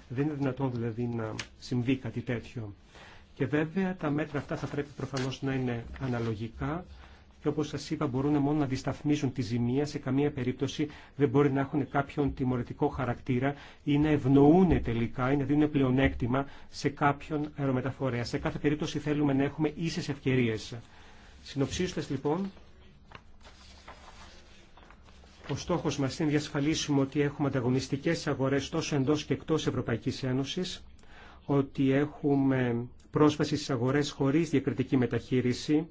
Δεν είναι δυνατόν δηλαδή να συμβεί κάτι τέτοιο. Και βέβαια τα μέτρα αυτά θα πρέπει προφανώς να είναι αναλογικά και όπως σας είπα μπορούν μόνο να αντισταθμίσουν τη ζημία, σε καμία περίπτωση δεν μπορεί να έχουν κάποιον τιμωρητικό χαρακτήρα ή να ευνοούν τελικά ή να δίνουν πλεονέκτημα σε κάποιον αερομεταφορέα. Σε κάθε περίπτωση θέλουμε να έχουμε ίσες ευκαιρίες. Συνοψίζοντας λοιπόν, ο στόχος μας είναι να διασφαλίσουμε ότι έχουμε ανταγωνιστικές αγορές τόσο εντός και εκτός Ευρωπαϊκής Ένωσης, ότι έχουμε πρόσβαση στις αγορές χωρίς διακριτική μεταχείριση,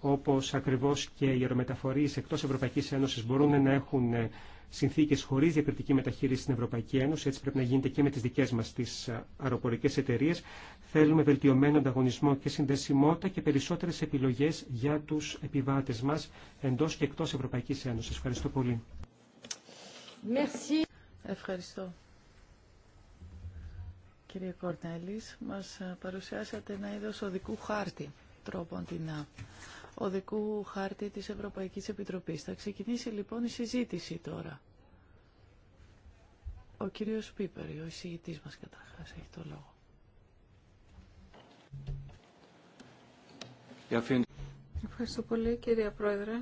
όπως ακριβώς και οι αερομεταφορείς εκτός Ευρωπαϊκής Ένωσης μπορούν να έχουν ε, συνθήκες χωρίς διακριτική μεταχείριση στην Ευρωπαϊκή Ένωση, έτσι πρέπει να γίνεται και με τις δικές μας τις ε, αεροπορικές εταιρείες. Θέλουμε βελτιωμένο ανταγωνισμό και συνδεσιμότητα και περισσότερες επιλογές για τους επιβάτες μας εντός και εκτός Ευρωπαϊκής Ένωσης. Ευχαριστώ πολύ. Merci. Ευχαριστώ. Κύριε Κορνέλης, μας ε, παρουσιάσατε ένα είδος οδικού χάρτη τρόπον την οδικού χάρτη της Ευρωπαϊκής Επιτροπής. Θα ξεκινήσει λοιπόν η συζήτηση τώρα. Ο κύριος Πίπερ, ο εισηγητής μας καταρχάς, έχει το λόγο. Ευχαριστώ πολύ κύριε Πρόεδρε.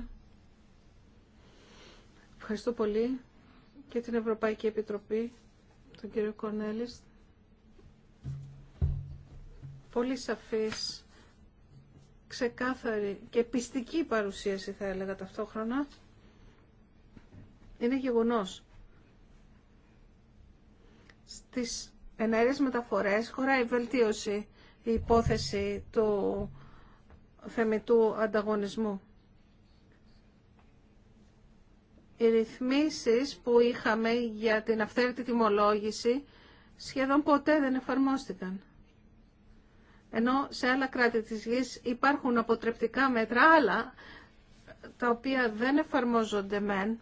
Ευχαριστώ πολύ και την Ευρωπαϊκή Επιτροπή, τον κύριο Κορνέλης. Πολύ σαφής ξεκάθαρη και πιστική παρουσίαση θα έλεγα ταυτόχρονα είναι γεγονός. Στις ενέργειες μεταφορές χωράει βελτίωση η υπόθεση του θεμητού ανταγωνισμού. Οι ρυθμίσεις που είχαμε για την αυθαίρετη τιμολόγηση σχεδόν ποτέ δεν εφαρμόστηκαν. Ενώ σε άλλα κράτη της γης υπάρχουν αποτρεπτικά μέτρα, άλλα τα οποία δεν εφαρμόζονται μεν, ε,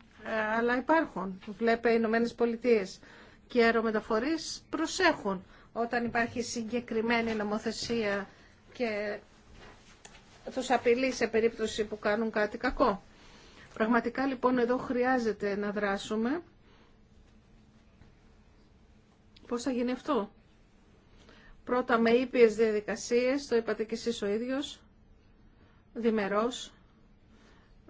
αλλά υπάρχουν. Βλέπε οι Ηνωμένε Πολιτείες και οι αερομεταφορείς προσέχουν όταν υπάρχει συγκεκριμένη νομοθεσία και τους απειλεί σε περίπτωση που κάνουν κάτι κακό. Πραγματικά λοιπόν εδώ χρειάζεται να δράσουμε. Πώς θα γίνει αυτό. Πρώτα με ήπιες διαδικασίες, το είπατε και εσείς ο ίδιος, διμερός,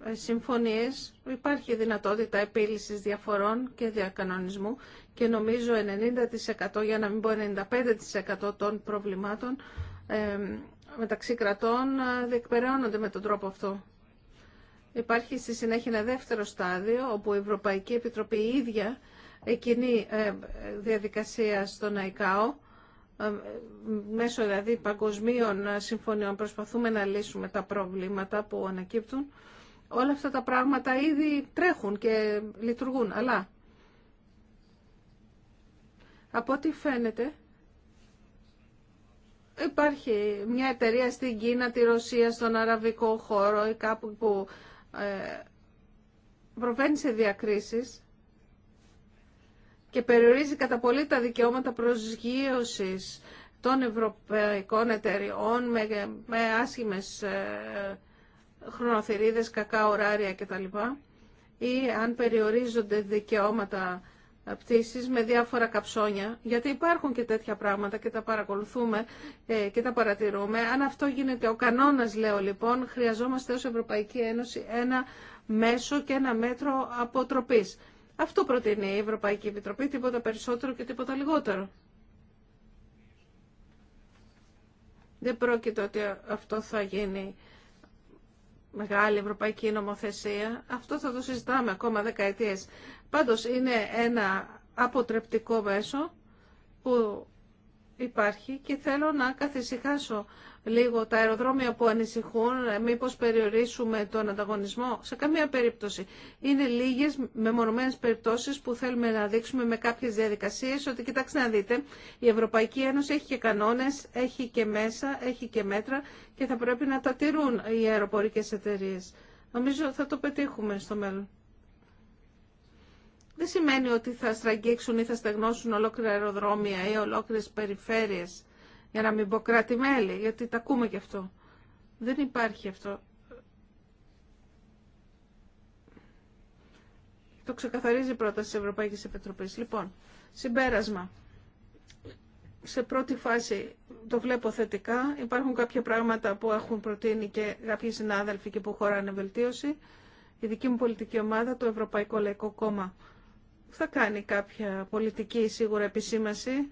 ε, συμφωνίες. Υπάρχει δυνατότητα επίλυσης διαφορών και διακανονισμού και νομίζω 90% για να μην πω 95% των προβλημάτων ε, μεταξύ κρατών ε, διεκπεραιώνονται με τον τρόπο αυτό. Υπάρχει στη συνέχεια ένα δεύτερο στάδιο όπου η Ευρωπαϊκή Επιτροπή η ίδια εκείνη διαδικασία στον ΝΑΙΚΑΟ, μέσω δηλαδή παγκοσμίων συμφωνιών προσπαθούμε να λύσουμε τα προβλήματα που ανακύπτουν. Όλα αυτά τα πράγματα ήδη τρέχουν και λειτουργούν, αλλά από ό,τι φαίνεται υπάρχει μια εταιρεία στην Κίνα, τη Ρωσία, στον αραβικό χώρο ή κάπου που ε, προβαίνει σε διακρίσεις και περιορίζει κατά πολύ τα δικαιώματα προσγείωσης των ευρωπαϊκών εταιριών με, με άσχημες ε, χρονοθυρίδες, κακά ωράρια κτλ. Ή αν περιορίζονται δικαιώματα πτήσης με διάφορα καψόνια, γιατί υπάρχουν και τέτοια πράγματα και τα παρακολουθούμε ε, και τα παρατηρούμε. Αν αυτό γίνεται ο κανόνας, λέω λοιπόν, χρειαζόμαστε ως Ευρωπαϊκή Ένωση ένα μέσο και ένα μέτρο αποτροπής. Αυτό προτείνει η Ευρωπαϊκή Επιτροπή, τίποτα περισσότερο και τίποτα λιγότερο. Δεν πρόκειται ότι αυτό θα γίνει μεγάλη ευρωπαϊκή νομοθεσία. Αυτό θα το συζητάμε ακόμα δεκαετίες. Πάντως είναι ένα αποτρεπτικό μέσο που υπάρχει και θέλω να καθησυχάσω λίγο τα αεροδρόμια που ανησυχούν, ε, μήπως περιορίσουμε τον ανταγωνισμό. Σε καμία περίπτωση. Είναι λίγες μεμονωμένες περιπτώσεις που θέλουμε να δείξουμε με κάποιες διαδικασίες ότι κοιτάξτε να δείτε, η Ευρωπαϊκή Ένωση έχει και κανόνες, έχει και μέσα, έχει και μέτρα και θα πρέπει να τα τηρούν οι αεροπορικές εταιρείε. Νομίζω θα το πετύχουμε στο μέλλον δεν σημαίνει ότι θα στραγγίξουν ή θα στεγνώσουν ολόκληρα αεροδρόμια ή ολόκληρες περιφέρειες, για να μην πω κράτη-μέλη, γιατί τα ακούμε και αυτό. Δεν υπάρχει αυτό. Το ξεκαθαρίζει η πρόταση της Ευρωπαϊκής Λοιπόν, συμπέρασμα. Σε πρώτη φάση το βλέπω θετικά. Υπάρχουν κάποια πράγματα που έχουν προτείνει και κάποιοι συνάδελφοι και που χωράνε βελτίωση. Η δική μου πολιτική ομάδα, το Ευρωπαϊκό Λαϊκό Κόμμα, θα κάνει κάποια πολιτική σίγουρα επισήμαση.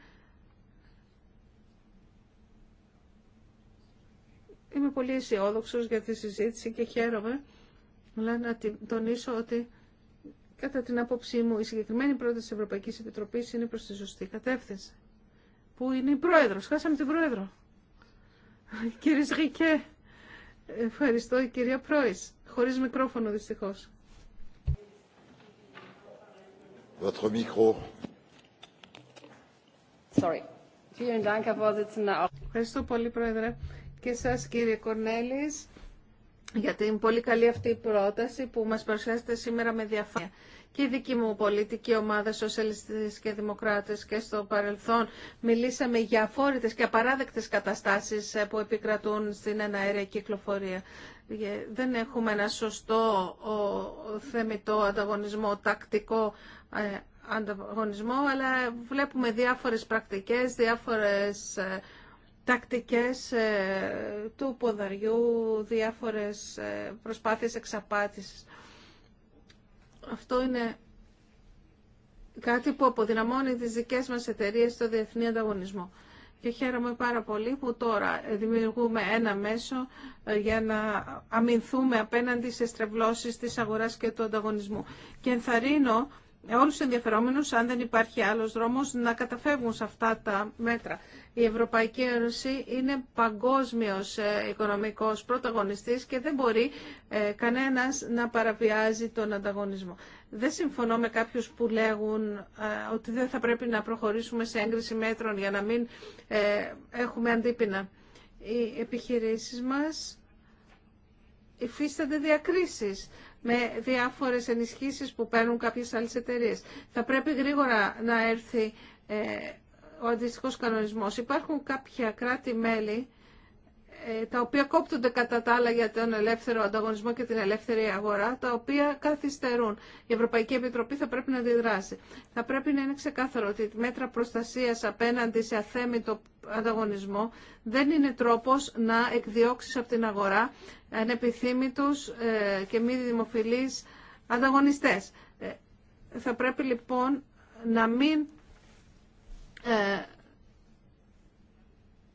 Είμαι πολύ αισιόδοξο για τη συζήτηση και χαίρομαι. Αλλά να τονίσω ότι κατά την άποψή μου η συγκεκριμένη πρόταση της Ευρωπαϊκής Επιτροπής είναι προς τη σωστή κατεύθυνση. Που είναι η Πρόεδρος. Χάσαμε την Πρόεδρο. Κύριε Σγικέ, ευχαριστώ η κυρία Πρόης. Χωρίς μικρόφωνο δυστυχώς. Ευχαριστώ πολύ, Πρόεδρε. Και σα, κύριε Κορνέλη, για την πολύ καλή αυτή πρόταση που μα παρουσιάσετε σήμερα με διαφάνεια. Και η δική μου πολιτική ομάδα, σοσιαλιστή και δημοκράτε, και στο παρελθόν μιλήσαμε για αφόρητες και απαράδεκτες καταστάσει ε, που επικρατούν στην εναέρια κυκλοφορία δεν έχουμε ένα σωστό θεμητό ανταγωνισμό, τακτικό ε, ανταγωνισμό, αλλά βλέπουμε διάφορες πρακτικές, διάφορες ε, τακτικές ε, του ποδαριού, διάφορες προσπάθειες εξαπάτησης. Αυτό είναι κάτι που αποδυναμώνει τις δικές μας εταιρείες στο διεθνή ανταγωνισμό και χαίρομαι πάρα πολύ που τώρα δημιουργούμε ένα μέσο ε, για να αμυνθούμε απέναντι σε στρεβλώσεις της αγοράς και του ανταγωνισμού. Και ενθαρρύνω όλους τους ενδιαφερόμενους, αν δεν υπάρχει άλλος δρόμος, να καταφεύγουν σε αυτά τα μέτρα. Η Ευρωπαϊκή Ένωση είναι παγκόσμιος ε, οικονομικός πρωταγωνιστής και δεν μπορεί ε, κανένας να παραβιάζει τον ανταγωνισμό. Δεν συμφωνώ με κάποιους που λέγουν ε, ότι δεν θα πρέπει να προχωρήσουμε σε έγκριση μέτρων για να μην ε, έχουμε αντίπεινα. Οι επιχειρήσεις μας υφίστανται διακρίσεις με διάφορες ενισχύσεις που παίρνουν κάποιες άλλες εταιρείες. Θα πρέπει γρήγορα να έρθει ε, ο αντίστοιχο κανονισμός. Υπάρχουν κάποια κράτη-μέλη ε, τα οποία κόπτονται κατά τα άλλα για τον ελεύθερο ανταγωνισμό και την ελεύθερη αγορά, τα οποία καθυστερούν. Η Ευρωπαϊκή Επιτροπή θα πρέπει να αντιδράσει. Θα πρέπει να είναι ξεκάθαρο ότι μέτρα προστασίας απέναντι σε αθέμητο ανταγωνισμό δεν είναι τρόπος να εκδιώξεις από την αγορά ανεπιθύμητους ε, και μη δημοφιλείς ανταγωνιστές. Ε, θα πρέπει λοιπόν να μην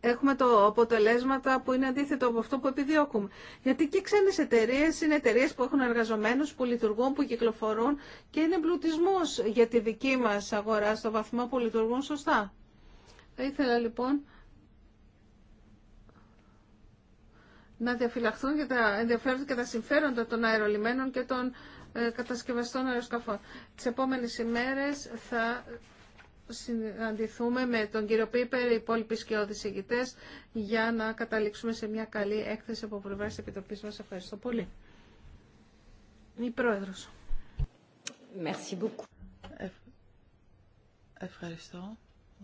έχουμε το αποτελέσματα που είναι αντίθετο από αυτό που επιδιώκουμε. Γιατί και ξένες εταιρείε είναι εταιρείε που έχουν εργαζομένου που λειτουργούν, που κυκλοφορούν και είναι εμπλουτισμό για τη δική μα αγορά στο βαθμό που λειτουργούν σωστά. Θα ήθελα λοιπόν να διαφυλαχθούν και τα ενδιαφέροντα και τα συμφέροντα των αερολιμένων και των ε, κατασκευαστών αεροσκαφών. Τις επόμενες ημέρες θα συναντηθούμε με τον κύριο Πίπερ, οι υπόλοιποι σκιώδεις ηγητές, για να καταλήξουμε σε μια καλή έκθεση από πλευρά της Επιτροπής μας. Ευχαριστώ πολύ. Η Πρόεδρος. Merci ευχαριστώ.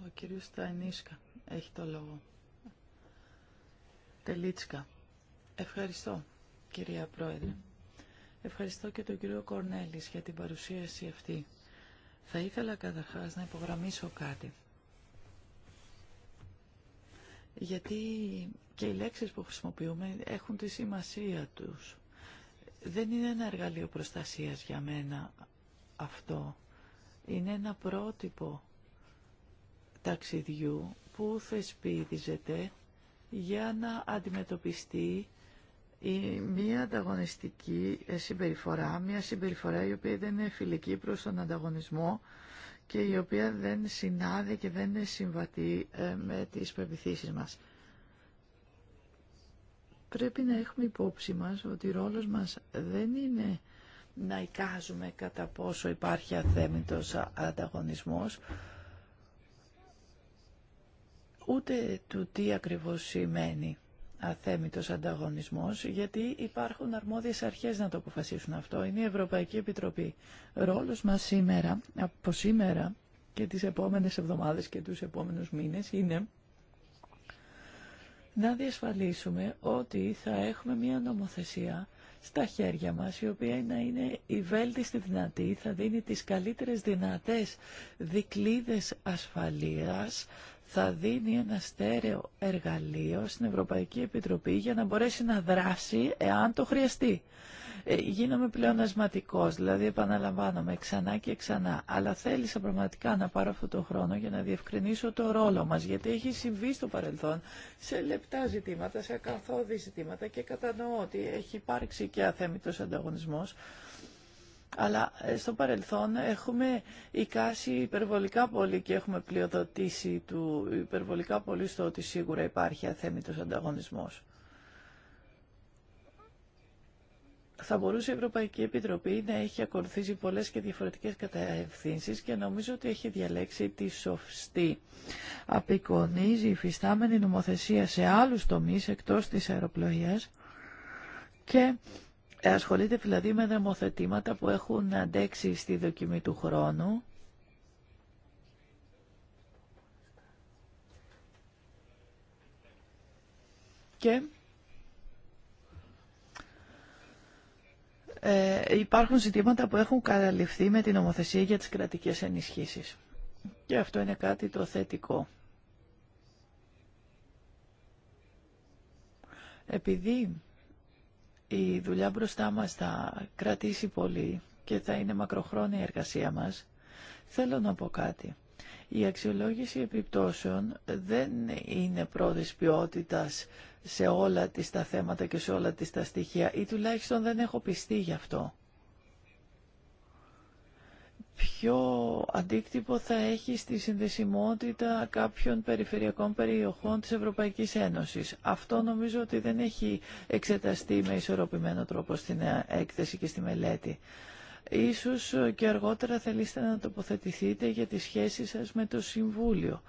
Ο κύριος Στανίσκα έχει το λόγο. Τελίτσκα. Ευχαριστώ, κυρία Πρόεδρε. Ευχαριστώ και τον κύριο Κορνέλης για την παρουσίαση αυτή. Θα ήθελα καταρχάς να υπογραμμίσω κάτι. Γιατί και οι λέξεις που χρησιμοποιούμε έχουν τη σημασία τους. Δεν είναι ένα εργαλείο προστασίας για μένα αυτό. Είναι ένα πρότυπο ταξιδιού που θεσπίδιζεται για να αντιμετωπιστεί η μία ανταγωνιστική ε, συμπεριφορά, μία συμπεριφορά η οποία δεν είναι φιλική προς τον ανταγωνισμό και η οποία δεν συνάδει και δεν είναι συμβατή ε, με τις πεπιθήσεις μας. Πρέπει να έχουμε υπόψη μας ότι ο ρόλος μας δεν είναι να εικάζουμε κατά πόσο υπάρχει αθέμητος ανταγωνισμός, ούτε του τι ακριβώς σημαίνει αθέμητος ανταγωνισμός, γιατί υπάρχουν αρμόδιες αρχές να το αποφασίσουν αυτό. Είναι η Ευρωπαϊκή Επιτροπή. Ρόλος μας σήμερα, από σήμερα και τις επόμενες εβδομάδες και τους επόμενους μήνες είναι να διασφαλίσουμε ότι θα έχουμε μια νομοθεσία στα χέρια μας, η οποία να είναι η βέλτιστη δυνατή, θα δίνει τις καλύτερες δυνατές δικλίδες ασφαλείας θα δίνει ένα στέρεο εργαλείο στην Ευρωπαϊκή Επιτροπή για να μπορέσει να δράσει εάν το χρειαστεί. Ε, γίνομαι πλέον ασματικός, δηλαδή επαναλαμβάνομαι ξανά και ξανά, αλλά θέλησα πραγματικά να πάρω αυτό το χρόνο για να διευκρινίσω το ρόλο μας, γιατί έχει συμβεί στο παρελθόν σε λεπτά ζητήματα, σε ακαθόδη ζητήματα και κατανοώ ότι έχει υπάρξει και αθέμητος ανταγωνισμός αλλά ε, στο παρελθόν έχουμε εικάσει υπερβολικά πολύ και έχουμε πλειοδοτήσει του υπερβολικά πολύ στο ότι σίγουρα υπάρχει αθέμητος ανταγωνισμός. Θα μπορούσε η Ευρωπαϊκή Επιτροπή να έχει ακολουθήσει πολλές και διαφορετικές κατευθύνσεις και νομίζω ότι έχει διαλέξει τη σωστή. Απεικονίζει η φυστάμενη νομοθεσία σε άλλους τομείς εκτός της αεροπλοείας και Ασχολείται δηλαδή με νομοθετήματα που έχουν αντέξει στη δοκιμή του χρόνου. Και ε, υπάρχουν ζητήματα που έχουν καταληφθεί με την νομοθεσία για τις κρατικές ενισχύσεις. Και αυτό είναι κάτι το θετικό. Επειδή η δουλειά μπροστά μας θα κρατήσει πολύ και θα είναι μακροχρόνια η εργασία μας. Θέλω να πω κάτι. Η αξιολόγηση επιπτώσεων δεν είναι πρώτης ποιότητας σε όλα τις τα θέματα και σε όλα τις τα στοιχεία ή τουλάχιστον δεν έχω πιστεί γι' αυτό ποιο αντίκτυπο θα έχει στη συνδεσιμότητα κάποιων περιφερειακών περιοχών της Ευρωπαϊκής Ένωσης. Αυτό νομίζω ότι δεν έχει εξεταστεί με ισορροπημένο τρόπο στην έκθεση και στη μελέτη. Ίσως και αργότερα θελήσετε να τοποθετηθείτε για τη σχέση σας με το Συμβούλιο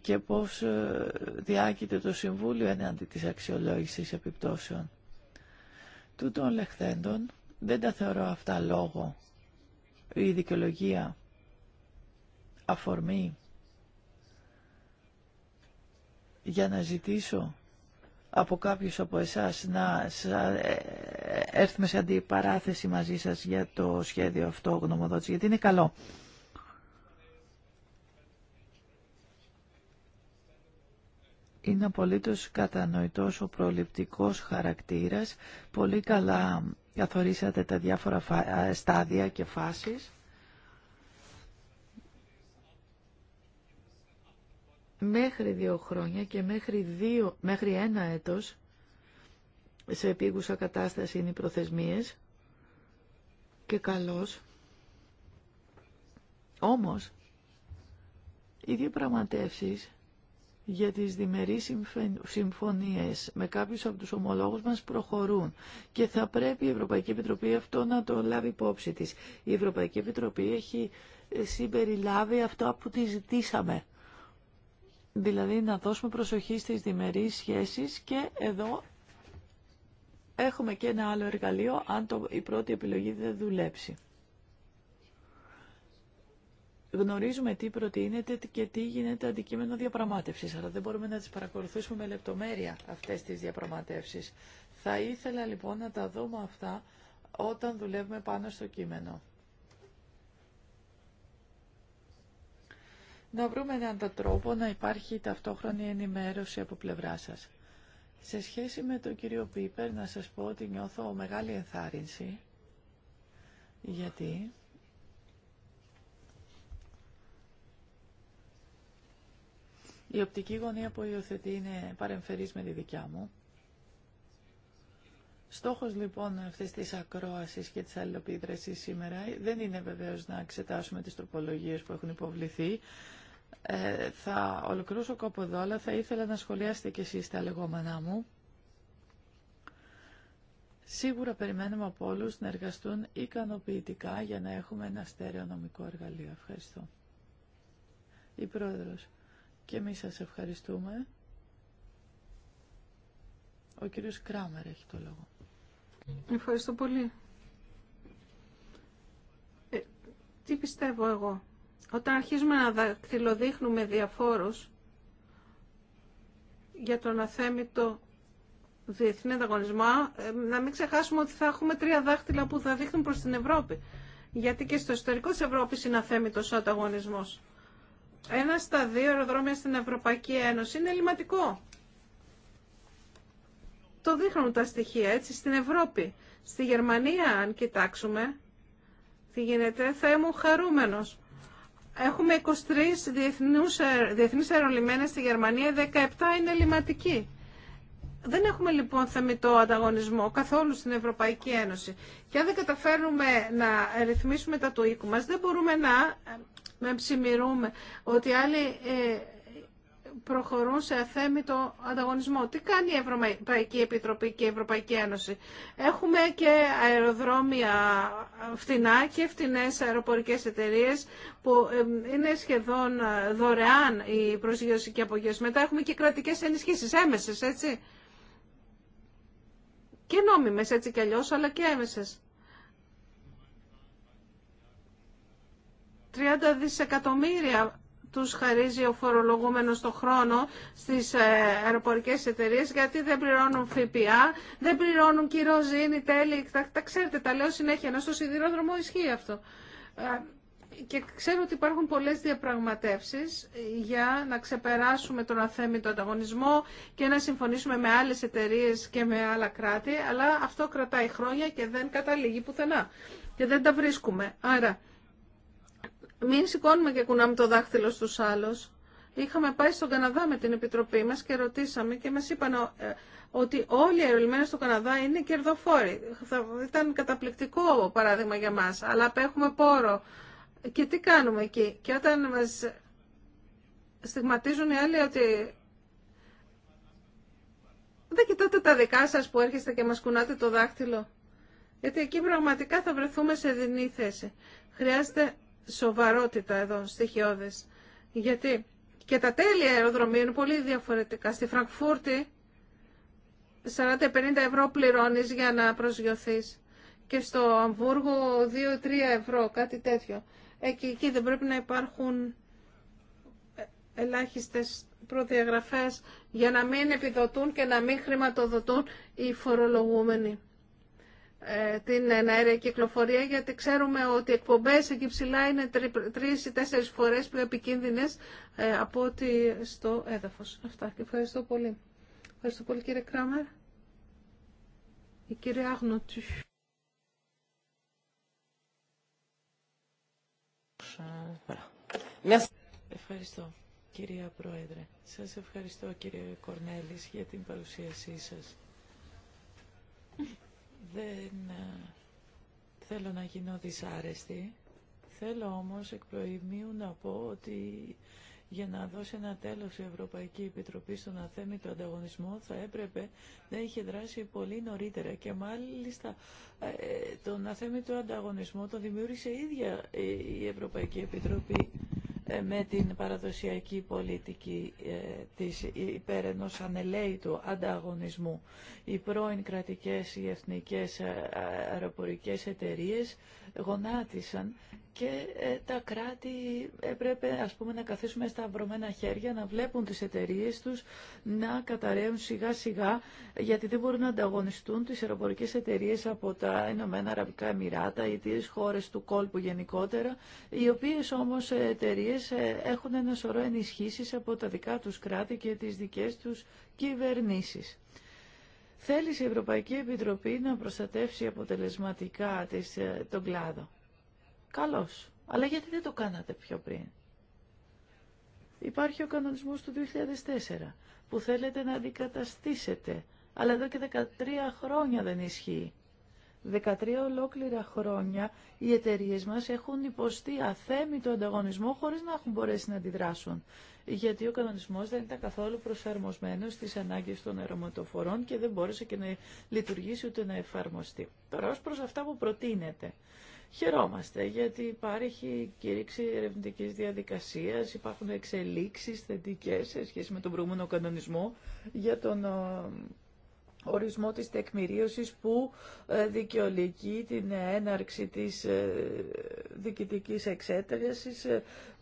και πώς ε, διάκειται το Συμβούλιο εναντί της αξιολόγησης επιπτώσεων. Τούτων λεχθέντων δεν τα θεωρώ αυτά λόγο η δικαιολογία αφορμή για να ζητήσω από κάποιους από εσάς να ε, ε, έρθουμε σε αντιπαράθεση μαζί σας για το σχέδιο αυτό γνωμοδότηση, γιατί είναι καλό. Είναι απολύτως κατανοητός ο προληπτικός χαρακτήρας. Πολύ καλά καθορίσατε τα διάφορα ε, στάδια και φάσεις. Μέχρι δύο χρόνια και μέχρι, δύο, μέχρι ένα έτος σε επίγουσα κατάσταση είναι οι προθεσμίες και καλός. Όμως, οι δύο διαπραγματεύσεις για τις διμερείς συμφωνίες με κάποιους από τους ομολόγους μας προχωρούν και θα πρέπει η Ευρωπαϊκή Επιτροπή αυτό να το λάβει υπόψη της. Η Ευρωπαϊκή Επιτροπή έχει ε, συμπεριλάβει αυτό που τη ζητήσαμε. Δηλαδή να δώσουμε προσοχή στις διμερείς σχέσεις και εδώ έχουμε και ένα άλλο εργαλείο αν η πρώτη επιλογή δεν δουλέψει γνωρίζουμε τι προτείνεται και τι γίνεται αντικείμενο διαπραγμάτευσης, αλλά δεν μπορούμε να τις παρακολουθήσουμε με λεπτομέρεια αυτές τις διαπραγματεύσεις. Θα ήθελα λοιπόν να τα δούμε αυτά όταν δουλεύουμε πάνω στο κείμενο. Να βρούμε έναν τρόπο να υπάρχει ταυτόχρονη ενημέρωση από πλευρά σας. Σε σχέση με τον κύριο Πίπερ να σας πω ότι νιώθω μεγάλη ενθάρρυνση, γιατί Η οπτική γωνία που υιοθετεί είναι παρεμφερής με τη δικιά μου. Στόχος λοιπόν αυτής της ακρόασης και της αλληλοπίδρασης σήμερα δεν είναι βεβαίως να εξετάσουμε τις τροπολογίες που έχουν υποβληθεί. Ε, θα ολοκληρώσω κόπο εδώ, αλλά θα ήθελα να σχολιάσετε και εσείς τα λεγόμενά μου. Σίγουρα περιμένουμε από όλου να εργαστούν ικανοποιητικά για να έχουμε ένα στερεονομικό εργαλείο. Ευχαριστώ. Η Πρόεδρος. Και εμείς σας ευχαριστούμε. Ο κύριος Κράμερ έχει το λόγο. Ευχαριστώ πολύ. Ε, τι πιστεύω εγώ. Όταν αρχίζουμε να δακτυλοδείχνουμε διαφόρους για τον αθέμητο διεθνή ανταγωνισμό, ε, να μην ξεχάσουμε ότι θα έχουμε τρία δάχτυλα που θα δείχνουν προς την Ευρώπη. Γιατί και στο εσωτερικό της Ευρώπης είναι αθέμητος ο ανταγωνισμός. Ένα στα δύο αεροδρόμια στην Ευρωπαϊκή Ένωση είναι ελληματικό. Το δείχνουν τα στοιχεία έτσι στην Ευρώπη. Στη Γερμανία, αν κοιτάξουμε τι γίνεται, θα ήμουν χαρούμενος. Έχουμε 23 διεθνούς, διεθνείς στη Γερμανία, 17 είναι ελληματικοί. Δεν έχουμε λοιπόν θεμητό ανταγωνισμό καθόλου στην Ευρωπαϊκή Ένωση. Και αν δεν καταφέρνουμε να ρυθμίσουμε τα του οίκου μας, δεν μπορούμε να με ψημιρούμε ότι άλλοι ε, προχωρούν σε αθέμητο ανταγωνισμό. Τι κάνει η Ευρωπαϊκή Επιτροπή και η Ευρωπαϊκή Ένωση. Έχουμε και αεροδρόμια φτηνά και φτηνές αεροπορικές εταιρείες που είναι σχεδόν ε, δωρεάν η προσγείωση και απογείωση. Μετά έχουμε και κρατικές ενισχύσεις έμεσες, έτσι. Και νόμιμες έτσι κι αλλιώς, αλλά και έμεσες. 30 δισεκατομμύρια τους χαρίζει ο φορολογούμενος το χρόνο στις ε, αεροπορικές εταιρείες γιατί δεν πληρώνουν ΦΠΑ, δεν πληρώνουν κυρόζινη, τέλη, τα, τα ξέρετε, τα λέω συνέχεια, ενώ στο σιδηρόδρομο ισχύει αυτό. Ε, και ξέρω ότι υπάρχουν πολλές διαπραγματεύσεις για να ξεπεράσουμε τον αθέμητο ανταγωνισμό και να συμφωνήσουμε με άλλες εταιρείες και με άλλα κράτη, αλλά αυτό κρατάει χρόνια και δεν καταλήγει πουθενά και δεν τα βρίσκουμε. Άρα μην σηκώνουμε και κουνάμε το δάχτυλο στους άλλου. Είχαμε πάει στον Καναδά με την Επιτροπή μα και ρωτήσαμε και μα είπαν ε, ότι όλοι οι αερολιμένε στον Καναδά είναι κερδοφόροι. Θα ήταν καταπληκτικό παράδειγμα για μα. αλλά απέχουμε πόρο. Και τι κάνουμε εκεί. Και όταν μας στιγματίζουν οι άλλοι ότι δεν κοιτάτε τα δικά σα που έρχεστε και μα κουνάτε το δάχτυλο. Γιατί εκεί πραγματικά θα βρεθούμε σε δινή θέση. Χρειάζεται σοβαρότητα εδώ, στοιχειώδες. Γιατί και τα τέλη αεροδρομή είναι πολύ διαφορετικά. Στη Φραγκφούρτη 40-50 ευρώ πληρώνεις για να προσγειωθείς και στο Αμβούργο 2-3 ευρώ, κάτι τέτοιο. Εκεί, εκεί δεν πρέπει να υπάρχουν ελάχιστες προδιαγραφές για να μην επιδοτούν και να μην χρηματοδοτούν οι φορολογούμενοι. Ε, την αέρια κυκλοφορία γιατί ξέρουμε ότι οι εκπομπές εκεί ψηλά είναι τρεις ή τέσσερις φορές πιο επικίνδυνες ε, από ότι στο έδαφος. Αυτά και ευχαριστώ πολύ. Ευχαριστώ πολύ κύριε Κράμερ. Η κυρία Άγνοτσου. ευχαριστω πολυ ευχαριστω πολυ κυρία Πρόεδρε. Σας ευχαριστώ κύριε Κορνέλης για την παρουσίασή σας. Δεν ε, θέλω να γίνω δυσάρεστη. Θέλω όμως εκ προημίου να πω ότι για να δώσει ένα τέλος η Ευρωπαϊκή Επιτροπή στον αθέμητο ανταγωνισμό θα έπρεπε να είχε δράσει πολύ νωρίτερα και μάλιστα ε, τον αθέμητο ανταγωνισμό τον δημιούργησε ίδια η Ευρωπαϊκή Επιτροπή με την παραδοσιακή πολιτική ε, της υπέρ ενός ανελαίτου ανταγωνισμού. Οι πρώην κρατικές ή εθνικές ε, αεροπορικές εταιρείες γονάτισαν και ε, τα κράτη έπρεπε ας πούμε να καθίσουμε στα βρωμένα χέρια να βλέπουν τις εταιρείε τους να καταραίουν σιγά σιγά γιατί δεν μπορούν να ανταγωνιστούν τις αεροπορικές εταιρείε από τα Ηνωμένα Αραβικά Εμμυράτα ή τις χώρες του κόλπου γενικότερα οι οποίες όμως ε, εταιρείε ε, έχουν ένα σωρό ενισχύσεις από τα δικά τους κράτη και τις δικές τους κυβερνήσεις. Θέλει η Ευρωπαϊκή Επιτροπή να προστατεύσει αποτελεσματικά τον κλάδο. Καλώς. Αλλά γιατί δεν το κάνατε πιο πριν. Υπάρχει ο κανονισμός του 2004 που θέλετε να αντικαταστήσετε. Αλλά εδώ και 13 χρόνια δεν ισχύει. 13 ολόκληρα χρόνια οι εταιρείε μας έχουν υποστεί αθέμητο ανταγωνισμό χωρίς να έχουν μπορέσει να αντιδράσουν. Γιατί ο κανονισμός δεν ήταν καθόλου προσαρμοσμένος στις ανάγκες των αερομοτοφορών και δεν μπόρεσε και να λειτουργήσει ούτε να εφαρμοστεί. Τώρα ως προς αυτά που προτείνεται. Χαιρόμαστε γιατί υπάρχει κήρυξη ερευνητική διαδικασία. υπάρχουν εξελίξεις θετικέ σε σχέση με τον προηγούμενο κανονισμό για τον ε, ορισμό της τεκμηρίωσης που ε, δικαιολογεί την έναρξη της ε, διοικητικής εξέτασης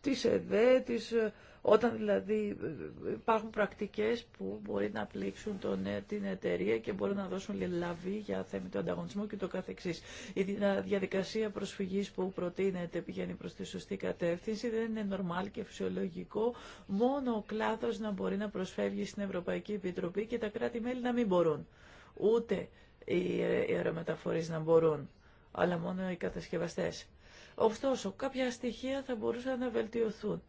της ΕΔΕ, ε, όταν δηλαδή ε, ε, υπάρχουν πρακτικές που μπορεί να πλήξουν τον, την εταιρεία και μπορεί να δώσουν λαβή για θέμη του ανταγωνισμού και το καθεξής. Η διαδικασία προσφυγής που προτείνεται πηγαίνει προς τη σωστή κατεύθυνση, δεν είναι νορμάλ και φυσιολογικό, μόνο ο κλάδος να μπορεί να προσφεύγει στην Ευρωπαϊκή Επιτροπή και τα κράτη-μέλη να μην μπορούν, ούτε οι αερομεταφορείς να μπορούν, αλλά μόνο οι κατασκευαστές. Ωστόσο, κάποια στοιχεία θα μπορούσαν να βελτιωθούν.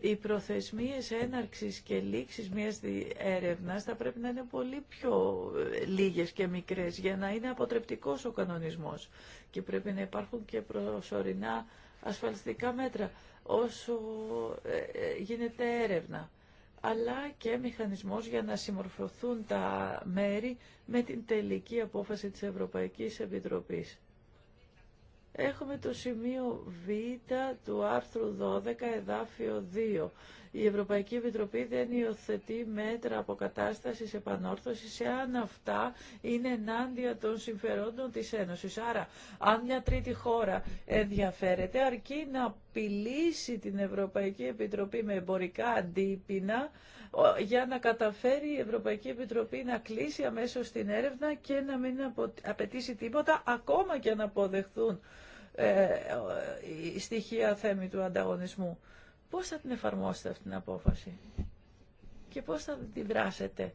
Οι προθεσμίες έναρξης και λήξης μιας έρευνας θα πρέπει να είναι πολύ πιο ε, λίγες και μικρές για να είναι αποτρεπτικός ο κανονισμός. Και πρέπει να υπάρχουν και προσωρινά ασφαλιστικά μέτρα όσο ε, ε, γίνεται έρευνα αλλά και μηχανισμός για να συμμορφωθούν τα μέρη με την τελική απόφαση της Ευρωπαϊκής Επιτροπής. Έχουμε το σημείο Β του άρθρου 12, εδάφιο 2 η Ευρωπαϊκή Επιτροπή δεν υιοθετεί μέτρα αποκατάστασης επανόρθωσης εάν αυτά είναι ενάντια των συμφερόντων της Ένωσης. Άρα, αν μια τρίτη χώρα ενδιαφέρεται, αρκεί να απειλήσει την Ευρωπαϊκή Επιτροπή με εμπορικά αντίπεινα για να καταφέρει η Ευρωπαϊκή Επιτροπή να κλείσει αμέσως την έρευνα και να μην απαιτήσει τίποτα, ακόμα και να αποδεχθούν ε, ε, ε, στοιχεία θέμη του ανταγωνισμού. Πώς θα την εφαρμόσετε αυτή την απόφαση και πώς θα την δράσετε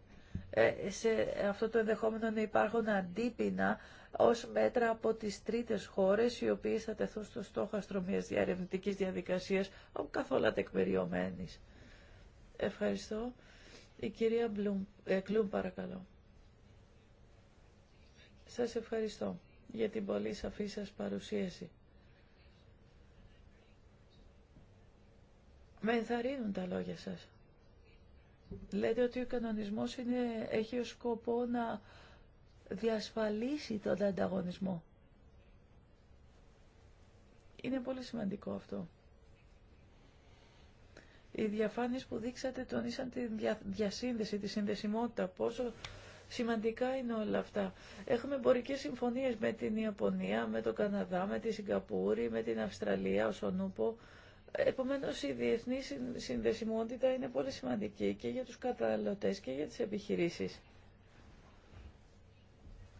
ε, σε αυτό το ενδεχόμενο να υπάρχουν αντίπεινα ως μέτρα από τις τρίτες χώρες οι οποίες θα τεθούν στο στόχαστρο μιας διαρευνητικής διαδικασίας καθόλου τεκμηριωμένης. Ευχαριστώ. Η κυρία Μπλουμ, ε, Κλουμ παρακαλώ. Σας ευχαριστώ για την πολύ σαφή σας παρουσίαση. Με ενθαρρύνουν τα λόγια σας. Λέτε ότι ο κανονισμός είναι, έχει ως σκοπό να διασφαλίσει τον ανταγωνισμό. Είναι πολύ σημαντικό αυτό. Οι διαφάνειες που δείξατε τονίσαν τη διασύνδεση, τη συνδεσιμότητα, πόσο σημαντικά είναι όλα αυτά. Έχουμε εμπορικέ συμφωνίες με την Ιαπωνία, με το Καναδά, με τη Σιγκαπούρη, με την Αυστραλία, ο Σονούπο, Επομένως η διεθνή συνδεσιμότητα είναι πολύ σημαντική και για τους καταναλωτές και για τις επιχειρήσεις.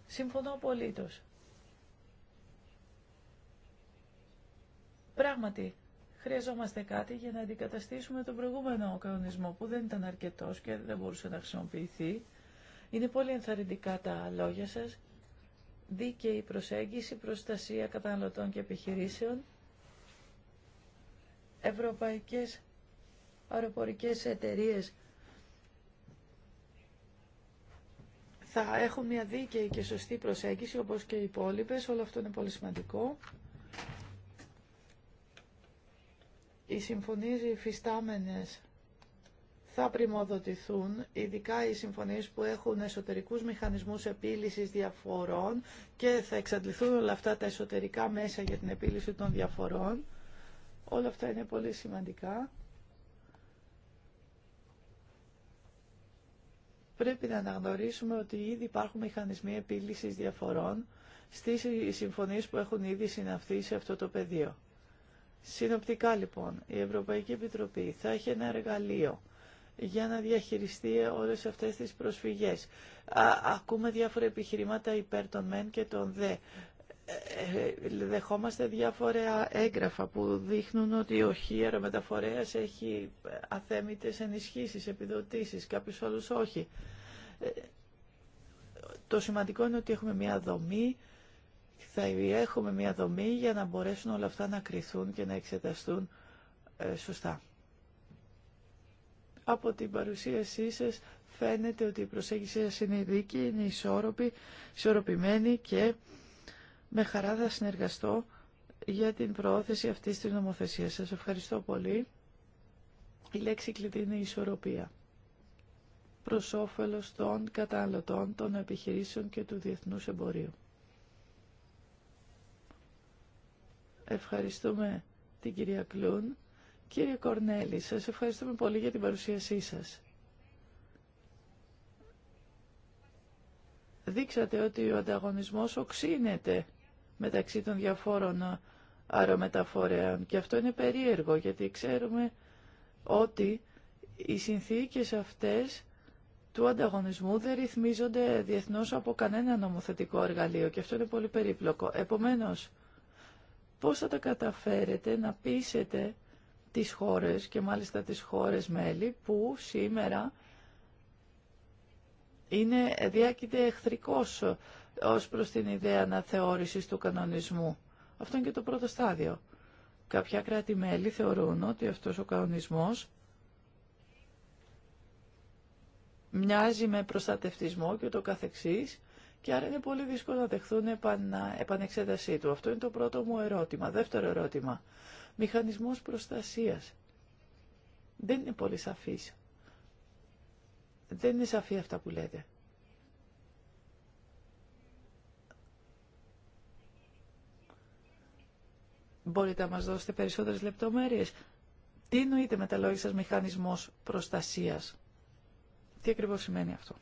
Συμφωνώ απολύτως. Πράγματι, χρειαζόμαστε κάτι για να αντικαταστήσουμε τον προηγούμενο κανονισμό που δεν ήταν αρκετός και δεν μπορούσε να χρησιμοποιηθεί. Είναι πολύ ενθαρρυντικά τα λόγια σας. Δίκαιη προσέγγιση, προστασία καταναλωτών και επιχειρήσεων ευρωπαϊκές αεροπορικές εταιρείες θα έχουν μια δίκαιη και σωστή προσέγγιση όπως και οι υπόλοιπες. Όλο αυτό είναι πολύ σημαντικό. Οι συμφωνίες υφιστάμενες θα πρημοδοτηθούν, ειδικά οι συμφωνίες που έχουν εσωτερικούς μηχανισμούς επίλυσης διαφορών και θα εξαντληθούν όλα αυτά τα εσωτερικά μέσα για την επίλυση των διαφορών. Όλα αυτά είναι πολύ σημαντικά. Πρέπει να αναγνωρίσουμε ότι ήδη υπάρχουν μηχανισμοί επίλυσης διαφορών στις συμφωνίες που έχουν ήδη συναυθεί σε αυτό το πεδίο. Συνοπτικά λοιπόν, η Ευρωπαϊκή Επιτροπή θα έχει ένα εργαλείο για να διαχειριστεί όλες αυτές τις προσφυγές. ακούμε διάφορα επιχειρήματα υπέρ των μεν και των δε. Ε, ε, δεχόμαστε διάφορα έγγραφα που δείχνουν ότι ο αερομεταφορέας έχει αθέμητες ενισχύσεις, επιδοτήσεις, κάποιους άλλους όχι. Ε, το σημαντικό είναι ότι έχουμε μια δομή, θα έχουμε μια δομή για να μπορέσουν όλα αυτά να κριθούν και να εξεταστούν σωστά. Από την παρουσίασή σας φαίνεται ότι η προσέγγιση σας είναι δίκη, είναι ισόρροπη, ισορροπημένη και με χαρά θα συνεργαστώ για την προώθηση αυτής της νομοθεσίας. Σας ευχαριστώ πολύ. Η λέξη κλειδί είναι ισορροπία προς όφελος των καταναλωτών, των επιχειρήσεων και του διεθνούς εμπορίου. Ευχαριστούμε την κυρία Κλούν. Κύριε Κορνέλη, σας ευχαριστούμε πολύ για την παρουσίασή σας. Δείξατε ότι ο ανταγωνισμός οξύνεται μεταξύ των διαφόρων ε, αερομεταφορέων. Και αυτό είναι περίεργο γιατί ξέρουμε ότι οι συνθήκες αυτές του ανταγωνισμού δεν ρυθμίζονται διεθνώς από κανένα νομοθετικό εργαλείο και αυτό είναι πολύ περίπλοκο. Επομένως, πώς θα τα καταφέρετε να πείσετε τις χώρες και μάλιστα τις χώρες μέλη που σήμερα είναι διάκειται εχθρικός ως προς την ιδέα αναθεώρησης του κανονισμού. Αυτό είναι και το πρώτο στάδιο. Κάποια κράτη-μέλη θεωρούν ότι αυτός ο κανονισμός μοιάζει με προστατευτισμό και το καθεξής και άρα είναι πολύ δύσκολο να δεχθούν επανεξέτασή του. Αυτό είναι το πρώτο μου ερώτημα. Δεύτερο ερώτημα. Μηχανισμός προστασίας. Δεν είναι πολύ σαφής. Δεν είναι σαφή αυτά που λέτε. Μπορείτε να μας δώσετε περισσότερες λεπτομέρειες. Τι εννοείται με τα λόγια σας μηχανισμός προστασίας. Τι ακριβώς σημαίνει αυτό.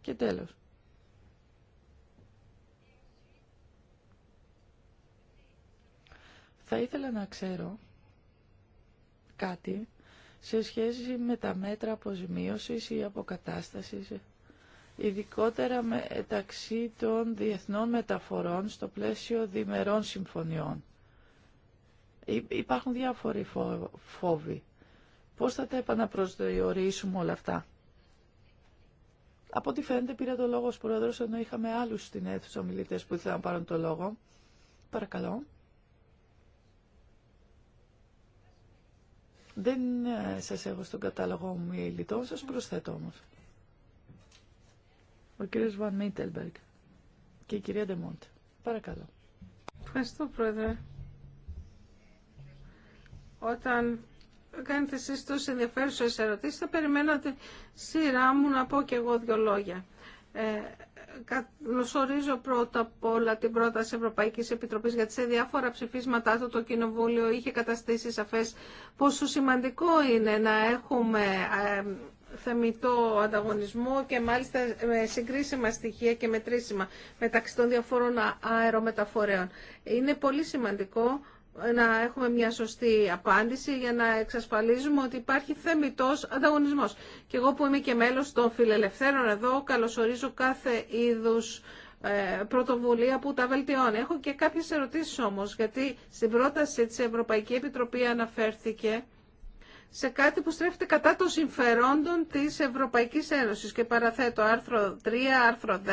Και τέλος. Θα ήθελα να ξέρω κάτι σε σχέση με τα μέτρα αποζημίωσης ή αποκατάστασης, ειδικότερα μεταξύ των διεθνών μεταφορών στο πλαίσιο διμερών συμφωνιών. Υπάρχουν διάφοροι φόβοι. Πώς θα τα επαναπροσδιορίσουμε όλα αυτά. Από ό,τι φαίνεται πήρα το λόγο ως πρόεδρος, ενώ είχαμε άλλους στην αίθουσα ομιλητές που ήθελαν να πάρουν το λόγο. Παρακαλώ. Δεν ε, σας έχω στον κατάλογο ομιλητών, σας προσθέτω όμως. Ο κύριος Βαν Μίτελμπεργκ και η κυρία Ντεμόντ. Παρακαλώ. Ευχαριστώ, Πρόεδρε. Όταν κάνετε εσεί τόσε ενδιαφέρουσε ερωτήσει, θα περιμένω τη σειρά μου να πω και εγώ δύο λόγια. Ε, καλωσορίζω πρώτα απ' όλα την πρόταση Ευρωπαϊκής Επιτροπής γιατί σε διάφορα ψηφίσματά του το Κοινοβούλιο είχε καταστήσει σαφές πόσο σημαντικό είναι να έχουμε ε, θεμητό ανταγωνισμό και μάλιστα με συγκρίσιμα στοιχεία και μετρήσιμα μεταξύ των διαφόρων αερομεταφορέων. Είναι πολύ σημαντικό να έχουμε μια σωστή απάντηση για να εξασφαλίζουμε ότι υπάρχει θεμητός ανταγωνισμός. Και εγώ που είμαι και μέλος των φιλελευθέρων εδώ, καλωσορίζω κάθε είδους ε, πρωτοβουλία που τα βελτιώνει. Έχω και κάποιες ερωτήσεις όμως, γιατί στην πρόταση της Ευρωπαϊκή Επιτροπή αναφέρθηκε σε κάτι που στρέφεται κατά των συμφερόντων της Ευρωπαϊκής Ένωσης. Και παραθέτω άρθρο 3, άρθρο 10,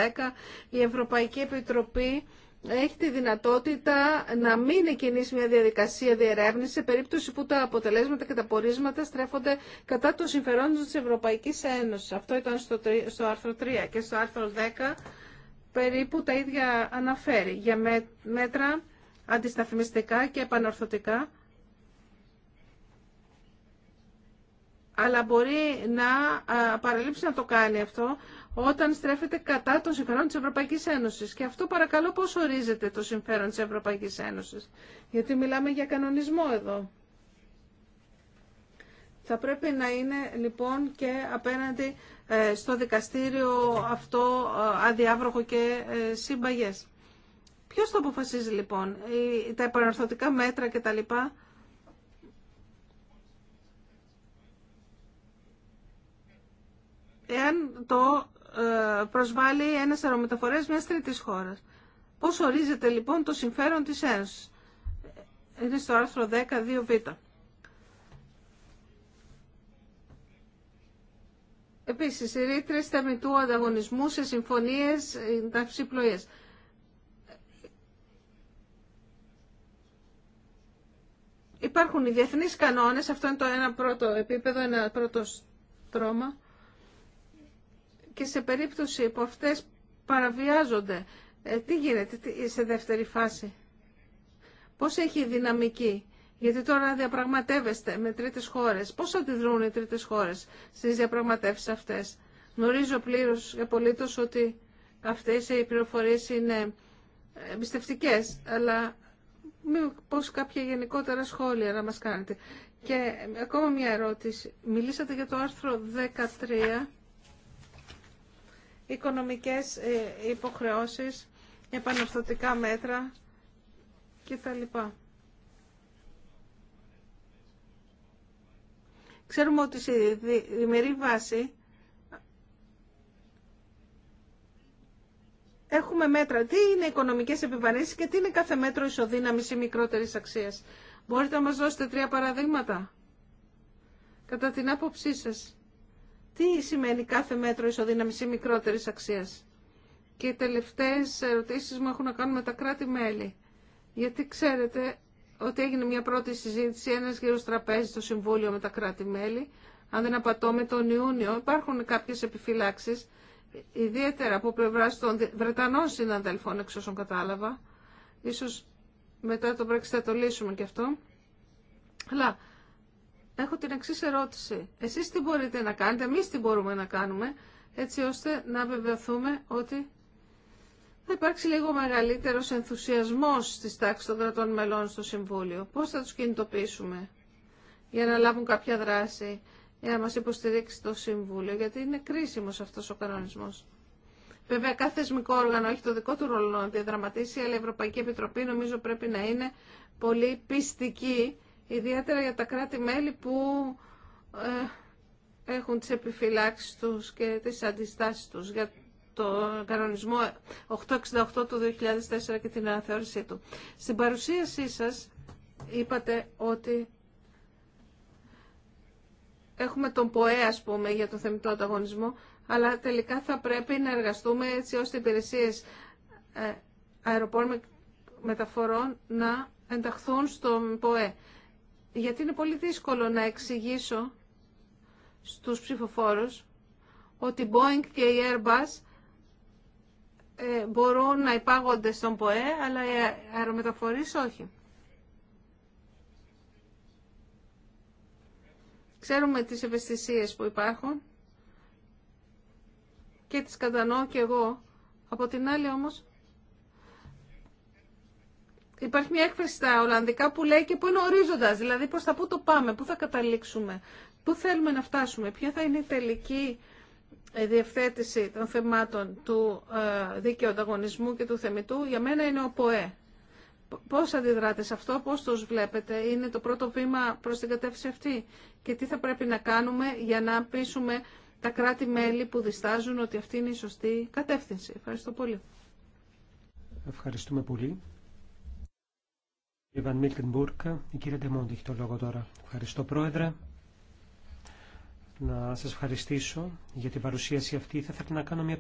η Ευρωπαϊκή Επιτροπή έχει τη δυνατότητα να μην εκκινήσει μια διαδικασία διερεύνηση σε περίπτωση που τα αποτελέσματα και τα πορίσματα στρέφονται κατά των συμφερόντων της Ευρωπαϊκής Ένωσης. Αυτό ήταν στο, στο άρθρο 3 και στο άρθρο 10 περίπου τα ίδια αναφέρει για μέτρα αντισταθμιστικά και επανορθωτικά αλλά μπορεί να παραλείψει να το κάνει αυτό όταν στρέφεται κατά των συμφερόντων της Ευρωπαϊκής Ένωσης. Και αυτό παρακαλώ πώς ορίζεται το συμφέρον της Ευρωπαϊκής Ένωσης. Γιατί μιλάμε για κανονισμό εδώ. Θα πρέπει να είναι λοιπόν και απέναντι ε, στο δικαστήριο αυτό ε, αδιάβροχο και ε, σύμπαγες. Ποιος το αποφασίζει λοιπόν, τα επαναρθωτικά μέτρα κτλ. Εάν το ε, προσβάλλει ένα αερομεταφορέ μιας τρίτης χώρας. Πώ ορίζεται λοιπόν το συμφέρον της Ένωσης. Είναι στο άρθρο 10, 2β. Επίσης, οι ρήτρε θεμητού ανταγωνισμού σε συμφωνίες ταυσιπλοίες. Υπάρχουν οι διεθνεί κανόνε. αυτό είναι το ένα πρώτο επίπεδο, ένα πρώτο στρώμα και σε περίπτωση που αυτές παραβιάζονται, ε, τι γίνεται σε δεύτερη φάση. Πώς έχει δυναμική. Γιατί τώρα διαπραγματεύεστε με τρίτες χώρες. Πώς αντιδρούν οι τρίτες χώρες στις διαπραγματεύσεις αυτές. Γνωρίζω πλήρως και απολύτως ότι αυτές οι πληροφορίες είναι ε, εμπιστευτικέ, αλλά μήπως κάποια γενικότερα σχόλια να μας κάνετε. Και ακόμα μια ερώτηση. Μιλήσατε για το άρθρο 13 οικονομικές ε, υποχρεώσεις, επαναστατικά μέτρα κτλ. Ξέρουμε ότι σε διμερή βάση έχουμε μέτρα. Τι είναι οικονομικές επιβαρύνσεις και τι είναι κάθε μέτρο ισοδύναμης ή μικρότερης αξίας. Μπορείτε να μας δώσετε τρία παραδείγματα. Κατά την άποψή σας τι σημαίνει κάθε μέτρο ισοδύναμη ή μικρότερης αξίας. Και οι τελευταίε ερωτήσει μου έχουν να κάνουν με τα κράτη-μέλη. Γιατί ξέρετε ότι έγινε μια πρώτη συζήτηση, ένα γύρο τραπέζι στο Συμβούλιο με τα κράτη-μέλη. Αν δεν απατώ με τον Ιούνιο, υπάρχουν κάποιε επιφυλάξει, ιδιαίτερα από πλευρά των Βρετανών συναδελφών, εξ όσων κατάλαβα. Ίσως μετά το Brexit θα το λύσουμε και αυτό. Αλλά έχω την εξή ερώτηση. Εσείς τι μπορείτε να κάνετε, εμείς τι μπορούμε να κάνουμε, έτσι ώστε να βεβαιωθούμε ότι θα υπάρξει λίγο μεγαλύτερος ενθουσιασμός στις τάξεις των κρατών μελών στο Συμβούλιο. Πώς θα τους κινητοποιήσουμε για να λάβουν κάποια δράση, για να μας υποστηρίξει το Συμβούλιο, γιατί είναι κρίσιμος αυτός ο κανονισμός. Βέβαια, κάθε θεσμικό όργανο έχει το δικό του ρόλο να διαδραματίσει, αλλά η Ευρωπαϊκή Επιτροπή νομίζω πρέπει να είναι πολύ πιστική ιδιαίτερα για τα κράτη-μέλη που ε, έχουν τις επιφυλάξεις τους και τις αντιστάσεις τους για το κανονισμό 868 του 2004 και την αναθεώρησή του. Στην παρουσίασή σας είπατε ότι έχουμε τον ΠΟΕ, ας πούμε, για τον θεμητό ανταγωνισμό, αλλά τελικά θα πρέπει να εργαστούμε έτσι ώστε οι υπηρεσίες ε, αεροπόρων μεταφορών να ενταχθούν στον ΠΟΕ γιατί είναι πολύ δύσκολο να εξηγήσω στους ψηφοφόρους ότι Boeing και η Airbus ε, μπορούν να υπάγονται στον ΠΟΕ, αλλά οι αερομεταφορείς όχι. Ξέρουμε τις ευαισθησίες που υπάρχουν και τις κατανοώ και εγώ. Από την άλλη όμως Υπάρχει μια έκφραση στα Ολλανδικά που λέει και που είναι ορίζοντα, δηλαδή προ τα πού το πάμε, πού θα καταλήξουμε, πού θέλουμε να φτάσουμε, ποια θα είναι η τελική ε, διευθέτηση των θεμάτων του ε, δίκαιου ανταγωνισμού και του θεμητού. Για μένα είναι ο ΠΟΕ. Πώ αντιδράτε σε αυτό, πώ τους βλέπετε, είναι το πρώτο βήμα προ την κατεύθυνση αυτή και τι θα πρέπει να κάνουμε για να πείσουμε τα κράτη-μέλη που διστάζουν ότι αυτή είναι η σωστή κατεύθυνση. Ευχαριστώ πολύ. Ευχαριστούμε πολύ. Βαν Μίλτενμπουργκ, η κυρία Ντεμόντι έχει το λόγο τώρα. Ευχαριστώ Πρόεδρε. Να σα ευχαριστήσω για την παρουσίαση αυτή. Θα ήθελα να κάνω μια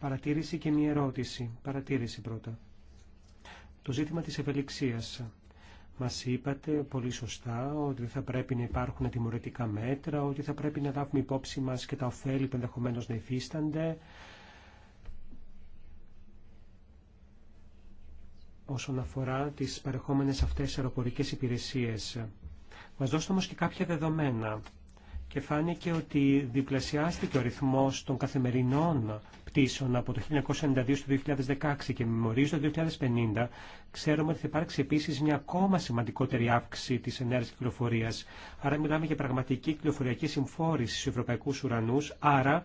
παρατήρηση και μια ερώτηση. Παρατήρηση πρώτα. Το ζήτημα τη ευελιξία. Μα είπατε πολύ σωστά ότι θα πρέπει να υπάρχουν τιμωρητικά μέτρα, ότι θα πρέπει να λάβουμε υπόψη μα και τα ωφέλη που ενδεχομένω να υφίστανται, όσον αφορά τις παρεχόμενες αυτές αεροπορικές υπηρεσίες. Μας δώσετε όμως και κάποια δεδομένα και φάνηκε ότι διπλασιάστηκε ο ρυθμός των καθημερινών πτήσεων από το 1992 στο 2016 και μεμορίζει το 2050. Ξέρουμε ότι θα υπάρξει επίσης μια ακόμα σημαντικότερη αύξηση της ενέργειας κυκλοφορίας. Άρα μιλάμε για πραγματική κυκλοφοριακή συμφόρηση στους ευρωπαϊκούς ουρανούς, άρα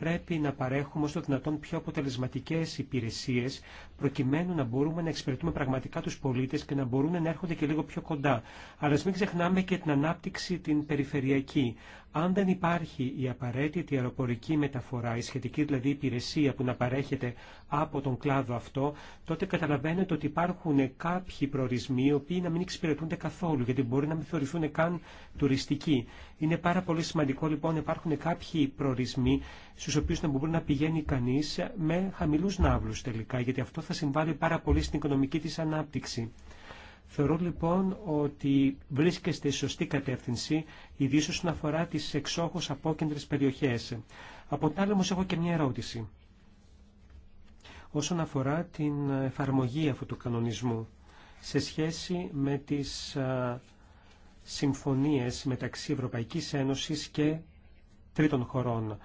πρέπει να παρέχουμε όσο δυνατόν πιο αποτελεσματικές υπηρεσίες προκειμένου να μπορούμε να εξυπηρετούμε πραγματικά τους πολίτες και να μπορούν να έρχονται και λίγο πιο κοντά. Αλλά μην ξεχνάμε και την ανάπτυξη την περιφερειακή. Αν δεν υπάρχει η απαραίτητη αεροπορική μεταφορά, η σχετική δηλαδή υπηρεσία που να παρέχεται από τον κλάδο αυτό, τότε καταλαβαίνετε ότι υπάρχουν κάποιοι προορισμοί οι οποίοι να μην εξυπηρετούνται καθόλου, γιατί μπορεί να μην θεωρηθούν καν τουριστικοί. Είναι πάρα πολύ σημαντικό λοιπόν να υπάρχουν κάποιοι προορισμοί στους οποίους να μπορεί να πηγαίνει κανεί με χαμηλού ναύλου τελικά, γιατί αυτό θα συμβάλλει πάρα πολύ στην οικονομική τη ανάπτυξη. Θεωρώ λοιπόν ότι βρίσκεστε στη σωστή κατεύθυνση, ιδίως όσον αφορά τις εξόχως απόκεντρε περιοχές. Από την όμως έχω και μια ερώτηση. Όσον αφορά την εφαρμογή αυτού του κανονισμού σε σχέση με τις συμφωνίες μεταξύ Ευρωπαϊκής Ένωσης και τρίτων χωρών.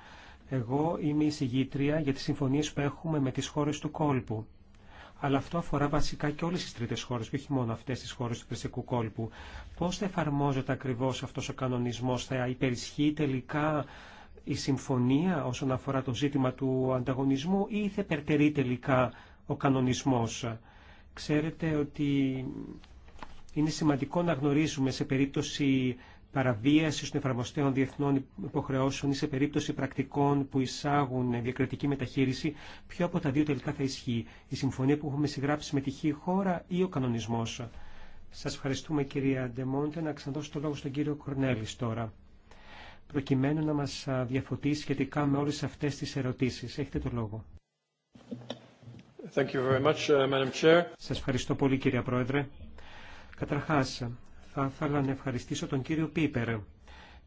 Εγώ είμαι η συγγήτρια για τις συμφωνίες που έχουμε με τις χώρες του κόλπου αλλά αυτό αφορά βασικά και όλες τις τρίτες χώρες και όχι μόνο αυτές τις χώρες του Περσικού κόλπου. Πώς θα εφαρμόζεται ακριβώς αυτός ο κανονισμός, θα υπερισχύει τελικά η συμφωνία όσον αφορά το ζήτημα του ανταγωνισμού ή θα υπερτερεί τελικά ο κανονισμός. Ξέρετε ότι είναι σημαντικό να γνωρίζουμε σε περίπτωση παραβίαση των εφαρμοστέων διεθνών υποχρεώσεων ή σε περίπτωση πρακτικών που εισάγουν διακριτική μεταχείριση, ποιο από τα δύο τελικά θα ισχύει, η συμφωνία που έχουμε συγγράψει με τη χή χώρα ή ο κανονισμό. Σα ευχαριστούμε κυρία Ντεμόντε. Να ξαναδώσω το λόγο στον κύριο Κορνέλη τώρα, προκειμένου να μα διαφωτίσει σχετικά με όλε αυτέ τι ερωτήσει. Έχετε το λόγο. Thank uh, Σας ευχαριστώ πολύ κυρία Πρόεδρε. Καταρχάς, θα ήθελα να ευχαριστήσω τον κύριο Πίπερ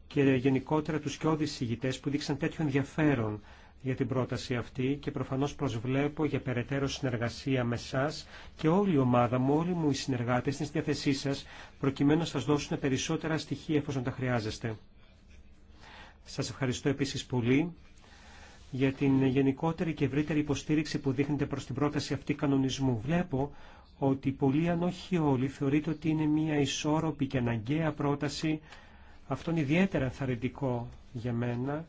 και γενικότερα τους κοιόδης συγητές που δείξαν τέτοιο ενδιαφέρον για την πρόταση αυτή και προφανώς προσβλέπω για περαιτέρω συνεργασία με εσά και όλη η ομάδα μου, όλοι μου οι συνεργάτες στην διαθεσή σας προκειμένου να σας δώσουν περισσότερα στοιχεία εφόσον τα χρειάζεστε. Σας ευχαριστώ επίσης πολύ για την γενικότερη και ευρύτερη υποστήριξη που δείχνετε προς την πρόταση αυτή κανονισμού. Βλέπω ότι πολλοί αν όχι όλοι θεωρείται ότι είναι μια ισόρροπη και αναγκαία πρόταση. Αυτό είναι ιδιαίτερα θαρρυντικό για μένα.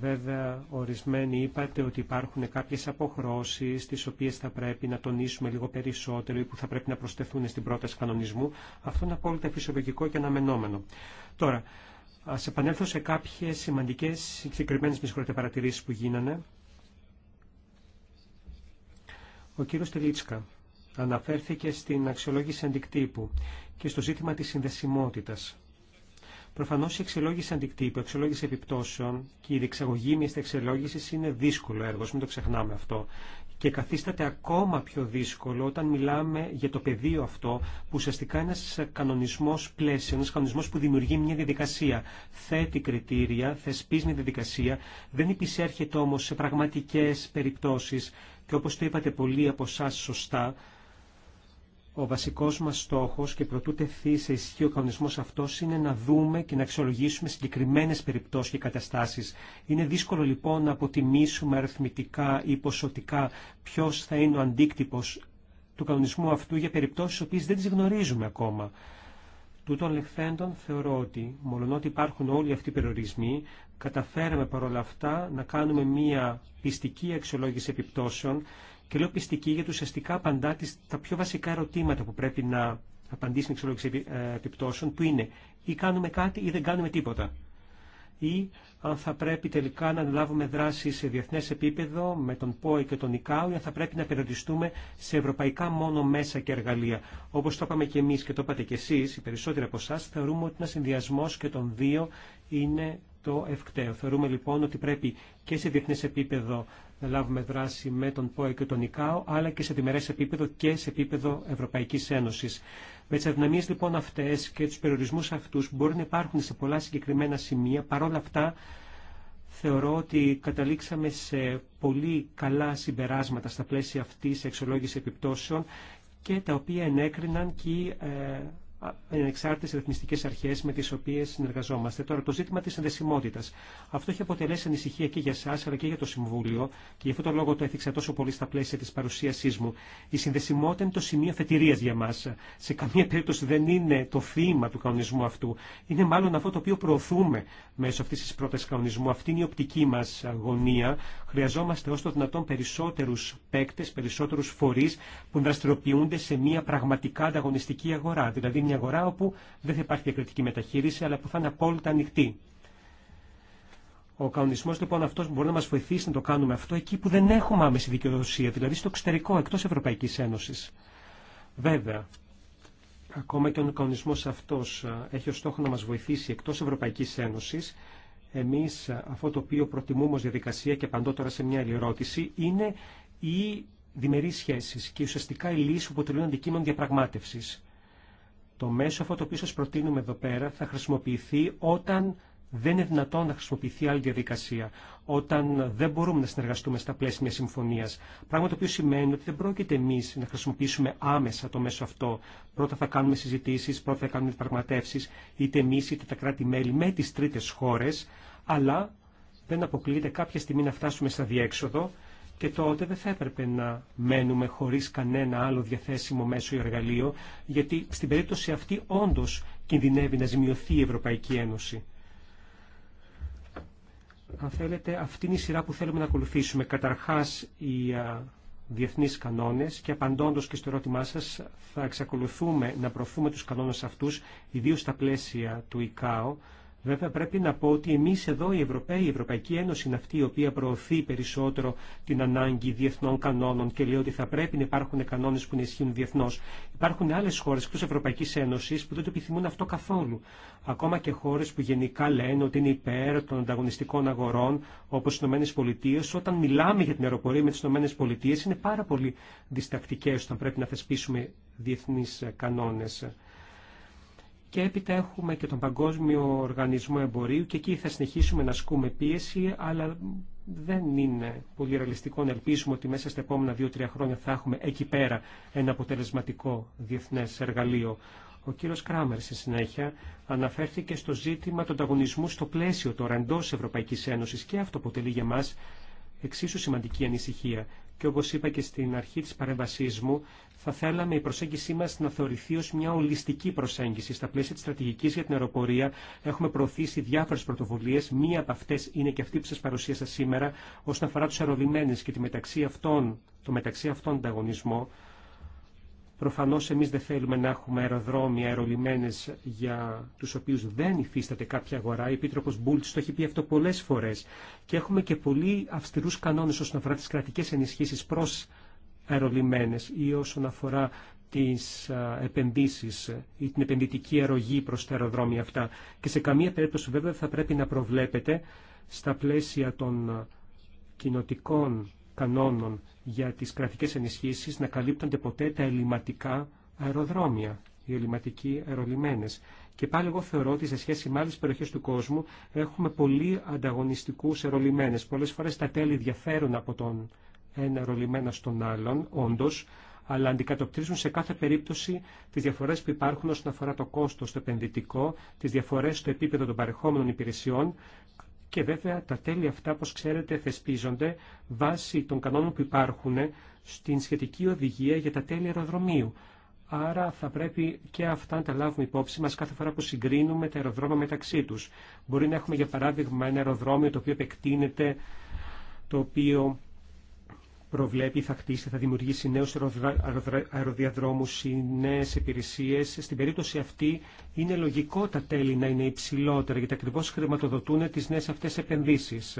Βέβαια, ορισμένοι είπατε ότι υπάρχουν κάποιες αποχρώσεις τις οποίες θα πρέπει να τονίσουμε λίγο περισσότερο ή που θα πρέπει να προσθεθούν στην πρόταση κανονισμού. Αυτό είναι απόλυτα φυσιολογικό και αναμενόμενο. Τώρα, ας επανέλθω σε κάποιες σημαντικές συγκεκριμένες με παρατηρήσεις που γίνανε. Ο κύριος Τελίτσκα αναφέρθηκε στην αξιολόγηση αντικτύπου και στο ζήτημα της συνδεσιμότητας. Προφανώ η αξιολόγηση αντικτύπου, η αξιολόγηση επιπτώσεων και η διεξαγωγή μια αξιολόγηση είναι δύσκολο έργο, μην το ξεχνάμε αυτό και καθίσταται ακόμα πιο δύσκολο όταν μιλάμε για το πεδίο αυτό που ουσιαστικά είναι ένας κανονισμός πλαίσιο, ένας κανονισμός που δημιουργεί μια διαδικασία. Θέτει κριτήρια, θεσπίζει μια διαδικασία, δεν υπησέρχεται όμως σε πραγματικές περιπτώσεις και όπως το είπατε πολλοί από εσά σωστά, ο βασικό μα στόχο και προτού τεθεί σε ισχύ ο κανονισμό αυτό είναι να δούμε και να αξιολογήσουμε συγκεκριμένε περιπτώσει και καταστάσει. Είναι δύσκολο λοιπόν να αποτιμήσουμε αριθμητικά ή ποσοτικά ποιο θα είναι ο αντίκτυπο του κανονισμού αυτού για περιπτώσει περιπτώσεις οποίε δεν τις γνωρίζουμε ακόμα. Τούτων λεχθέντων θεωρώ ότι, μολονότι υπάρχουν όλοι αυτοί οι περιορισμοί, καταφέραμε παρόλα αυτά να κάνουμε μία πιστική αξιολόγηση επιπτώσεων και λέω πιστική γιατί ουσιαστικά απαντά τα πιο βασικά ερωτήματα που πρέπει να απαντήσει οι εξολόγηση ε, επιπτώσεων, που είναι ή κάνουμε κάτι ή δεν κάνουμε τίποτα. Ή αν θα πρέπει τελικά να λάβουμε δράση σε διεθνές επίπεδο με τον ΠΟΕ και τον ΙΚΑΟ ή αν θα πρέπει να περιοριστούμε σε ευρωπαϊκά μόνο μέσα και εργαλεία. Όπως το είπαμε και εμείς και το είπατε και εσείς, οι περισσότεροι από εσά θεωρούμε ότι ένα συνδυασμό και των δύο είναι το ευκταίο. Θεωρούμε λοιπόν ότι πρέπει και σε διεθνέ επίπεδο να λάβουμε δράση με τον ΠΟΕ και τον ΙΚΑΟ, αλλά και σε διμερές επίπεδο και σε επίπεδο Ευρωπαϊκής Ένωσης. Με τι αδυναμίε λοιπόν αυτέ και του περιορισμού αυτού που μπορεί να υπάρχουν σε πολλά συγκεκριμένα σημεία, παρόλα αυτά θεωρώ ότι καταλήξαμε σε πολύ καλά συμπεράσματα στα πλαίσια αυτή τη εξολόγηση επιπτώσεων και τα οποία ενέκριναν και ε, ανεξάρτητες ρυθμιστικές αρχές με τις οποίες συνεργαζόμαστε. Τώρα το ζήτημα της ενδεσιμότητας. Αυτό έχει αποτελέσει ανησυχία και για εσάς αλλά και για το Συμβούλιο και γι' αυτό το λόγο το έθιξα τόσο πολύ στα πλαίσια της παρουσίασής μου. Η συνδεσιμότητα είναι το σημείο θετηρίας για μας. Σε καμία περίπτωση δεν είναι το θύμα του κανονισμού αυτού. Είναι μάλλον αυτό το οποίο προωθούμε μέσω αυτής της πρώτης κανονισμού. Αυτή είναι η οπτική μας γωνία. Χρειαζόμαστε ως το δυνατόν περισσότερου παίκτες, περισσότερου φορείς που δραστηριοποιούνται σε μια πραγματικά ανταγωνιστική αγορά. Δηλαδή μια αγορά όπου δεν θα υπάρχει διακριτική μεταχείριση, αλλά που θα είναι απόλυτα ανοιχτή. Ο κανονισμό λοιπόν αυτό μπορεί να μα βοηθήσει να το κάνουμε αυτό εκεί που δεν έχουμε άμεση δικαιοδοσία, δηλαδή στο εξωτερικό, εκτό Ευρωπαϊκή Ένωση. Βέβαια, ακόμα και ο κανονισμό αυτό ε, έχει ω στόχο να μα βοηθήσει εκτό Ευρωπαϊκή Ένωση, εμεί ε, αυτό το οποίο προτιμούμε ω διαδικασία και παντώ τώρα σε μια άλλη ερώτηση είναι οι διμερεί σχέσει και ουσιαστικά οι λύσει που αποτελούν αντικείμενο διαπραγμάτευση. Το μέσο αυτό το οποίο σας προτείνουμε εδώ πέρα θα χρησιμοποιηθεί όταν δεν είναι δυνατόν να χρησιμοποιηθεί άλλη διαδικασία, όταν δεν μπορούμε να συνεργαστούμε στα πλαίσια μια συμφωνία. Πράγμα το οποίο σημαίνει ότι δεν πρόκειται εμεί να χρησιμοποιήσουμε άμεσα το μέσο αυτό. Πρώτα θα κάνουμε συζητήσει, πρώτα θα κάνουμε πραγματεύσει, είτε εμεί είτε τα κράτη-μέλη με τι τρίτε χώρε, αλλά δεν αποκλείεται κάποια στιγμή να φτάσουμε στα διέξοδο και τότε δεν θα έπρεπε να μένουμε χωρίς κανένα άλλο διαθέσιμο μέσο ή εργαλείο, γιατί στην περίπτωση αυτή όντως κινδυνεύει να ζημιωθεί η Ευρωπαϊκή Ένωση. Αν θέλετε, αυτή είναι η σειρά που θέλουμε να ακολουθήσουμε. Καταρχάς, η διεθνείς που θελουμε να ακολουθησουμε καταρχας οι διεθνεις κανονες και απαντώντας και στο ερώτημά σας θα εξακολουθούμε να προωθούμε τους κανόνες αυτούς, ιδίως στα πλαίσια του ΙΚΑΟ, Βέβαια πρέπει να πω ότι εμείς εδώ οι Ευρωπαίοι, η Ευρωπαϊκή Ένωση είναι αυτή η οποία προωθεί περισσότερο την ανάγκη διεθνών κανόνων και λέει ότι θα πρέπει να υπάρχουν κανόνες που να ισχύουν διεθνώς. Υπάρχουν άλλες χώρες εκτός Ευρωπαϊκής Ένωσης που δεν το επιθυμούν αυτό καθόλου. Ακόμα και χώρες που γενικά λένε ότι είναι υπέρ των ανταγωνιστικών αγορών όπως οι ΗΠΑ. Όταν μιλάμε για την αεροπορία με τις ΗΠΑ είναι πάρα πολύ διστακτικές όταν πρέπει να θεσπίσουμε διεθνείς κανόνες και έπειτα έχουμε και τον Παγκόσμιο Οργανισμό Εμπορίου και εκεί θα συνεχίσουμε να ασκούμε πίεση, αλλά δεν είναι πολύ ρεαλιστικό να ελπίσουμε ότι μέσα στα επόμενα δύο-τρία χρόνια θα έχουμε εκεί πέρα ένα αποτελεσματικό διεθνές εργαλείο. Ο κύριο Κράμερ στη συνέχεια αναφέρθηκε στο ζήτημα του ανταγωνισμού στο πλαίσιο τώρα εντό Ευρωπαϊκή Ένωση και αυτό αποτελεί για μα εξίσου σημαντική ανησυχία. Και όπω είπα και στην αρχή τη παρέμβασή μου, θα θέλαμε η προσέγγιση μας να θεωρηθεί ως μια ολιστική προσέγγιση. Στα πλαίσια της στρατηγικής για την αεροπορία έχουμε προωθήσει διάφορες πρωτοβουλίε. Μία από αυτές είναι και αυτή που σας παρουσίασα σήμερα όσον αφορά τους αερολιμένε και τη μεταξύ αυτών, το μεταξύ αυτών ανταγωνισμό. Προφανώς εμείς δεν θέλουμε να έχουμε αεροδρόμια, αερολιμένε για του οποίου δεν υφίσταται κάποια αγορά. Η Επίτροπο Μπούλτ το έχει πει αυτό πολλέ φορέ Και έχουμε και πολύ αυστηρού κανόνε όσον αφορά τι κρατικέ ενισχύσει προ αερολιμένες ή όσον αφορά τις επενδύσεις ή την επενδυτική αερογή προς τα αεροδρόμια αυτά. Και σε καμία περίπτωση βέβαια θα πρέπει να προβλέπετε στα πλαίσια των κοινοτικών κανόνων για τις κρατικές ενισχύσεις να καλύπτονται ποτέ τα ελληματικά αεροδρόμια, οι ελληματικοί αερολιμένες. Και πάλι εγώ θεωρώ ότι σε σχέση με άλλες περιοχές του κόσμου έχουμε πολύ ανταγωνιστικούς αερολιμένες. Πολλές φορές τα τέλη διαφέρουν από τον ένα ρολιμένα στον άλλον, όντω, αλλά αντικατοπτρίζουν σε κάθε περίπτωση τι διαφορέ που υπάρχουν όσον αφορά το κόστο, το επενδυτικό, τι διαφορέ στο επίπεδο των παρεχόμενων υπηρεσιών και βέβαια τα τέλη αυτά, όπως ξέρετε, θεσπίζονται βάσει των κανόνων που υπάρχουν στην σχετική οδηγία για τα τέλη αεροδρομίου. Άρα θα πρέπει και αυτά να τα λάβουμε υπόψη μας κάθε φορά που συγκρίνουμε τα αεροδρόμια μεταξύ τους. Μπορεί να έχουμε για παράδειγμα ένα αεροδρόμιο το οποίο επεκτείνεται, το οποίο προβλέπει, θα χτίσει, θα δημιουργήσει νέους αεροδιαδρόμους ή νέες υπηρεσίες. Στην περίπτωση αυτή είναι λογικό τα τέλη να είναι υψηλότερα γιατί ακριβώς χρηματοδοτούν τις νέες αυτές επενδύσεις.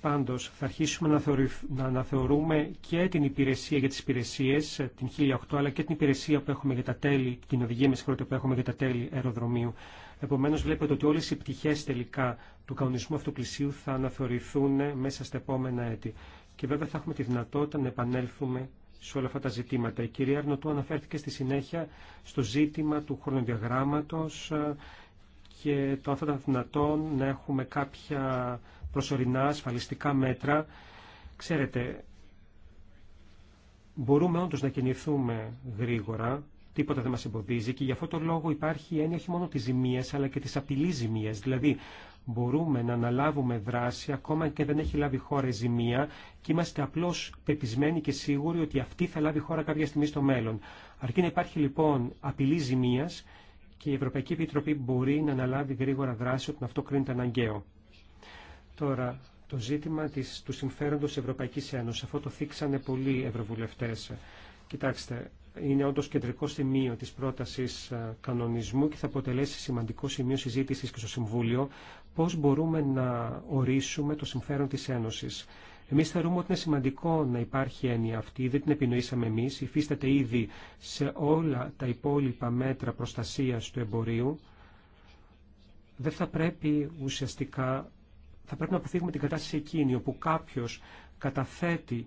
Πάντως θα αρχίσουμε να αναθεωρούμε και την υπηρεσία για τις υπηρεσίες, την 1008, αλλά και την υπηρεσία που έχουμε για τα τέλη, την οδηγία με που έχουμε για τα τέλη αεροδρομίου. Επομένως βλέπετε ότι όλες οι πτυχές τελικά του κανονισμού αυτοκλησίου θα αναθεωρηθούν μέσα στα επόμενα έτη. Και βέβαια θα έχουμε τη δυνατότητα να επανέλθουμε σε όλα αυτά τα ζητήματα. Η κυρία Αρνοτού αναφέρθηκε στη συνέχεια στο ζήτημα του χρονοδιαγράμματος ε, και το αν θα ήταν δυνατόν να έχουμε κάποια προσωρινά ασφαλιστικά μέτρα. Ξέρετε, μπορούμε όντως να κινηθούμε γρήγορα Τίποτα δεν μα εμποδίζει και γι' αυτό το λόγο υπάρχει η έννοια όχι μόνο τη ζημία αλλά και τη απειλή ζημία. Δηλαδή μπορούμε να αναλάβουμε δράση ακόμα και δεν έχει λάβει χώρα ζημία και είμαστε απλώ πεπισμένοι και σίγουροι ότι αυτή θα λάβει χώρα κάποια στιγμή στο μέλλον. Αρκεί να υπάρχει λοιπόν απειλή ζημία και η Ευρωπαϊκή Επιτροπή μπορεί να αναλάβει γρήγορα δράση όταν αυτό κρίνεται αναγκαίο. Τώρα, το ζήτημα της, του συμφέροντος Ευρωπαϊκής Ένωση, Αυτό το θίξανε πολλοί ευρωβουλευτές. Κοιτάξτε, είναι όντω κεντρικό σημείο τη πρόταση ε, κανονισμού και θα αποτελέσει σημαντικό σημείο συζήτηση και στο Συμβούλιο πώ μπορούμε να ορίσουμε το συμφέρον τη Ένωση. Εμεί θεωρούμε ότι είναι σημαντικό να υπάρχει έννοια αυτή, δεν την επινοήσαμε εμεί, υφίσταται ήδη σε όλα τα υπόλοιπα μέτρα προστασία του εμπορίου. Δεν θα πρέπει ουσιαστικά, θα πρέπει να αποφύγουμε την κατάσταση εκείνη όπου κάποιο καταθέτει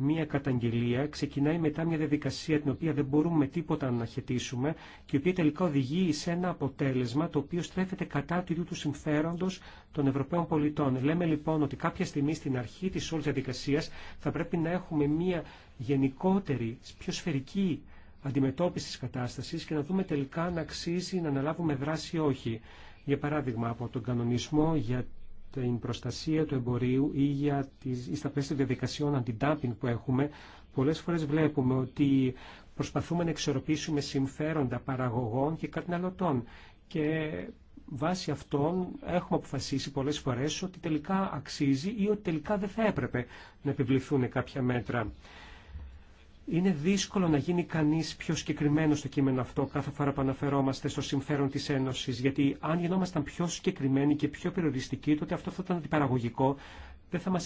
μία καταγγελία ξεκινάει μετά μια διαδικασία την οποία δεν μπορούμε τίποτα να αναχαιτήσουμε και η οποία τελικά οδηγεί σε ένα αποτέλεσμα το οποίο στρέφεται κατά του ίδιου του συμφέροντος των Ευρωπαίων πολιτών. Λέμε λοιπόν ότι κάποια στιγμή στην αρχή της όλης διαδικασίας θα πρέπει να έχουμε μία γενικότερη, πιο σφαιρική αντιμετώπιση της κατάστασης και να δούμε τελικά αν αξίζει να αναλάβουμε δράση ή όχι. Για παράδειγμα, από τον κανονισμό για την προστασία του εμπορίου ή, για τις, ή στα πλαίσια των διαδικασιών dumping που έχουμε, πολλές φορές βλέπουμε ότι προσπαθούμε να εξορροπήσουμε συμφέροντα παραγωγών και καταναλωτών. Και βάσει αυτών έχουμε αποφασίσει πολλές φορές ότι τελικά αξίζει ή ότι τελικά δεν θα έπρεπε να επιβληθούν κάποια μέτρα. Είναι δύσκολο να γίνει κανεί πιο συγκεκριμένο στο κείμενο αυτό κάθε φορά που αναφερόμαστε στο συμφέρον τη Ένωση. Γιατί αν γινόμασταν πιο συγκεκριμένοι και πιο περιοριστικοί, τότε αυτό θα ήταν αντιπαραγωγικό. Δεν θα μα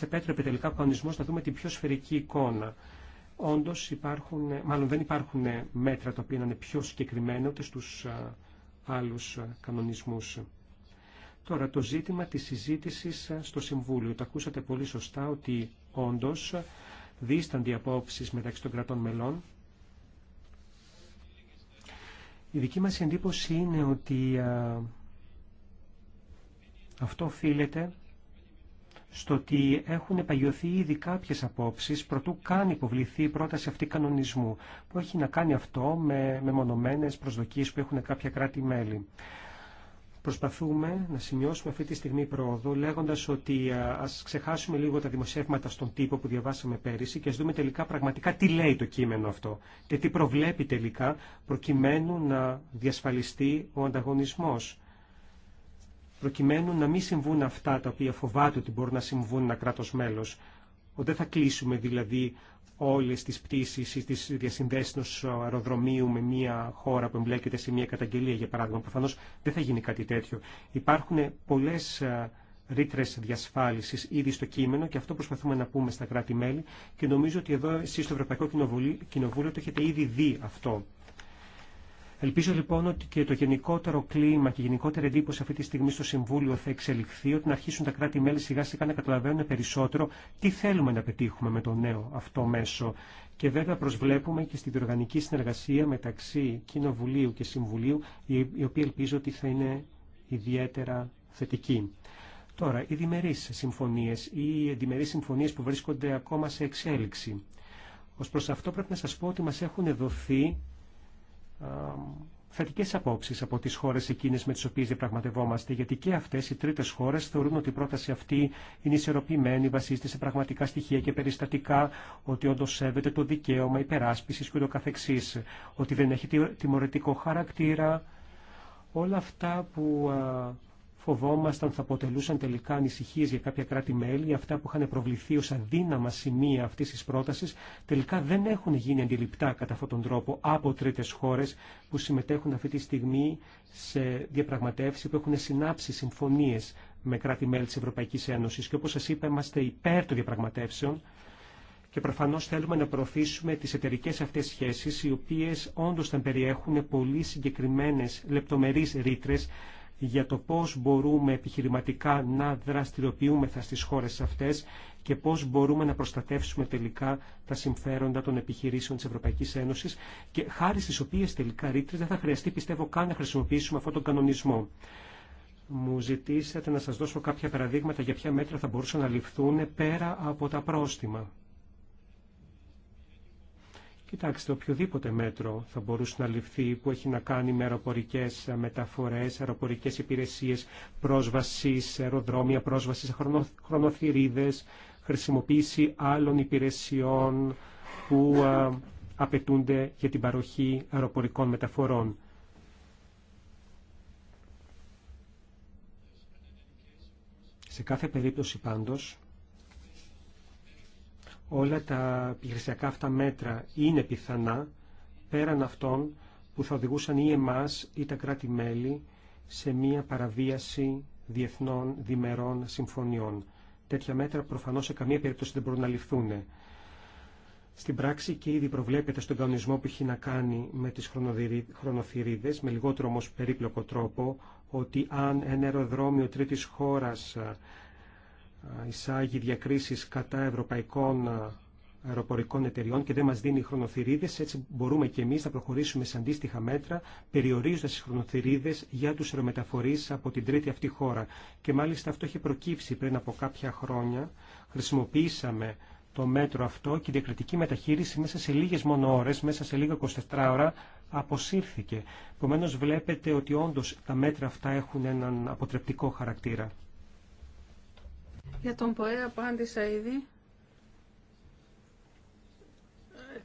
επέτρεπε, τελικά ο κανονισμό να δούμε την πιο σφαιρική εικόνα. Όντω υπάρχουν, μάλλον δεν υπάρχουν μέτρα τα οποία να είναι πιο συγκεκριμένα ούτε στου άλλου κανονισμού. Τώρα το ζήτημα τη συζήτηση στο Συμβούλιο. Το ακούσατε πολύ σωστά ότι όντω δίστανται οι απόψεις μεταξύ των κρατών μελών. Η δική μας εντύπωση είναι ότι αυτό οφείλεται στο ότι έχουν παγιωθεί ήδη κάποιες απόψεις προτού καν υποβληθεί η πρόταση αυτή κανονισμού, που έχει να κάνει αυτό με μονομένες προσδοκίες που έχουν κάποια κράτη-μέλη. Προσπαθούμε να σημειώσουμε αυτή τη στιγμή πρόοδο, λέγοντα ότι α ξεχάσουμε λίγο τα δημοσιεύματα στον τύπο που διαβάσαμε πέρυσι και α δούμε τελικά πραγματικά τι λέει το κείμενο αυτό και τι προβλέπει τελικά προκειμένου να διασφαλιστεί ο ανταγωνισμό. Προκειμένου να μην συμβούν αυτά τα οποία φοβάται ότι μπορούν να συμβούν ένα κράτο μέλο. Ότι δεν θα κλείσουμε δηλαδή όλες τις πτήσεις ή τις διασυνδέσεις αεροδρομίου με μια χώρα που εμπλέκεται σε μια καταγγελία, για παράδειγμα. Προφανώς δεν θα γίνει κάτι τέτοιο. Υπάρχουν πολλές ε, ρήτρε διασφάλιση ήδη στο κείμενο και αυτό προσπαθούμε να πούμε στα κράτη-μέλη και νομίζω ότι εδώ εσεί στο Ευρωπαϊκό Κοινοβούλιο το έχετε ήδη δει αυτό. Ελπίζω λοιπόν ότι και το γενικότερο κλίμα και η γενικότερη εντύπωση αυτή τη στιγμή στο Συμβούλιο θα εξελιχθεί, ότι να αρχίσουν τα κράτη-μέλη σιγά σιγά να καταλαβαίνουν περισσότερο τι θέλουμε να πετύχουμε με το νέο αυτό μέσο. Και βέβαια προσβλέπουμε και στη διοργανική συνεργασία μεταξύ Κοινοβουλίου και Συμβουλίου, η οποία ελπίζω ότι θα είναι ιδιαίτερα θετική. Τώρα, οι διμερείς συμφωνίες ή οι εντιμερεί συμφωνίες που βρίσκονται ακόμα σε εξέλιξη. Ως προς αυτό πρέπει να σας πω ότι μα έχουν δοθεί θετικές απόψεις από τις χώρες εκείνες με τις οποίες διαπραγματευόμαστε, γιατί και αυτές οι τρίτες χώρες θεωρούν ότι η πρόταση αυτή είναι ισορροπημένη, βασίζεται σε πραγματικά στοιχεία και περιστατικά, ότι όντως σέβεται το δικαίωμα υπεράσπισης και ότι δεν έχει τιμωρητικό χαρακτήρα, όλα αυτά που φοβόμασταν θα αποτελούσαν τελικά ανησυχίε για κάποια κράτη-μέλη, αυτά που είχαν προβληθεί ω αδύναμα σημεία αυτή τη πρόταση, τελικά δεν έχουν γίνει αντιληπτά κατά αυτόν τον τρόπο από τρίτε χώρε που συμμετέχουν αυτή τη στιγμή σε διαπραγματεύσει που έχουν συνάψει συμφωνίε με κράτη-μέλη τη Ευρωπαϊκή Ένωση. Και όπω σα είπα, είμαστε υπέρ των διαπραγματεύσεων και προφανώ θέλουμε να προωθήσουμε τι εταιρικέ αυτέ σχέσει, οι οποίε όντω θα περιέχουν πολύ συγκεκριμένε λεπτομερεί ρήτρε για το πώς μπορούμε επιχειρηματικά να δραστηριοποιούμεθα στις χώρες αυτές και πώς μπορούμε να προστατεύσουμε τελικά τα συμφέροντα των επιχειρήσεων της Ευρωπαϊκής Ένωσης και χάρη στις οποίες τελικά ρήτρες δεν θα χρειαστεί πιστεύω καν να χρησιμοποιήσουμε αυτόν τον κανονισμό. Μου ζητήσατε να σας δώσω κάποια παραδείγματα για ποια μέτρα θα μπορούσαν να ληφθούν πέρα από τα πρόστιμα. Κοιτάξτε, οποιοδήποτε μέτρο θα μπορούσε να ληφθεί που έχει να κάνει με αεροπορικέ μεταφορέ, αεροπορικέ υπηρεσίε, πρόσβαση σε αεροδρόμια, πρόσβαση σε χρονοθυρίδε, χρησιμοποίηση άλλων υπηρεσιών που απαιτούνται για την παροχή αεροπορικών μεταφορών. Σε κάθε περίπτωση πάντως, όλα τα επιχειρησιακά αυτά μέτρα είναι πιθανά πέραν αυτών που θα οδηγούσαν ή εμάς ή τα κράτη-μέλη σε μία παραβίαση διεθνών διμερών συμφωνιών. Τέτοια μέτρα προφανώς σε καμία περίπτωση δεν μπορούν να ληφθούν. Στην πράξη και ήδη προβλέπεται στον κανονισμό που έχει να κάνει με τις χρονοθυρίδες, με λιγότερο όμως περίπλοκο τρόπο, ότι αν ένα αεροδρόμιο τρίτης χώρας εισάγει διακρίσεις κατά ευρωπαϊκών ε, αεροπορικών εταιριών και δεν μας δίνει χρονοθυρίδες, έτσι μπορούμε και εμείς να προχωρήσουμε σε αντίστοιχα μέτρα, περιορίζοντας τις χρονοθυρίδες για τους αερομεταφορείς από την τρίτη αυτή χώρα. Και μάλιστα αυτό έχει προκύψει πριν από κάποια χρόνια. Χρησιμοποίησαμε το μέτρο αυτό και η διακριτική μεταχείριση μέσα σε λίγες μόνο ώρες, μέσα σε λίγα 24 ώρα, αποσύρθηκε. Επομένω βλέπετε ότι όντως τα μέτρα αυτά έχουν έναν αποτρεπτικό χαρακτήρα. Για τον ΠΟΕ απάντησα ήδη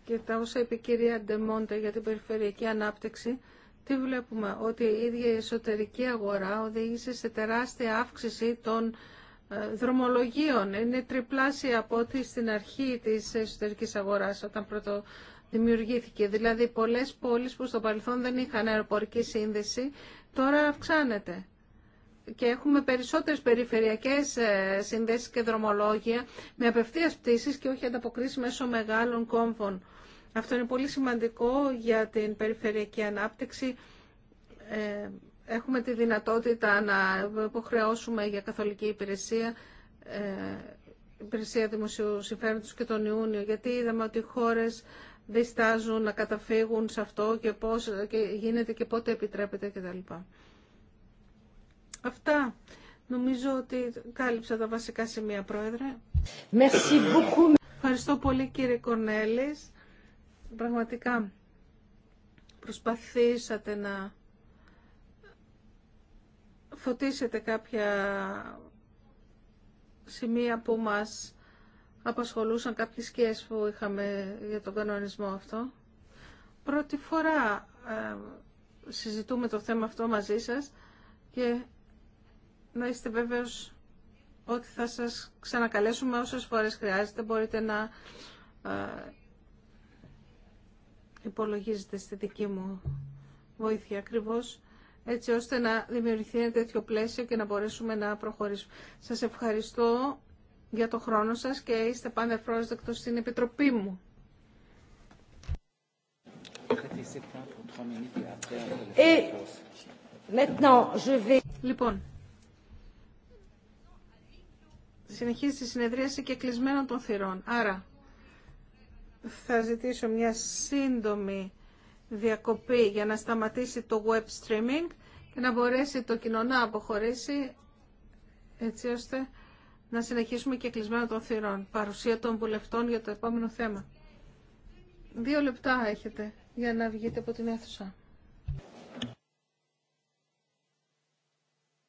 και τα όσα είπε η κυρία Ντεμόντε για την περιφερειακή ανάπτυξη, τι βλέπουμε, ότι η ίδια η εσωτερική αγορά οδήγησε σε τεράστια αύξηση των ε, δρομολογίων. Είναι τριπλάσια από ό,τι στην αρχή της εσωτερικής αγοράς όταν πρώτο δημιουργήθηκε. Δηλαδή πολλές πόλεις που στο παρελθόν δεν είχαν αεροπορική σύνδεση, τώρα αυξάνεται και έχουμε περισσότερες περιφερειακές ε, συνδέσεις και δρομολόγια με απευθείας πτήσεις και όχι ανταποκρίσεις μέσω μεγάλων κόμβων. Αυτό είναι πολύ σημαντικό για την περιφερειακή ανάπτυξη. Ε, έχουμε τη δυνατότητα να υποχρεώσουμε για καθολική υπηρεσία ε, υπηρεσία δημοσίου συμφέροντος και τον Ιούνιο, γιατί είδαμε ότι οι χώρες διστάζουν να καταφύγουν σε αυτό και πώς και γίνεται και πότε επιτρέπεται κτλ. Αυτά. Νομίζω ότι κάλυψα τα βασικά σημεία, Πρόεδρε. Merci Ευχαριστώ πολύ, κύριε Κορνέλης. Πραγματικά προσπαθήσατε να φωτίσετε κάποια σημεία που μας απασχολούσαν κάποιες σκιές που είχαμε για τον κανονισμό αυτό. Πρώτη φορά ε, συζητούμε το θέμα αυτό μαζί σας και να είστε βέβαιος ότι θα σας ξανακαλέσουμε όσες φορές χρειάζεται. Μπορείτε να ε, υπολογίζετε στη δική μου βοήθεια ακριβώς έτσι ώστε να δημιουργηθεί ένα τέτοιο πλαίσιο και να μπορέσουμε να προχωρήσουμε. Σας ευχαριστώ για το χρόνο σας και είστε πάντα ευπρόσδεκτος στην Επιτροπή μου. Et maintenant, λοιπόν, συνεχίζει τη συνεδρίαση και κλεισμένων των θυρών. Άρα θα ζητήσω μια σύντομη διακοπή για να σταματήσει το web streaming και να μπορέσει το κοινό να αποχωρήσει έτσι ώστε να συνεχίσουμε και κλεισμένο των θυρών. Παρουσία των βουλευτών για το επόμενο θέμα. Δύο λεπτά έχετε για να βγείτε από την αίθουσα.